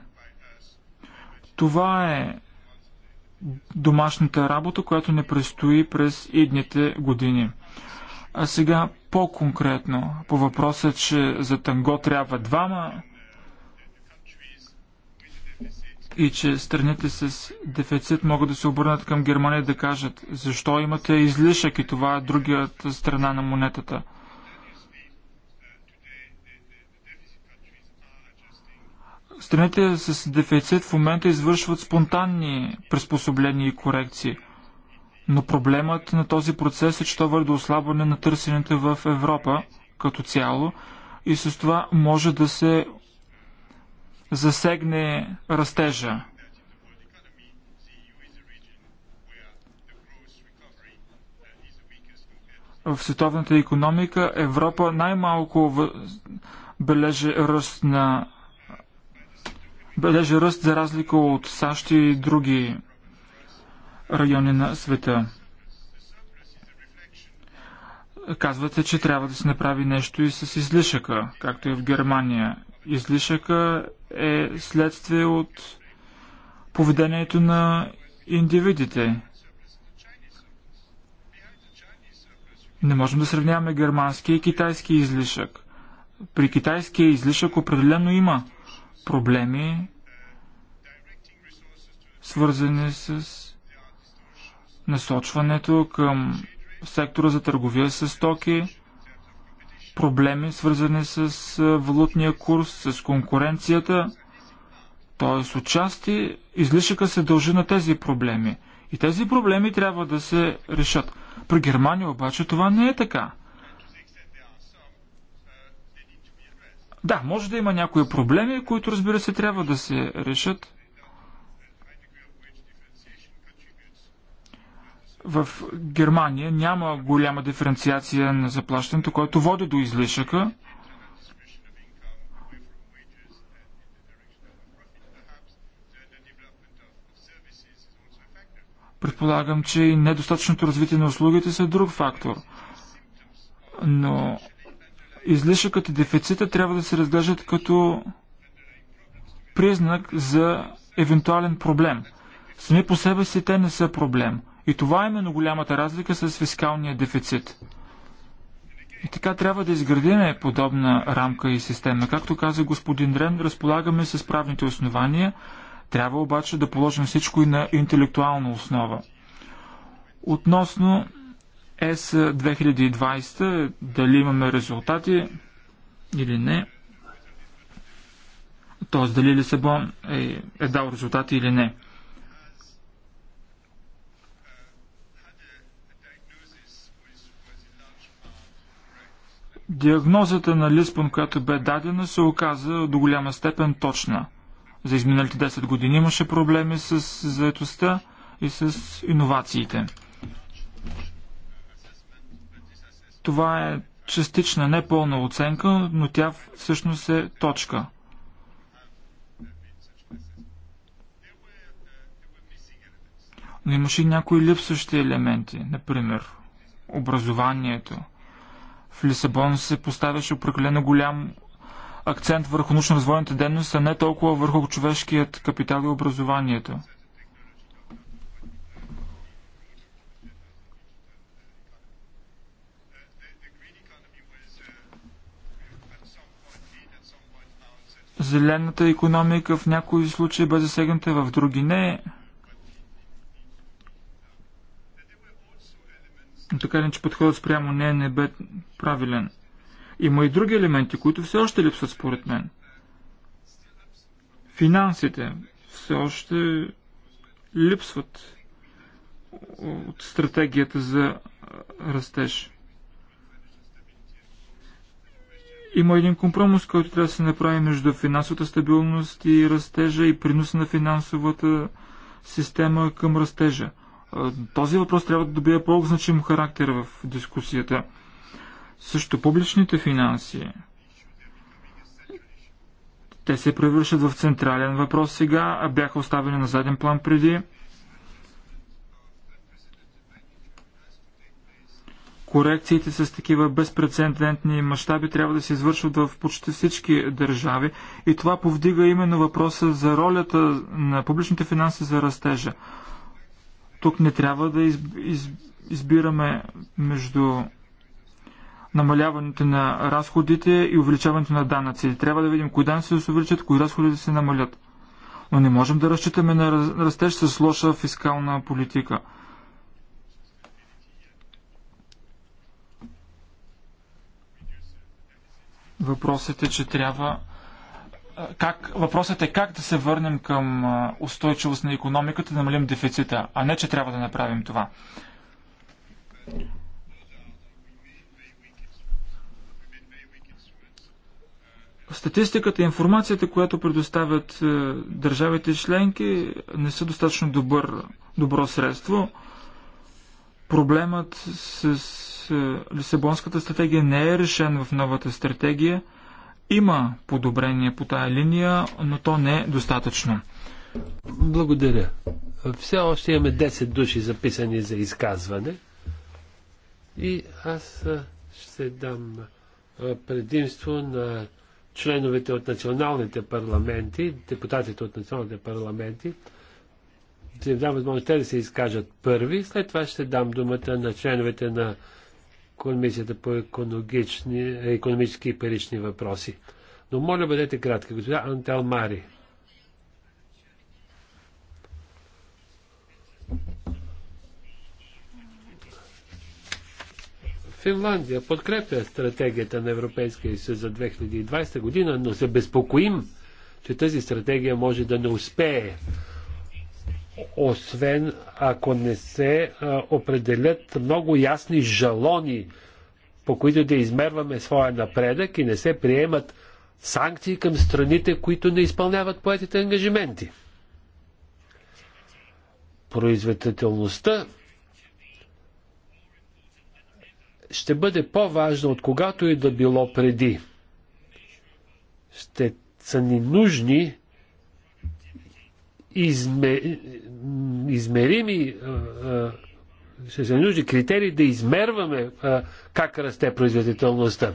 Това е домашната работа, която не предстои през идните години. А сега по-конкретно, по въпроса, че за танго трябва двама и че страните с дефицит могат да се обърнат към Германия да кажат защо имате излишък и това е другата страна на монетата. Страните с дефицит в момента извършват спонтанни приспособления и корекции – но проблемът на този процес е, че то е до ослабване на търсенето в Европа като цяло и с това може да се засегне растежа. в световната економика Европа най-малко бележи ръст на бележи ръст за разлика от САЩ и други райони на света. Казвате, че трябва да се направи нещо и с излишъка, както е в Германия. Излишъка е следствие от поведението на индивидите. Не можем да сравняваме германския и китайски излишък. При китайския излишък определено има проблеми, свързани с насочването към сектора за търговия с стоки, проблеми свързани с валутния курс, с конкуренцията, т.е. отчасти излишъка се дължи на тези проблеми. И тези проблеми трябва да се решат. При Германия обаче това не е така. Да, може да има някои проблеми, които разбира се трябва да се решат. В Германия няма голяма диференциация на заплащането, което води до излишъка. Предполагам, че и недостатъчното развитие на услугите са друг фактор. Но излишъкът и дефицита трябва да се разглеждат като признак за евентуален проблем. Сами по себе си те не са проблем. И това е именно голямата разлика с фискалния дефицит. И така трябва да изградиме подобна рамка и система. Както каза господин Рен, разполагаме с правните основания, трябва обаче да положим всичко и на интелектуална основа. Относно ЕС 2020, дали имаме резултати или не, т.е. дали Лисабон е, е дал резултати или не. Диагнозата на Лиспон, която бе дадена, се оказа до голяма степен точна. За изминалите 10 години имаше проблеми с заетостта и с иновациите. Това е частична, не пълна оценка, но тя всъщност е точка. Но имаше и някои липсващи елементи, например образованието – в Лисабон се поставяше определено голям акцент върху научно-развойната дейност, а не толкова върху човешкият капитал и образованието. Зелената економика в някои случаи бе засегната, в други не. Но така ли, че подходът спрямо нея не бе правилен. Има и други елементи, които все още липсват според мен. Финансите все още липсват от стратегията за растеж. Има един компромис, който трябва да се направи между финансовата стабилност и растежа и приноса на финансовата система към растежа. Този въпрос трябва да добие по-значим характер в дискусията. Също публичните финанси. Те се превръщат в централен въпрос сега, а бяха оставени на заден план преди. Корекциите с такива безпредседентни мащаби трябва да се извършват в почти всички държави и това повдига именно въпроса за ролята на публичните финанси за растежа. Тук не трябва да из, из, избираме между намаляването на разходите и увеличаването на данъци. Трябва да видим кои данъци се увеличат, кои разходи да се намалят. Но не можем да разчитаме на растеж с лоша фискална политика. Въпросът е, че трябва как, въпросът е как да се върнем към устойчивост на економиката, да намалим дефицита, а не, че трябва да направим това. Статистиката и информацията, която предоставят е, държавите членки, не са достатъчно добър, добро средство. Проблемът с е, Лисабонската стратегия не е решен в новата стратегия – има подобрение по тая линия, но то не е достатъчно. Благодаря. Все още имаме 10 души записани за изказване. И аз ще дам предимство на членовете от националните парламенти, депутатите от националните парламенти, ще дам възможност те да се изкажат първи, след това ще дам думата на членовете на Комисията по економически и парични въпроси. Но моля бъдете кратки, господа Антел Мари. Финландия подкрепя стратегията на Европейския съюз за 2020 година, но се безпокоим, че тази стратегия може да не успее освен ако не се определят много ясни жалони, по които да измерваме своя напредък и не се приемат санкции към страните, които не изпълняват поетите ангажименти. Производителността ще бъде по-важна от когато и да било преди. Ще са ни нужни изме, измерими, ще се нужди критерии да измерваме как расте производителността.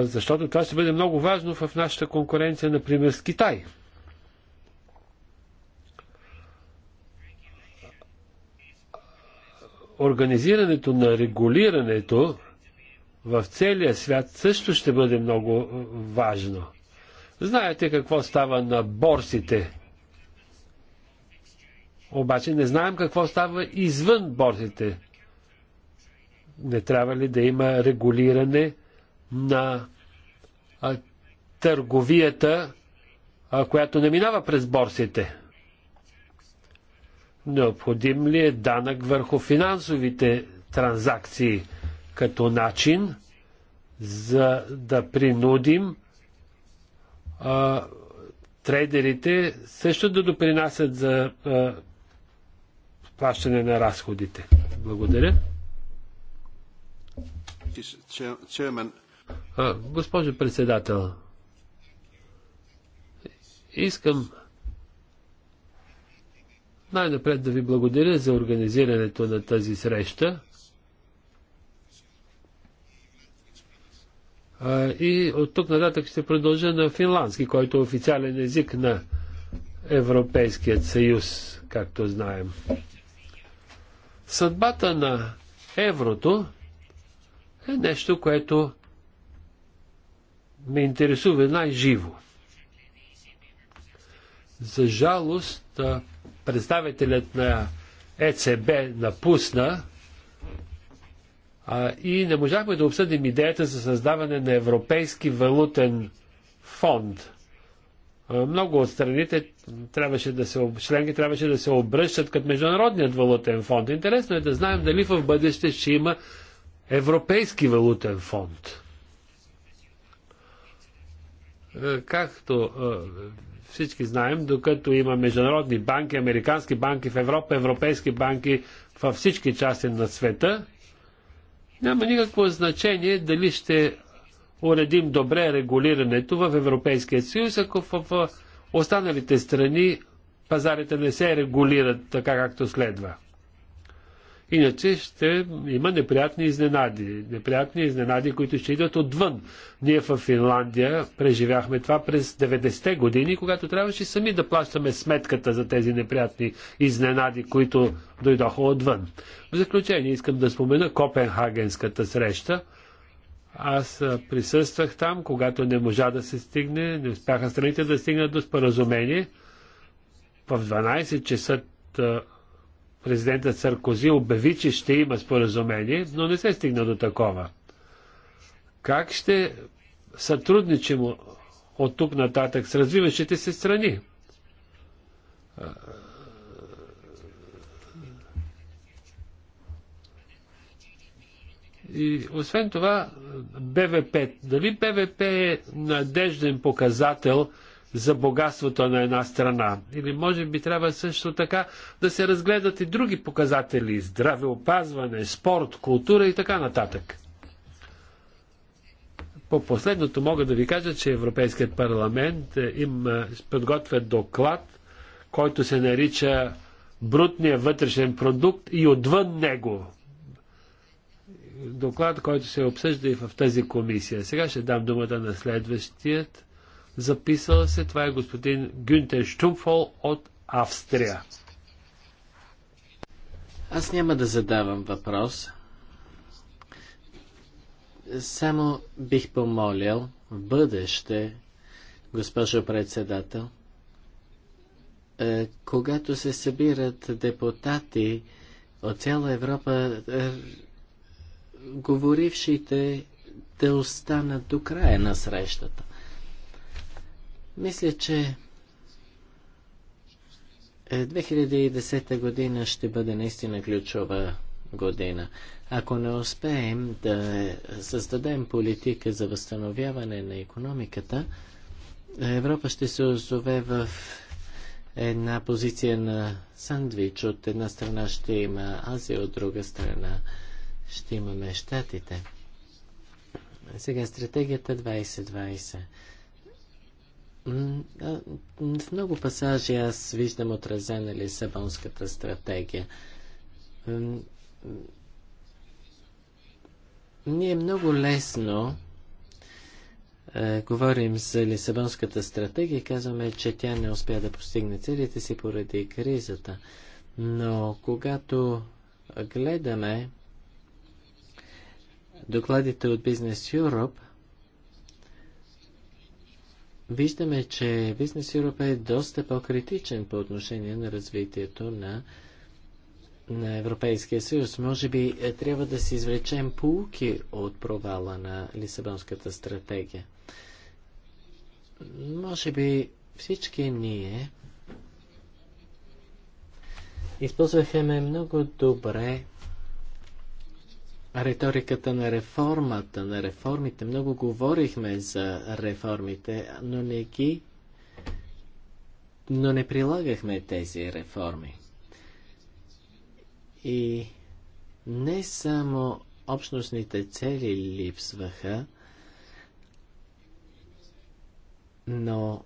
Защото това ще бъде много важно в нашата конкуренция, например, с Китай. Организирането на регулирането в целия свят също ще бъде много важно – Знаете какво става на борсите. Обаче не знаем какво става извън борсите. Не трябва ли да има регулиране на а, търговията, а, която не минава през борсите? Необходим ли е данък върху финансовите транзакции като начин за да принудим а, трейдерите също да допринасят за а, плащане на разходите. Благодаря. А, госпожо председател, искам най-напред да ви благодаря за организирането на тази среща. И от тук нататък ще продължа на финландски, който е официален език на Европейският съюз, както знаем. Съдбата на еврото е нещо, което ме интересува най-живо. За жалост, представителят на ЕЦБ напусна а, и не можахме да обсъдим идеята за създаване на Европейски валутен фонд. много от страните трябваше да се, членки трябваше да се обръщат към Международният валутен фонд. Интересно е да знаем дали в бъдеще ще има Европейски валутен фонд. Както всички знаем, докато има международни банки, американски банки в Европа, европейски банки във всички части на света, няма никакво значение дали ще уредим добре регулирането в Европейския съюз, ако в останалите страни пазарите не се регулират така както следва. Иначе ще има неприятни изненади. Неприятни изненади, които ще идват отвън. Ние в Финландия преживяхме това през 90-те години, когато трябваше сами да плащаме сметката за тези неприятни изненади, които дойдоха отвън. В заключение искам да спомена Копенхагенската среща. Аз присъствах там, когато не можа да се стигне, не успяха страните да стигнат до споразумение. В 12 часа президентът Саркози обяви, че ще има споразумение, но не се стигна до такова. Как ще сътрудничим от тук нататък с развиващите се страни? И освен това, БВП. Дали БВП е надежден показател за богатството на една страна. Или може би трябва също така да се разгледат и други показатели здравеопазване, спорт, култура и така нататък. По последното мога да ви кажа, че Европейският парламент е, им е, подготвя доклад, който се нарича брутния вътрешен продукт и отвън него. Доклад, който се обсъжда и в тази комисия. Сега ще дам думата на следващият записал се. Това е господин Гюнтер Штумфол от Австрия. Аз няма да задавам въпрос. Само бих помолил в бъдеще, госпожо председател, е, когато се събират депутати от цяла Европа, е, говорившите да останат до края на срещата. Мисля, че 2010 е, година ще бъде наистина ключова година. Ако не успеем да създадем политика за възстановяване на економиката, Европа ще се озове в една позиция на сандвич. От една страна ще има Азия, от друга страна ще имаме Штатите. Сега стратегията 2020. В много пасажи аз виждам отразена Лисабонската стратегия. Ние много лесно е, говорим за Лисабонската стратегия и казваме, че тя не успя да постигне целите си поради кризата. Но когато гледаме докладите от Business Europe, виждаме, че Бизнес Европа е доста по-критичен по отношение на развитието на, на Европейския съюз. Може би е, трябва да си извлечем полуки от провала на Лисабонската стратегия. Може би всички ние използвахме много добре риториката на реформата, на реформите. Много говорихме за реформите, но не ги но не прилагахме тези реформи. И не само общностните цели липсваха, но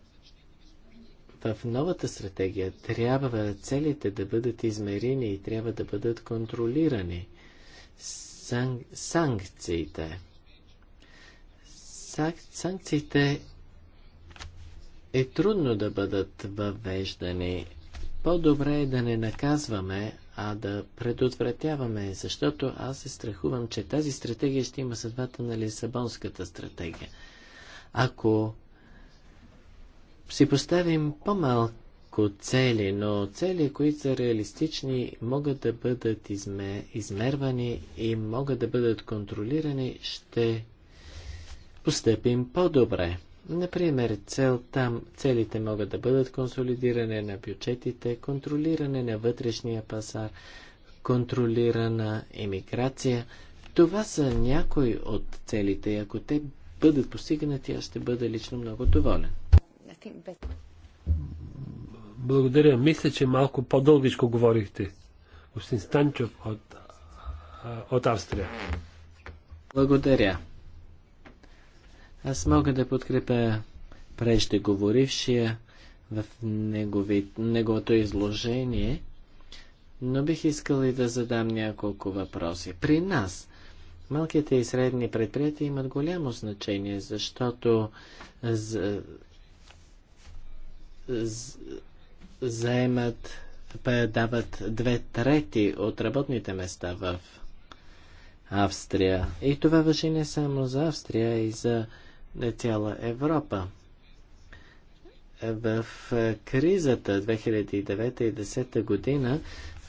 в новата стратегия трябва целите да бъдат измерени и трябва да бъдат контролирани санк, санкциите. Санкциите е трудно да бъдат въвеждани. По-добре е да не наказваме, а да предотвратяваме, защото аз се страхувам, че тази стратегия ще има съдбата на Лисабонската стратегия. Ако си поставим по-малък малко цели, но цели, които са реалистични, могат да бъдат изме, измервани и могат да бъдат контролирани, ще постъпим по-добре. Например, цел там, целите могат да бъдат консолидиране на бюджетите, контролиране на вътрешния пазар, контролирана емиграция. Това са някои от целите и ако те бъдат постигнати, аз ще бъда лично много доволен. Благодаря. Мисля, че малко по-дългичко говорихте. Господин Станчев от, от Австрия. Благодаря. Аз мога да подкрепя преждеговорившия в негови, неговото изложение, но бих искал и да задам няколко въпроси. При нас малките и средни предприятия имат голямо значение, защото за, за, заемат, дават две трети от работните места в Австрия. И това въжи не само за Австрия, и за цяла Европа. В кризата 2009 и 2010 година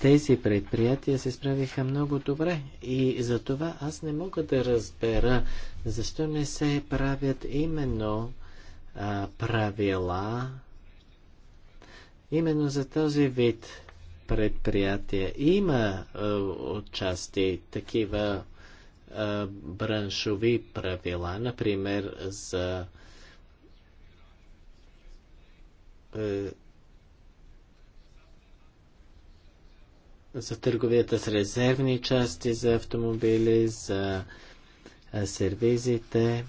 тези предприятия се справиха много добре и за това аз не мога да разбера защо не се правят именно а, правила именно за този вид предприятия. Има е, отчасти такива е, браншови правила, например за е, за търговията с резервни части за автомобили, за сервизите,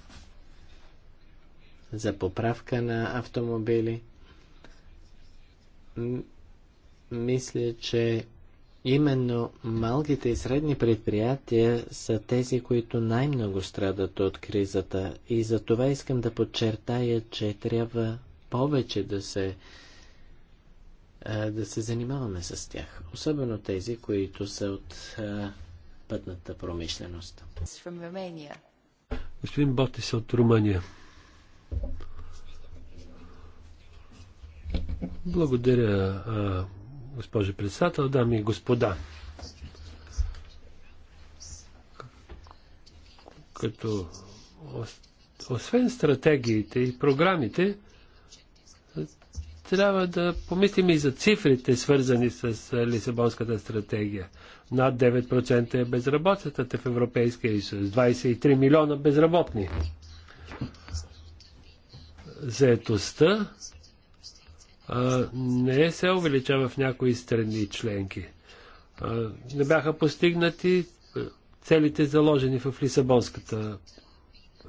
за поправка на автомобили мисля, че именно малките и средни предприятия са тези, които най-много страдат от кризата. И за това искам да подчертая, че трябва повече да се, да се занимаваме с тях. Особено тези, които са от пътната промишленост. Господин Ботис от Румъния. Благодаря, госпожо председател, дами и господа. Като освен стратегиите и програмите, трябва да помислим и за цифрите, свързани с Лисабонската стратегия. Над 9% е безработицата в Европейския съюз, 23 милиона безработни. Заетостта не се увеличава в някои страни членки. Не бяха постигнати е, целите заложени в Лисабонската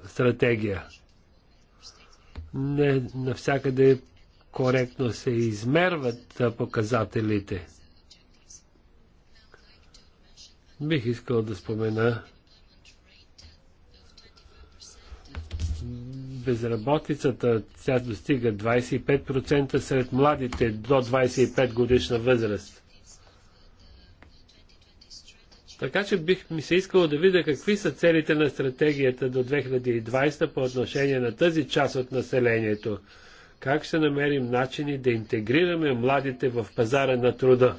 стратегия. Не навсякъде коректно се измерват показателите. Бих искал да спомена безработицата, тя достига 25% сред младите до 25 годишна възраст. Така че бих ми се искало да видя какви са целите на стратегията до 2020 по отношение на тази част от населението. Как ще намерим начини да интегрираме младите в пазара на труда?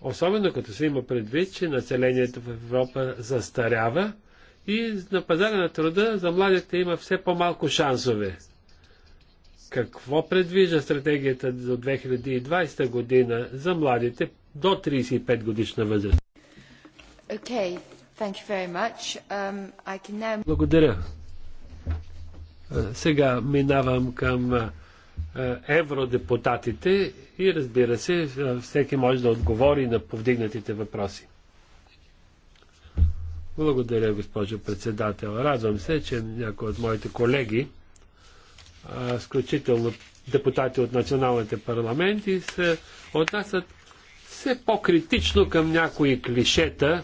Особено като се има предвид, че населението в Европа застарява и на пазара на труда за младите има все по-малко шансове. Какво предвижда стратегията до 2020 година за младите до 35 годишна възраст? Okay, thank you very much. Um, I can now... Благодаря. Сега минавам към е, евродепутатите и разбира се, е, всеки може да отговори на повдигнатите въпроси. Благодаря, госпожо председател. Радвам се, че някои от моите колеги, включително депутати от националните парламенти, се отнасят все по-критично към някои клишета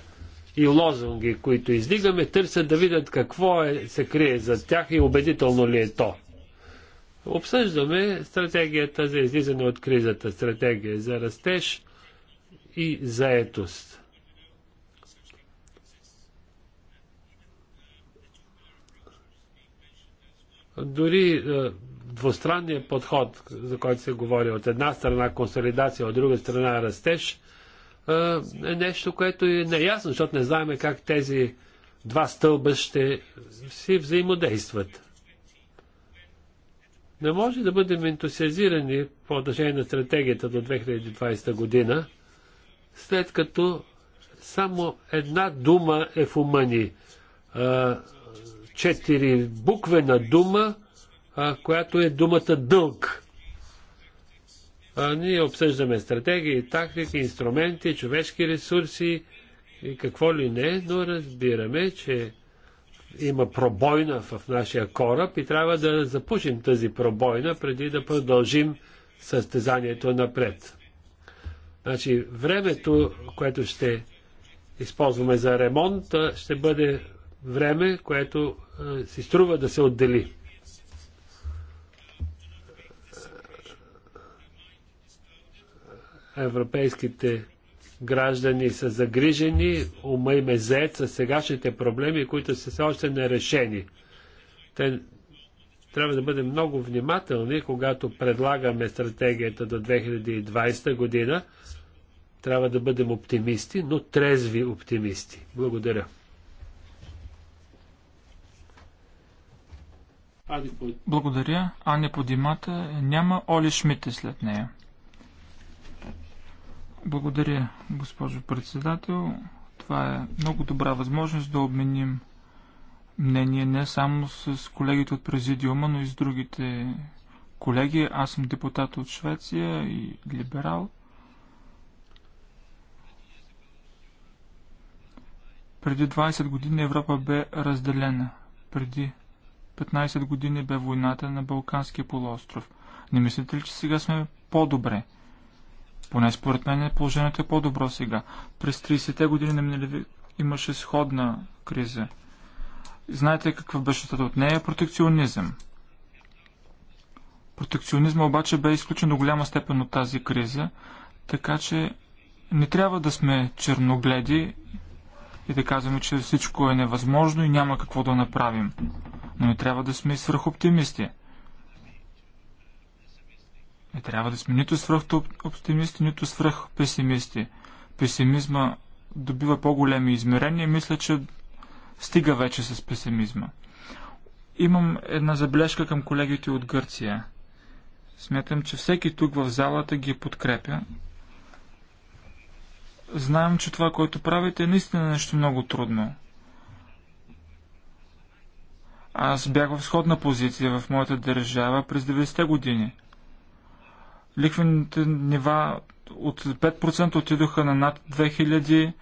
и лозунги, които издигаме, търсят да видят какво е, се крие за тях и убедително ли е то. Обсъждаме стратегията за излизане от кризата, стратегия за растеж и заетост. Дори е, двустранният подход, за който се говори, от една страна консолидация, от друга страна растеж, е, е нещо, което е неясно, защото не знаем как тези два стълба ще си взаимодействат. Не може да бъдем ентусиазирани по отношение на стратегията до 2020 година, след като само една дума е в ума ни. Четири буквена дума, която е думата дълг. Ние обсъждаме стратегии, тактики, инструменти, човешки ресурси и какво ли не, но разбираме, че има пробойна в нашия кораб и трябва да запушим тази пробойна преди да продължим състезанието напред. Значи времето, което ще използваме за ремонт, ще бъде време, което си струва да се отдели. Европейските граждани са загрижени, ума им е зает с сегашните проблеми, които са все още нерешени. Те трябва да бъдем много внимателни, когато предлагаме стратегията до 2020 година. Трябва да бъдем оптимисти, но трезви оптимисти. Благодаря. Благодаря. Аня Подимата няма Оли Шмите след нея. Благодаря, госпожо председател. Това е много добра възможност да обменим мнение не само с колегите от президиума, но и с другите колеги. Аз съм депутат от Швеция и либерал. Преди 20 години Европа бе разделена. Преди 15 години бе войната на Балканския полуостров. Не мислите ли, че сега сме по-добре? Поне според мен е положението е по-добро сега. През 30-те години на минали имаше сходна криза. Знаете каква беше тата от нея? Протекционизъм. Протекционизма обаче бе изключен до голяма степен от тази криза, така че не трябва да сме черногледи и да казваме, че всичко е невъзможно и няма какво да направим. Но не трябва да сме свръхоптимисти. оптимисти. Не трябва да сме нито свръх оптимисти, нито свръх песимисти. Песимизма добива по-големи измерения и мисля, че стига вече с песимизма. Имам една забележка към колегите от Гърция. Смятам, че всеки тук в залата ги подкрепя. Знаем, че това, което правите, е наистина нещо много трудно. Аз бях в сходна позиция в моята държава през 90-те години ликвените нива от 5% отидоха на над 2000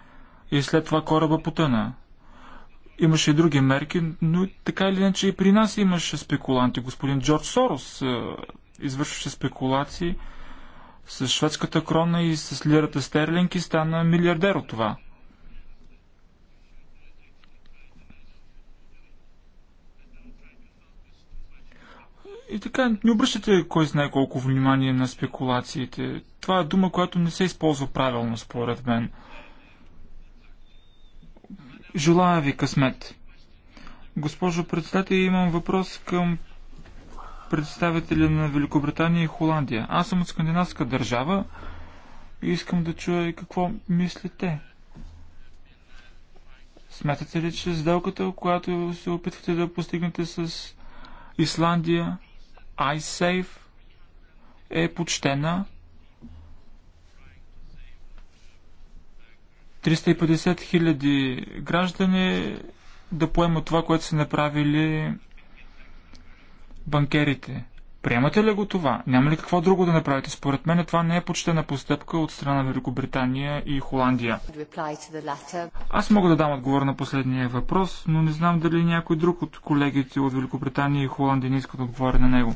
и след това кораба потъна. Имаше и други мерки, но така или иначе и при нас имаше спекуланти. Господин Джордж Сорос е, извършваше спекулации с шведската крона и с лирата Стерлинг и стана милиардер от това – И така, не обръщате кой знае колко внимание на спекулациите. Това е дума, която не се използва правилно, според мен. Желая ви късмет. Госпожо председател, имам въпрос към представители на Великобритания и Холандия. Аз съм от скандинавска държава и искам да чуя какво мислите. Смятате ли, че сделката, която се опитвате да постигнете с Исландия, iSafe е почтена. 350 хиляди граждани да поемат това, което са направили банкерите. Приемате ли го това? Няма ли какво друго да направите? Според мен това не е почтена постъпка от страна на Великобритания и Холандия. Аз мога да дам отговор на последния въпрос, но не знам дали някой друг от колегите от Великобритания и Холандия не иска да отговори на него.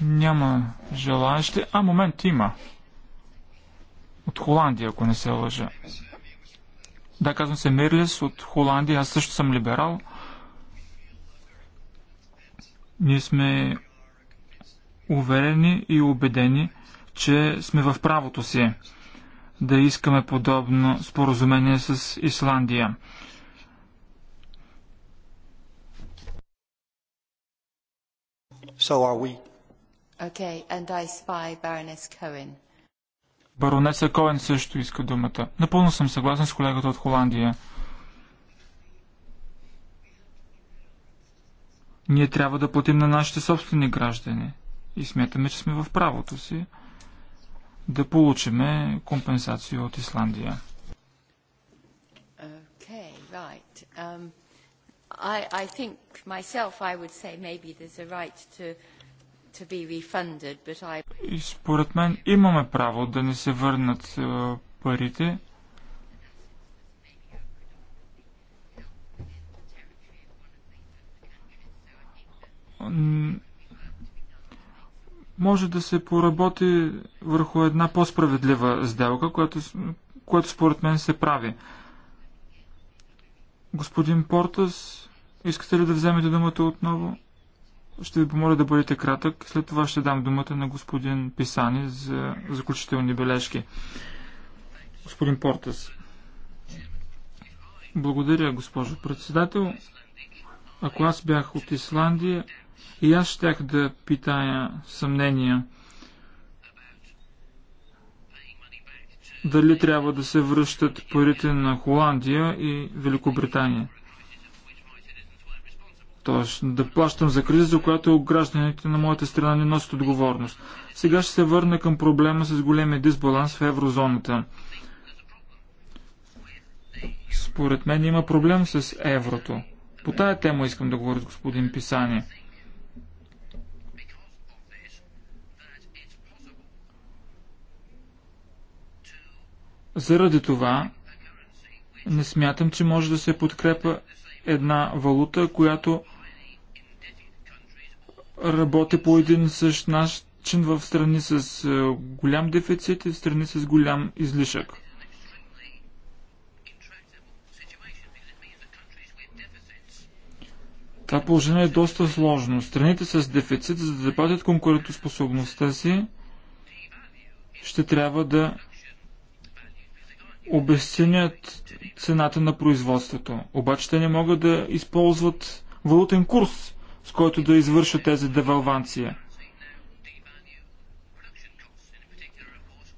Няма желаящи. А, момент, има. От Холандия, ако не се лъжа. Да, казвам се Мирлес от Холандия. Аз също съм либерал. Ние сме уверени и убедени, че сме в правото си да искаме подобно споразумение с Исландия. So are we. Okay, and I spy Baroness Cohen. Баронеса Коен също иска думата. Напълно съм съгласен с колегата от Холандия. Ние трябва да платим на нашите собствени граждани и смятаме, че сме в правото си да получиме компенсация от Исландия. Okay, right. Um, I, I think myself I would say maybe there's a right to to be refunded, but I... И според мен имаме право да не се върнат uh, парите, може да се поработи върху една по-справедлива сделка, която, която според мен се прави. Господин Портас, искате ли да вземете думата отново? Ще ви помоля да бъдете кратък. След това ще дам думата на господин Писани за заключителни бележки. Господин Портас. Благодаря, госпожо председател. Ако аз бях от Исландия, и аз щях да питая съмнения дали трябва да се връщат парите на Холандия и Великобритания. Тоест да плащам за криза, за която гражданите на моята страна не носят отговорност. Сега ще се върна към проблема с големия дисбаланс в еврозоната. Според мен има проблем с еврото. По тая тема искам да говоря с господин Писание. Заради това не смятам, че може да се подкрепа една валута, която работи по един същ начин в страни с е, голям дефицит и в страни с голям излишък. Това положение е доста сложно. Страните с дефицит, за да запазят конкурентоспособността си, ще трябва да обесценят цената на производството. Обаче те не могат да използват валутен курс, с който да извършат тези девалвация.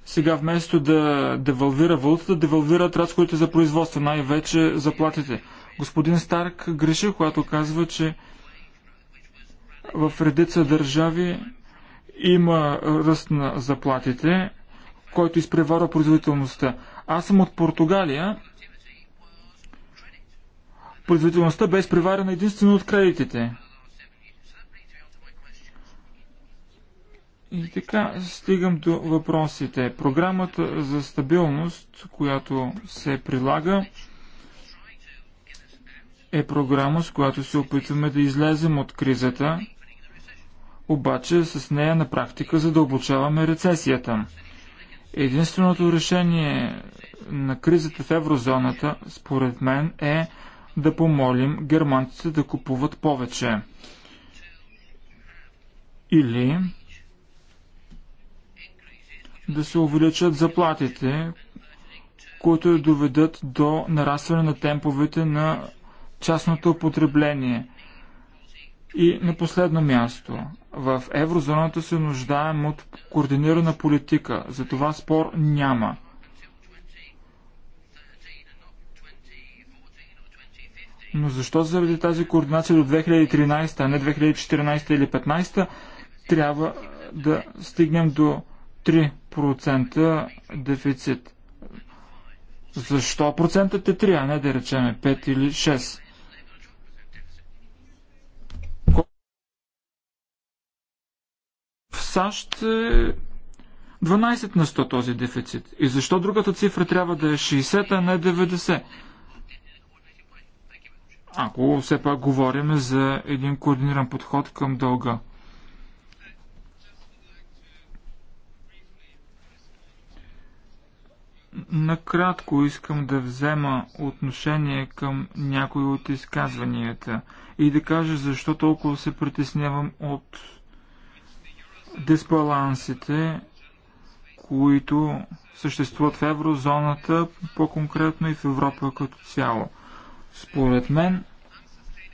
Сега вместо да девалвира валутата, девалвират разходите за производство, най-вече заплатите. Господин Старк греши, когато казва, че в редица държави има ръст на заплатите, който изпреварва производителността. Аз съм от Португалия. Производителността бе изпреварена единствено от кредитите. И така стигам до въпросите. Програмата за стабилност, която се прилага, е програма, с която се опитваме да излезем от кризата, обаче с нея на практика задълбочаваме рецесията. Единственото решение на кризата в еврозоната, според мен, е да помолим германците да купуват повече. Или да се увеличат заплатите, които доведат до нарастване на темповете на частното потребление. И на последно място, в еврозоната се нуждаем от координирана политика. За това спор няма. Но защо заради тази координация до 2013, а не 2014 или 2015, трябва да стигнем до 3% дефицит? Защо процентът е 3, а не да речеме 5 или 6? САЩ е 12 на 100 този дефицит. И защо другата цифра трябва да е 60, а не 90? Ако все пак говорим за един координиран подход към дълга. Накратко искам да взема отношение към някои от изказванията и да кажа защо толкова се притеснявам от дисбалансите, които съществуват в еврозоната, по-конкретно и в Европа като цяло. Според мен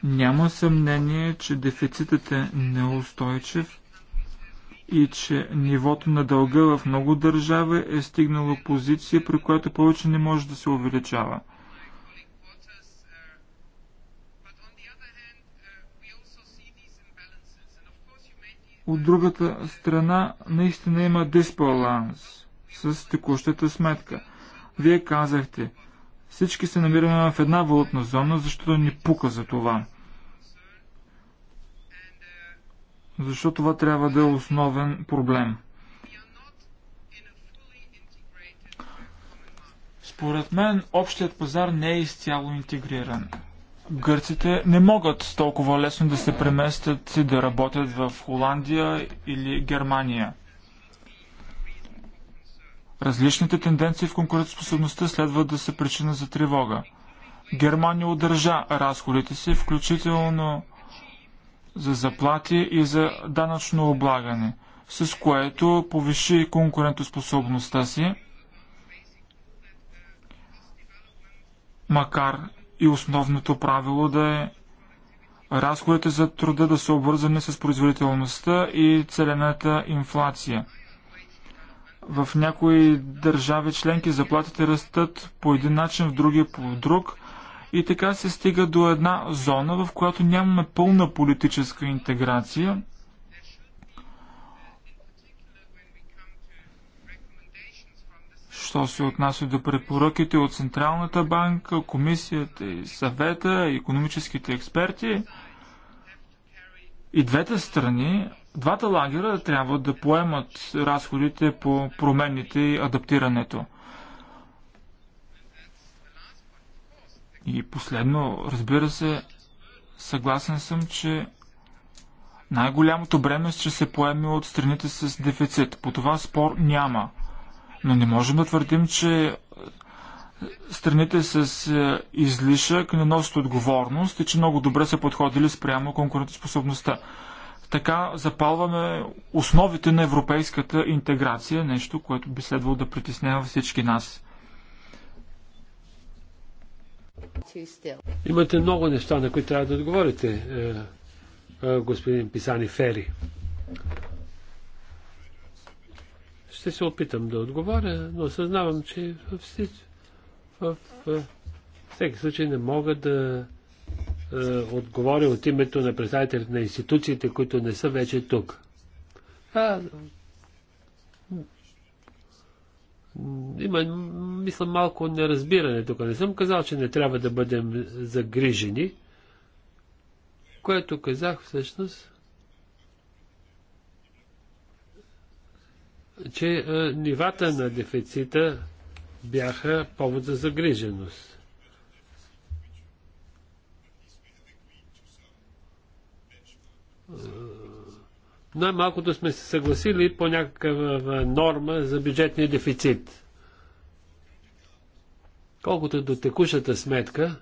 няма съмнение, че дефицитът е неустойчив и че нивото на дълга в много държави е стигнало позиция, при която повече не може да се увеличава. От другата страна наистина има дисбаланс с текущата сметка. Вие казахте, всички се намираме в една валутна зона, защото ни пука за това. Защото това трябва да е основен проблем. Според мен, общият пазар не е изцяло интегриран гърците не могат толкова лесно да се преместят и да работят в Холандия или Германия. Различните тенденции в конкурентоспособността следва да са причина за тревога. Германия удържа разходите си, включително за заплати и за данъчно облагане, с което повиши конкурентоспособността си, макар и основното правило да е разходите за труда да са обвързани с производителността и целената инфлация. В някои държави членки заплатите растат по един начин, в други по друг и така се стига до една зона, в която нямаме пълна политическа интеграция – Що се отнася до препоръките от Централната банка, комисията и съвета, и економическите експерти, и двете страни, двата лагера трябва да поемат разходите по промените и адаптирането. И последно, разбира се, съгласен съм, че най-голямото бреме ще се поеме от страните с дефицит. По това спор няма. Но не можем да твърдим, че страните с е, излишък не носят отговорност и че много добре са подходили спрямо конкурентоспособността. Така запалваме основите на европейската интеграция, нещо, което би следвало да притеснява всички нас. Имате много неща, на които трябва да отговорите, е, е, господин Писани Фери ще се опитам да отговоря, но съзнавам, че във, всич... в, в всеки случай не мога да е, отговоря от името на представителите на институциите, които не са вече тук. А, има, мисля, малко неразбиране тук. Не съм казал, че не трябва да бъдем загрижени. Което казах всъщност че е, нивата на дефицита бяха повод за загриженост. Най-малкото сме се съгласили по някаква норма за бюджетния дефицит. Колкото до текущата сметка,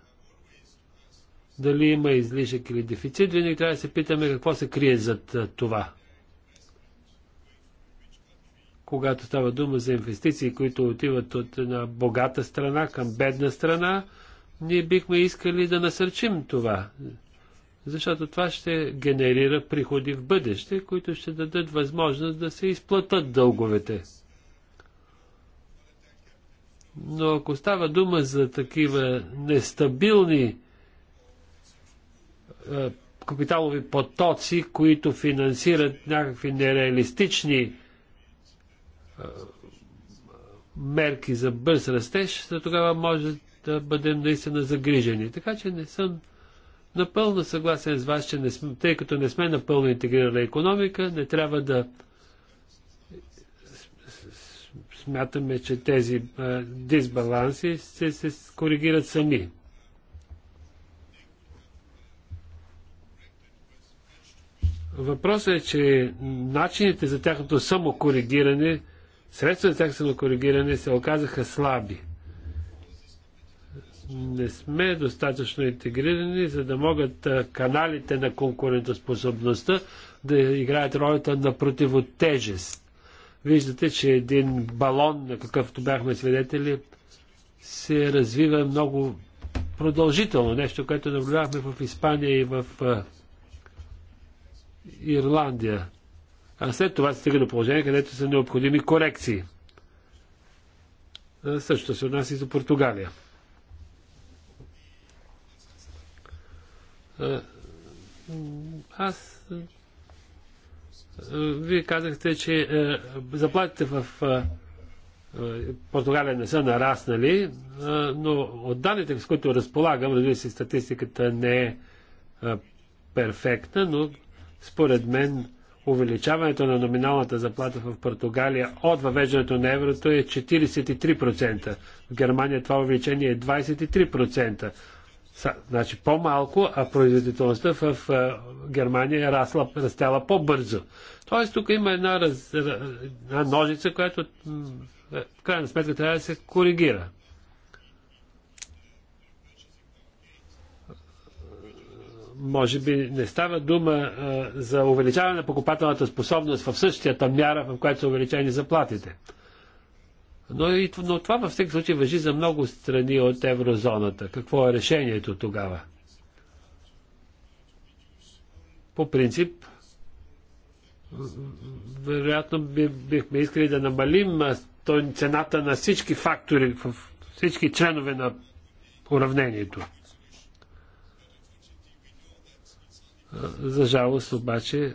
дали има излишък или дефицит, винаги трябва да се питаме какво се крие зад е, това когато става дума за инвестиции, които отиват от една богата страна към бедна страна, ние бихме искали да насърчим това. Защото това ще генерира приходи в бъдеще, които ще дадат възможност да се изплатат дълговете. Но ако става дума за такива нестабилни е, капиталови потоци, които финансират някакви нереалистични мерки за бърз растеж, за тогава може да бъдем наистина загрижени. Така че не съм напълно съгласен с вас, че не сме, тъй като не сме напълно интегрирана економика, не трябва да смятаме, че тези дисбаланси се, се коригират сами. Въпросът е, че начините за тяхното самокоригиране коригиране средства за тяхното коригиране се оказаха слаби. Не сме достатъчно интегрирани, за да могат каналите на конкурентоспособността да играят ролята на противотежест. Виждате, че един балон, на какъвто бяхме свидетели, се развива много продължително. Нещо, което наблюдавахме в Испания и в Ирландия а след това се стига до положение, където са необходими корекции. Също се отнася и за Португалия. Аз. Вие казахте, че заплатите в Португалия не са нараснали, но от данните, с които разполагам, разбира се, статистиката не е перфектна, но според мен увеличаването на номиналната заплата в Португалия от въвеждането на еврото е 43%. В Германия това увеличение е 23%. Значи по-малко, а производителността в Германия е расла, растяла по-бързо. Тоест тук има една, раз, една ножица, която в крайна сметка трябва да се коригира. може би не става дума а, за увеличаване на покупателната способност в същията мяра, в която са увеличени заплатите. Но, и, но това във всеки случай въжи за много страни от еврозоната. Какво е решението тогава? По принцип, вероятно би, бихме искали да намалим цената на всички фактори, всички членове на уравнението. За жалост обаче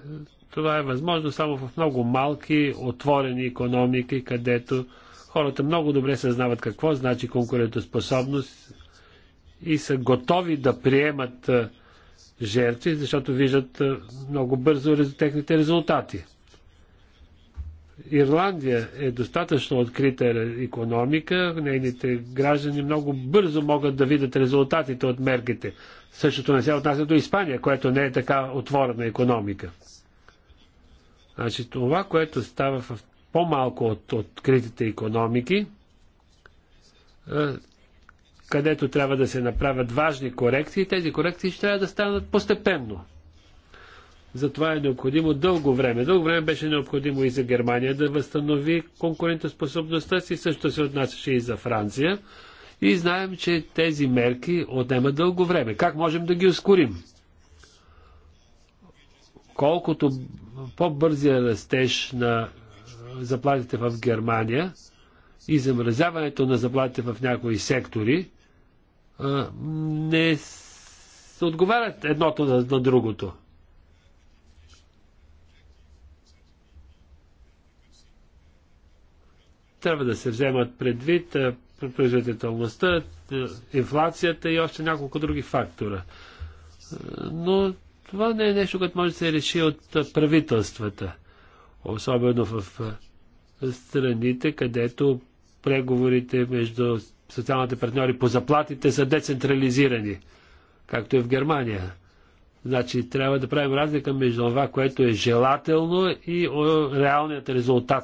това е възможно само в много малки, отворени економики, където хората много добре съзнават какво значи конкурентоспособност и са готови да приемат жертви, защото виждат много бързо техните резултати. Ирландия е достатъчно открита економика, нейните граждани много бързо могат да видят резултатите от мерките. Същото не се отнася до Испания, което не е така отворена економика. Значи това, което става в по-малко от откритите економики, където трябва да се направят важни корекции, тези корекции ще трябва да станат постепенно. Затова е необходимо дълго време. Дълго време беше необходимо и за Германия да възстанови конкурентоспособността си, също се отнасяше и за Франция. И знаем, че тези мерки отнемат дълго време. Как можем да ги ускорим? Колкото по-бързия е растеж на заплатите в Германия и замразяването на заплатите в някои сектори не отговарят едното на другото. Трябва да се вземат предвид производителността, инфлацията и още няколко други фактора. Но това не е нещо, което може да се реши от правителствата. Особено в страните, където преговорите между социалните партньори по заплатите са децентрализирани, както и е в Германия. Значи трябва да правим разлика между това, което е желателно и реалният резултат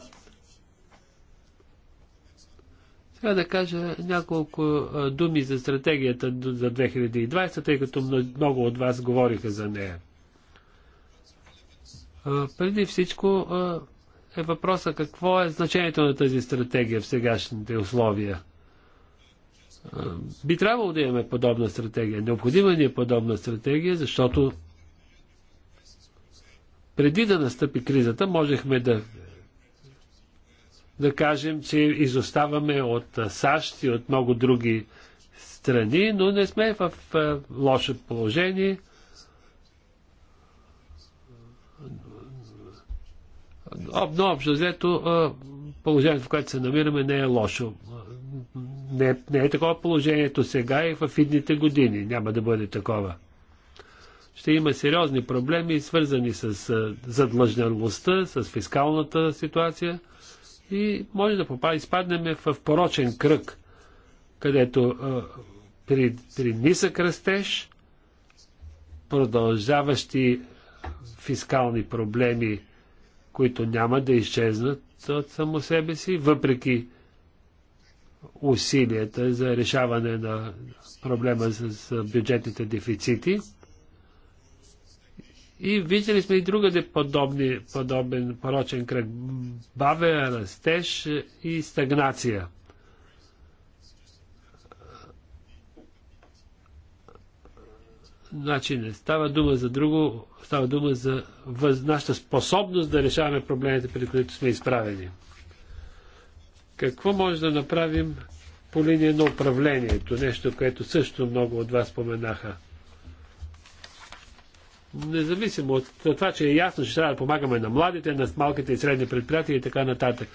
трябва да кажа няколко думи за стратегията за 2020, тъй като много от вас говориха за нея. Преди всичко е въпроса какво е значението на тази стратегия в сегашните условия. Би трябвало да имаме подобна стратегия. Необходима ни е подобна стратегия, защото преди да настъпи кризата можехме да да кажем, че изоставаме от САЩ и от много други страни, но не сме в лошо положение. Но общо взето положението, в което се намираме, не е лошо. Не, не е такова положението сега и в идните години. Няма да бъде такова. Ще има сериозни проблеми, свързани с задлъжнялостта, с фискалната ситуация – и може да попа, изпаднем в порочен кръг, където а, при, при нисък растеж, продължаващи фискални проблеми, които няма да изчезнат от само себе си, въпреки усилията за решаване на проблема с бюджетните дефицити – и виждали сме и другаде подобни, подобен порочен кръг. Бавен растеж и стагнация. Значи не става дума за друго, става дума за въз... нашата способност да решаваме проблемите, при които сме изправени. Какво може да направим по линия на управлението? Нещо, което също много от вас споменаха. Независимо от това, че е ясно, че трябва да помагаме на младите, на малките и средни предприятия и така нататък.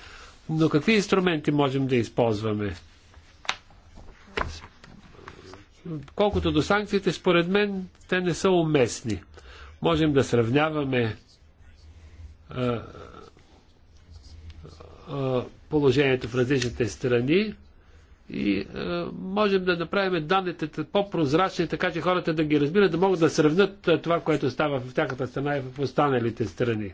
Но какви инструменти можем да използваме? Колкото до санкциите, според мен те не са уместни. Можем да сравняваме а, а, положението в различните страни и е, можем да направим данните по-прозрачни, така че хората да ги разбират, да могат да сравнят е, това, което става в тяхната страна и в останалите страни.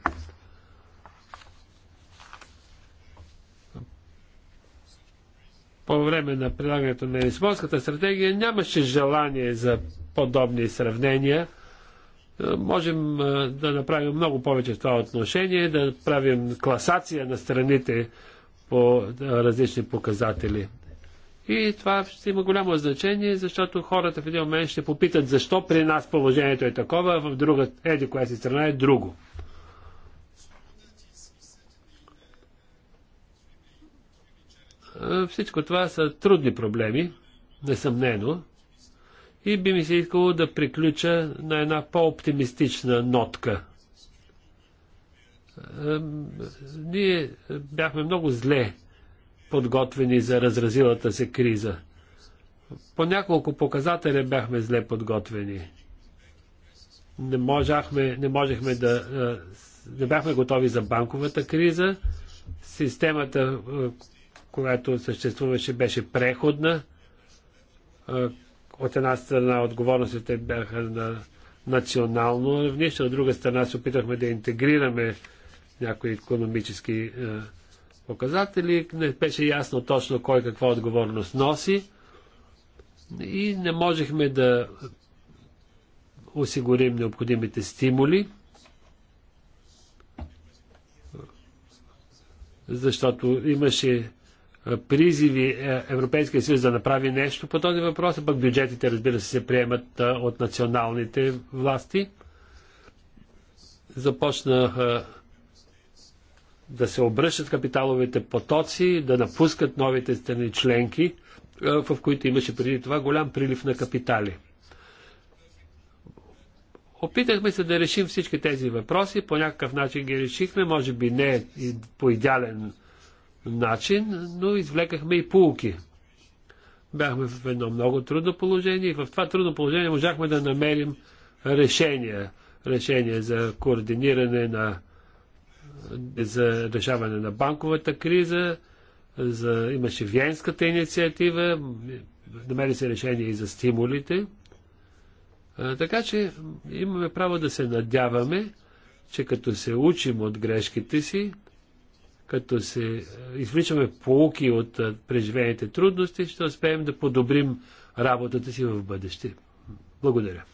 По време на прилагането на Лисбонската стратегия нямаше желание за подобни сравнения. Е, можем е, да направим много повече в това отношение, да правим класация на страните по различни показатели. И това ще има голямо значение, защото хората в един момент ще попитат защо при нас положението е такова, а в друга, еди коя си страна е друго. Всичко това са трудни проблеми, несъмнено. И би ми се искало да приключа на една по-оптимистична нотка. Ние бяхме много зле подготвени за разразилата се криза. По няколко показателя бяхме зле подготвени. Не, можахме, не можехме да. Не бяхме готови за банковата криза. Системата, която съществуваше, беше преходна. От една страна отговорностите бяха на национално равнище, от друга страна се опитахме да интегрираме някои економически показатели. Не беше ясно точно кой каква отговорност носи и не можехме да осигурим необходимите стимули, защото имаше призиви е, Европейския съюз да направи нещо по този въпрос, а пък бюджетите, разбира се, се приемат от националните власти. Започнаха да се обръщат капиталовите потоци, да напускат новите страни членки, е, в които имаше преди това голям прилив на капитали. Опитахме се да решим всички тези въпроси, по някакъв начин ги решихме, може би не по идеален начин, но извлекахме и полуки. Бяхме в едно много трудно положение и в това трудно положение можахме да намерим решения. Решение за координиране на за решаване на банковата криза, за, имаше Виенската инициатива, намери се решение и за стимулите. А, така че имаме право да се надяваме, че като се учим от грешките си, като се извличаме полуки от преживените трудности, ще успеем да подобрим работата си в бъдеще. Благодаря.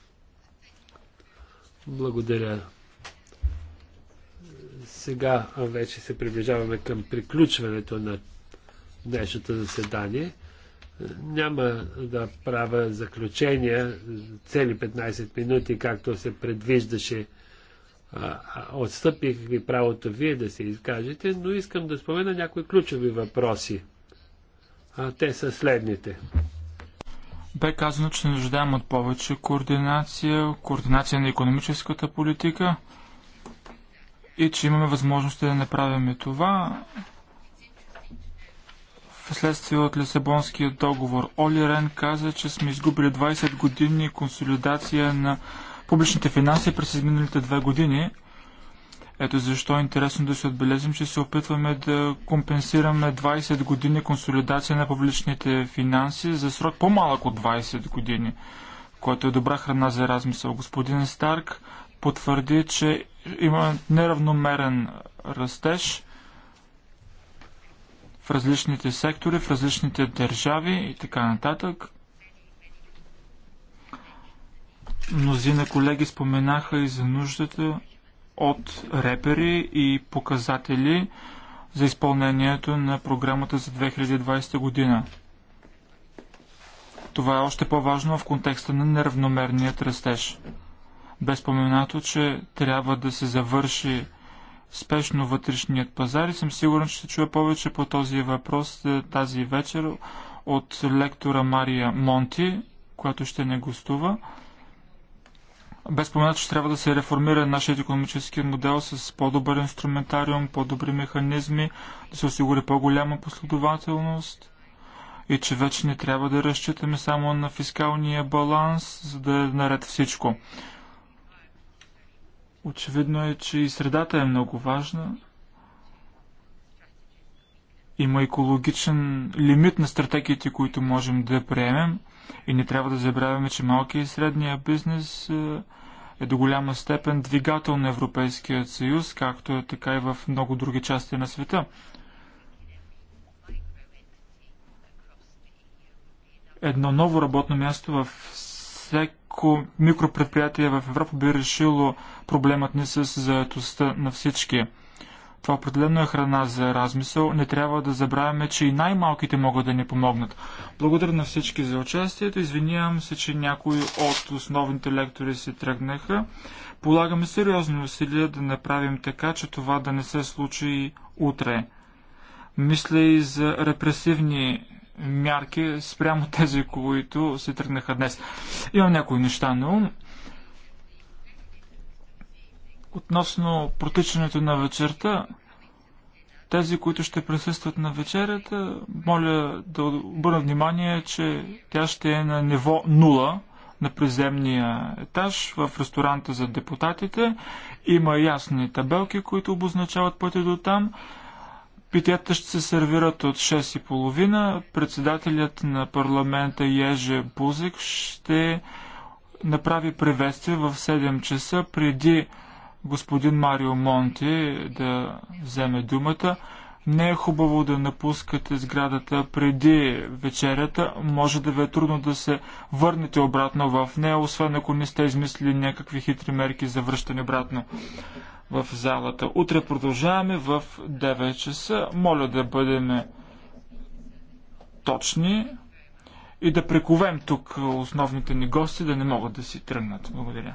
Благодаря сега вече се приближаваме към приключването на днешното заседание. Няма да правя заключения цели 15 минути, както се предвиждаше. Отстъпих ви правото вие да се изкажете, но искам да спомена някои ключови въпроси. А те са следните. Бе казано, че не нуждаем от повече координация, координация на економическата политика, и че имаме възможност да направим това вследствие от Лисабонския договор. Оли Рен каза, че сме изгубили 20 години консолидация на публичните финанси през изминалите две години. Ето защо е интересно да се отбележим, че се опитваме да компенсираме 20 години консолидация на публичните финанси за срок по-малък от 20 години, което е добра храна за размисъл. Господин Старк потвърди, че има неравномерен растеж в различните сектори, в различните държави и така нататък. Мнозина колеги споменаха и за нуждата от репери и показатели за изпълнението на програмата за 2020 година. Това е още по-важно в контекста на неравномерният растеж. Бе споменато, че трябва да се завърши спешно вътрешният пазар и съм сигурен, че ще чуя повече по този въпрос е, тази вечер от лектора Мария Монти, която ще не гостува. Бе споменато, че трябва да се реформира нашия економически модел с по-добър инструментариум, по-добри механизми, да се осигури по-голяма последователност и че вече не трябва да разчитаме само на фискалния баланс, за да е наред всичко. Очевидно е, че и средата е много важна. Има екологичен лимит на стратегиите, които можем да приемем. И не трябва да забравяме, че малкият и средния бизнес е, е до голяма степен двигател на Европейския съюз, както е така и в много други части на света. Едно ново работно място в всеки всяко микропредприятие в Европа би решило проблемът ни с заетостта на всички. Това определено е храна за размисъл. Не трябва да забравяме, че и най-малките могат да ни помогнат. Благодаря на всички за участието. Извинявам се, че някои от основните лектори се тръгнаха. Полагаме сериозни усилия да направим така, че това да не се случи утре. Мисля и за репресивни Мярки спрямо тези, които се тръгнаха днес. Имам някои неща на ум. Относно протичането на вечерта, тези, които ще присъстват на вечерята, моля да обърна внимание, че тя ще е на ниво 0 на приземния етаж в ресторанта за депутатите. Има ясни табелки, които обозначават пътя до там. Питията ще се сервират от 6.30. Председателят на парламента Еже Бузик ще направи приветствие в 7 часа преди господин Марио Монти да вземе думата. Не е хубаво да напускате сградата преди вечерята. Може да ви е трудно да се върнете обратно в нея, освен ако не сте измислили някакви хитри мерки за връщане обратно в залата. Утре продължаваме в 9 часа. Моля да бъдем точни и да прековем тук основните ни гости да не могат да си тръгнат. Благодаря.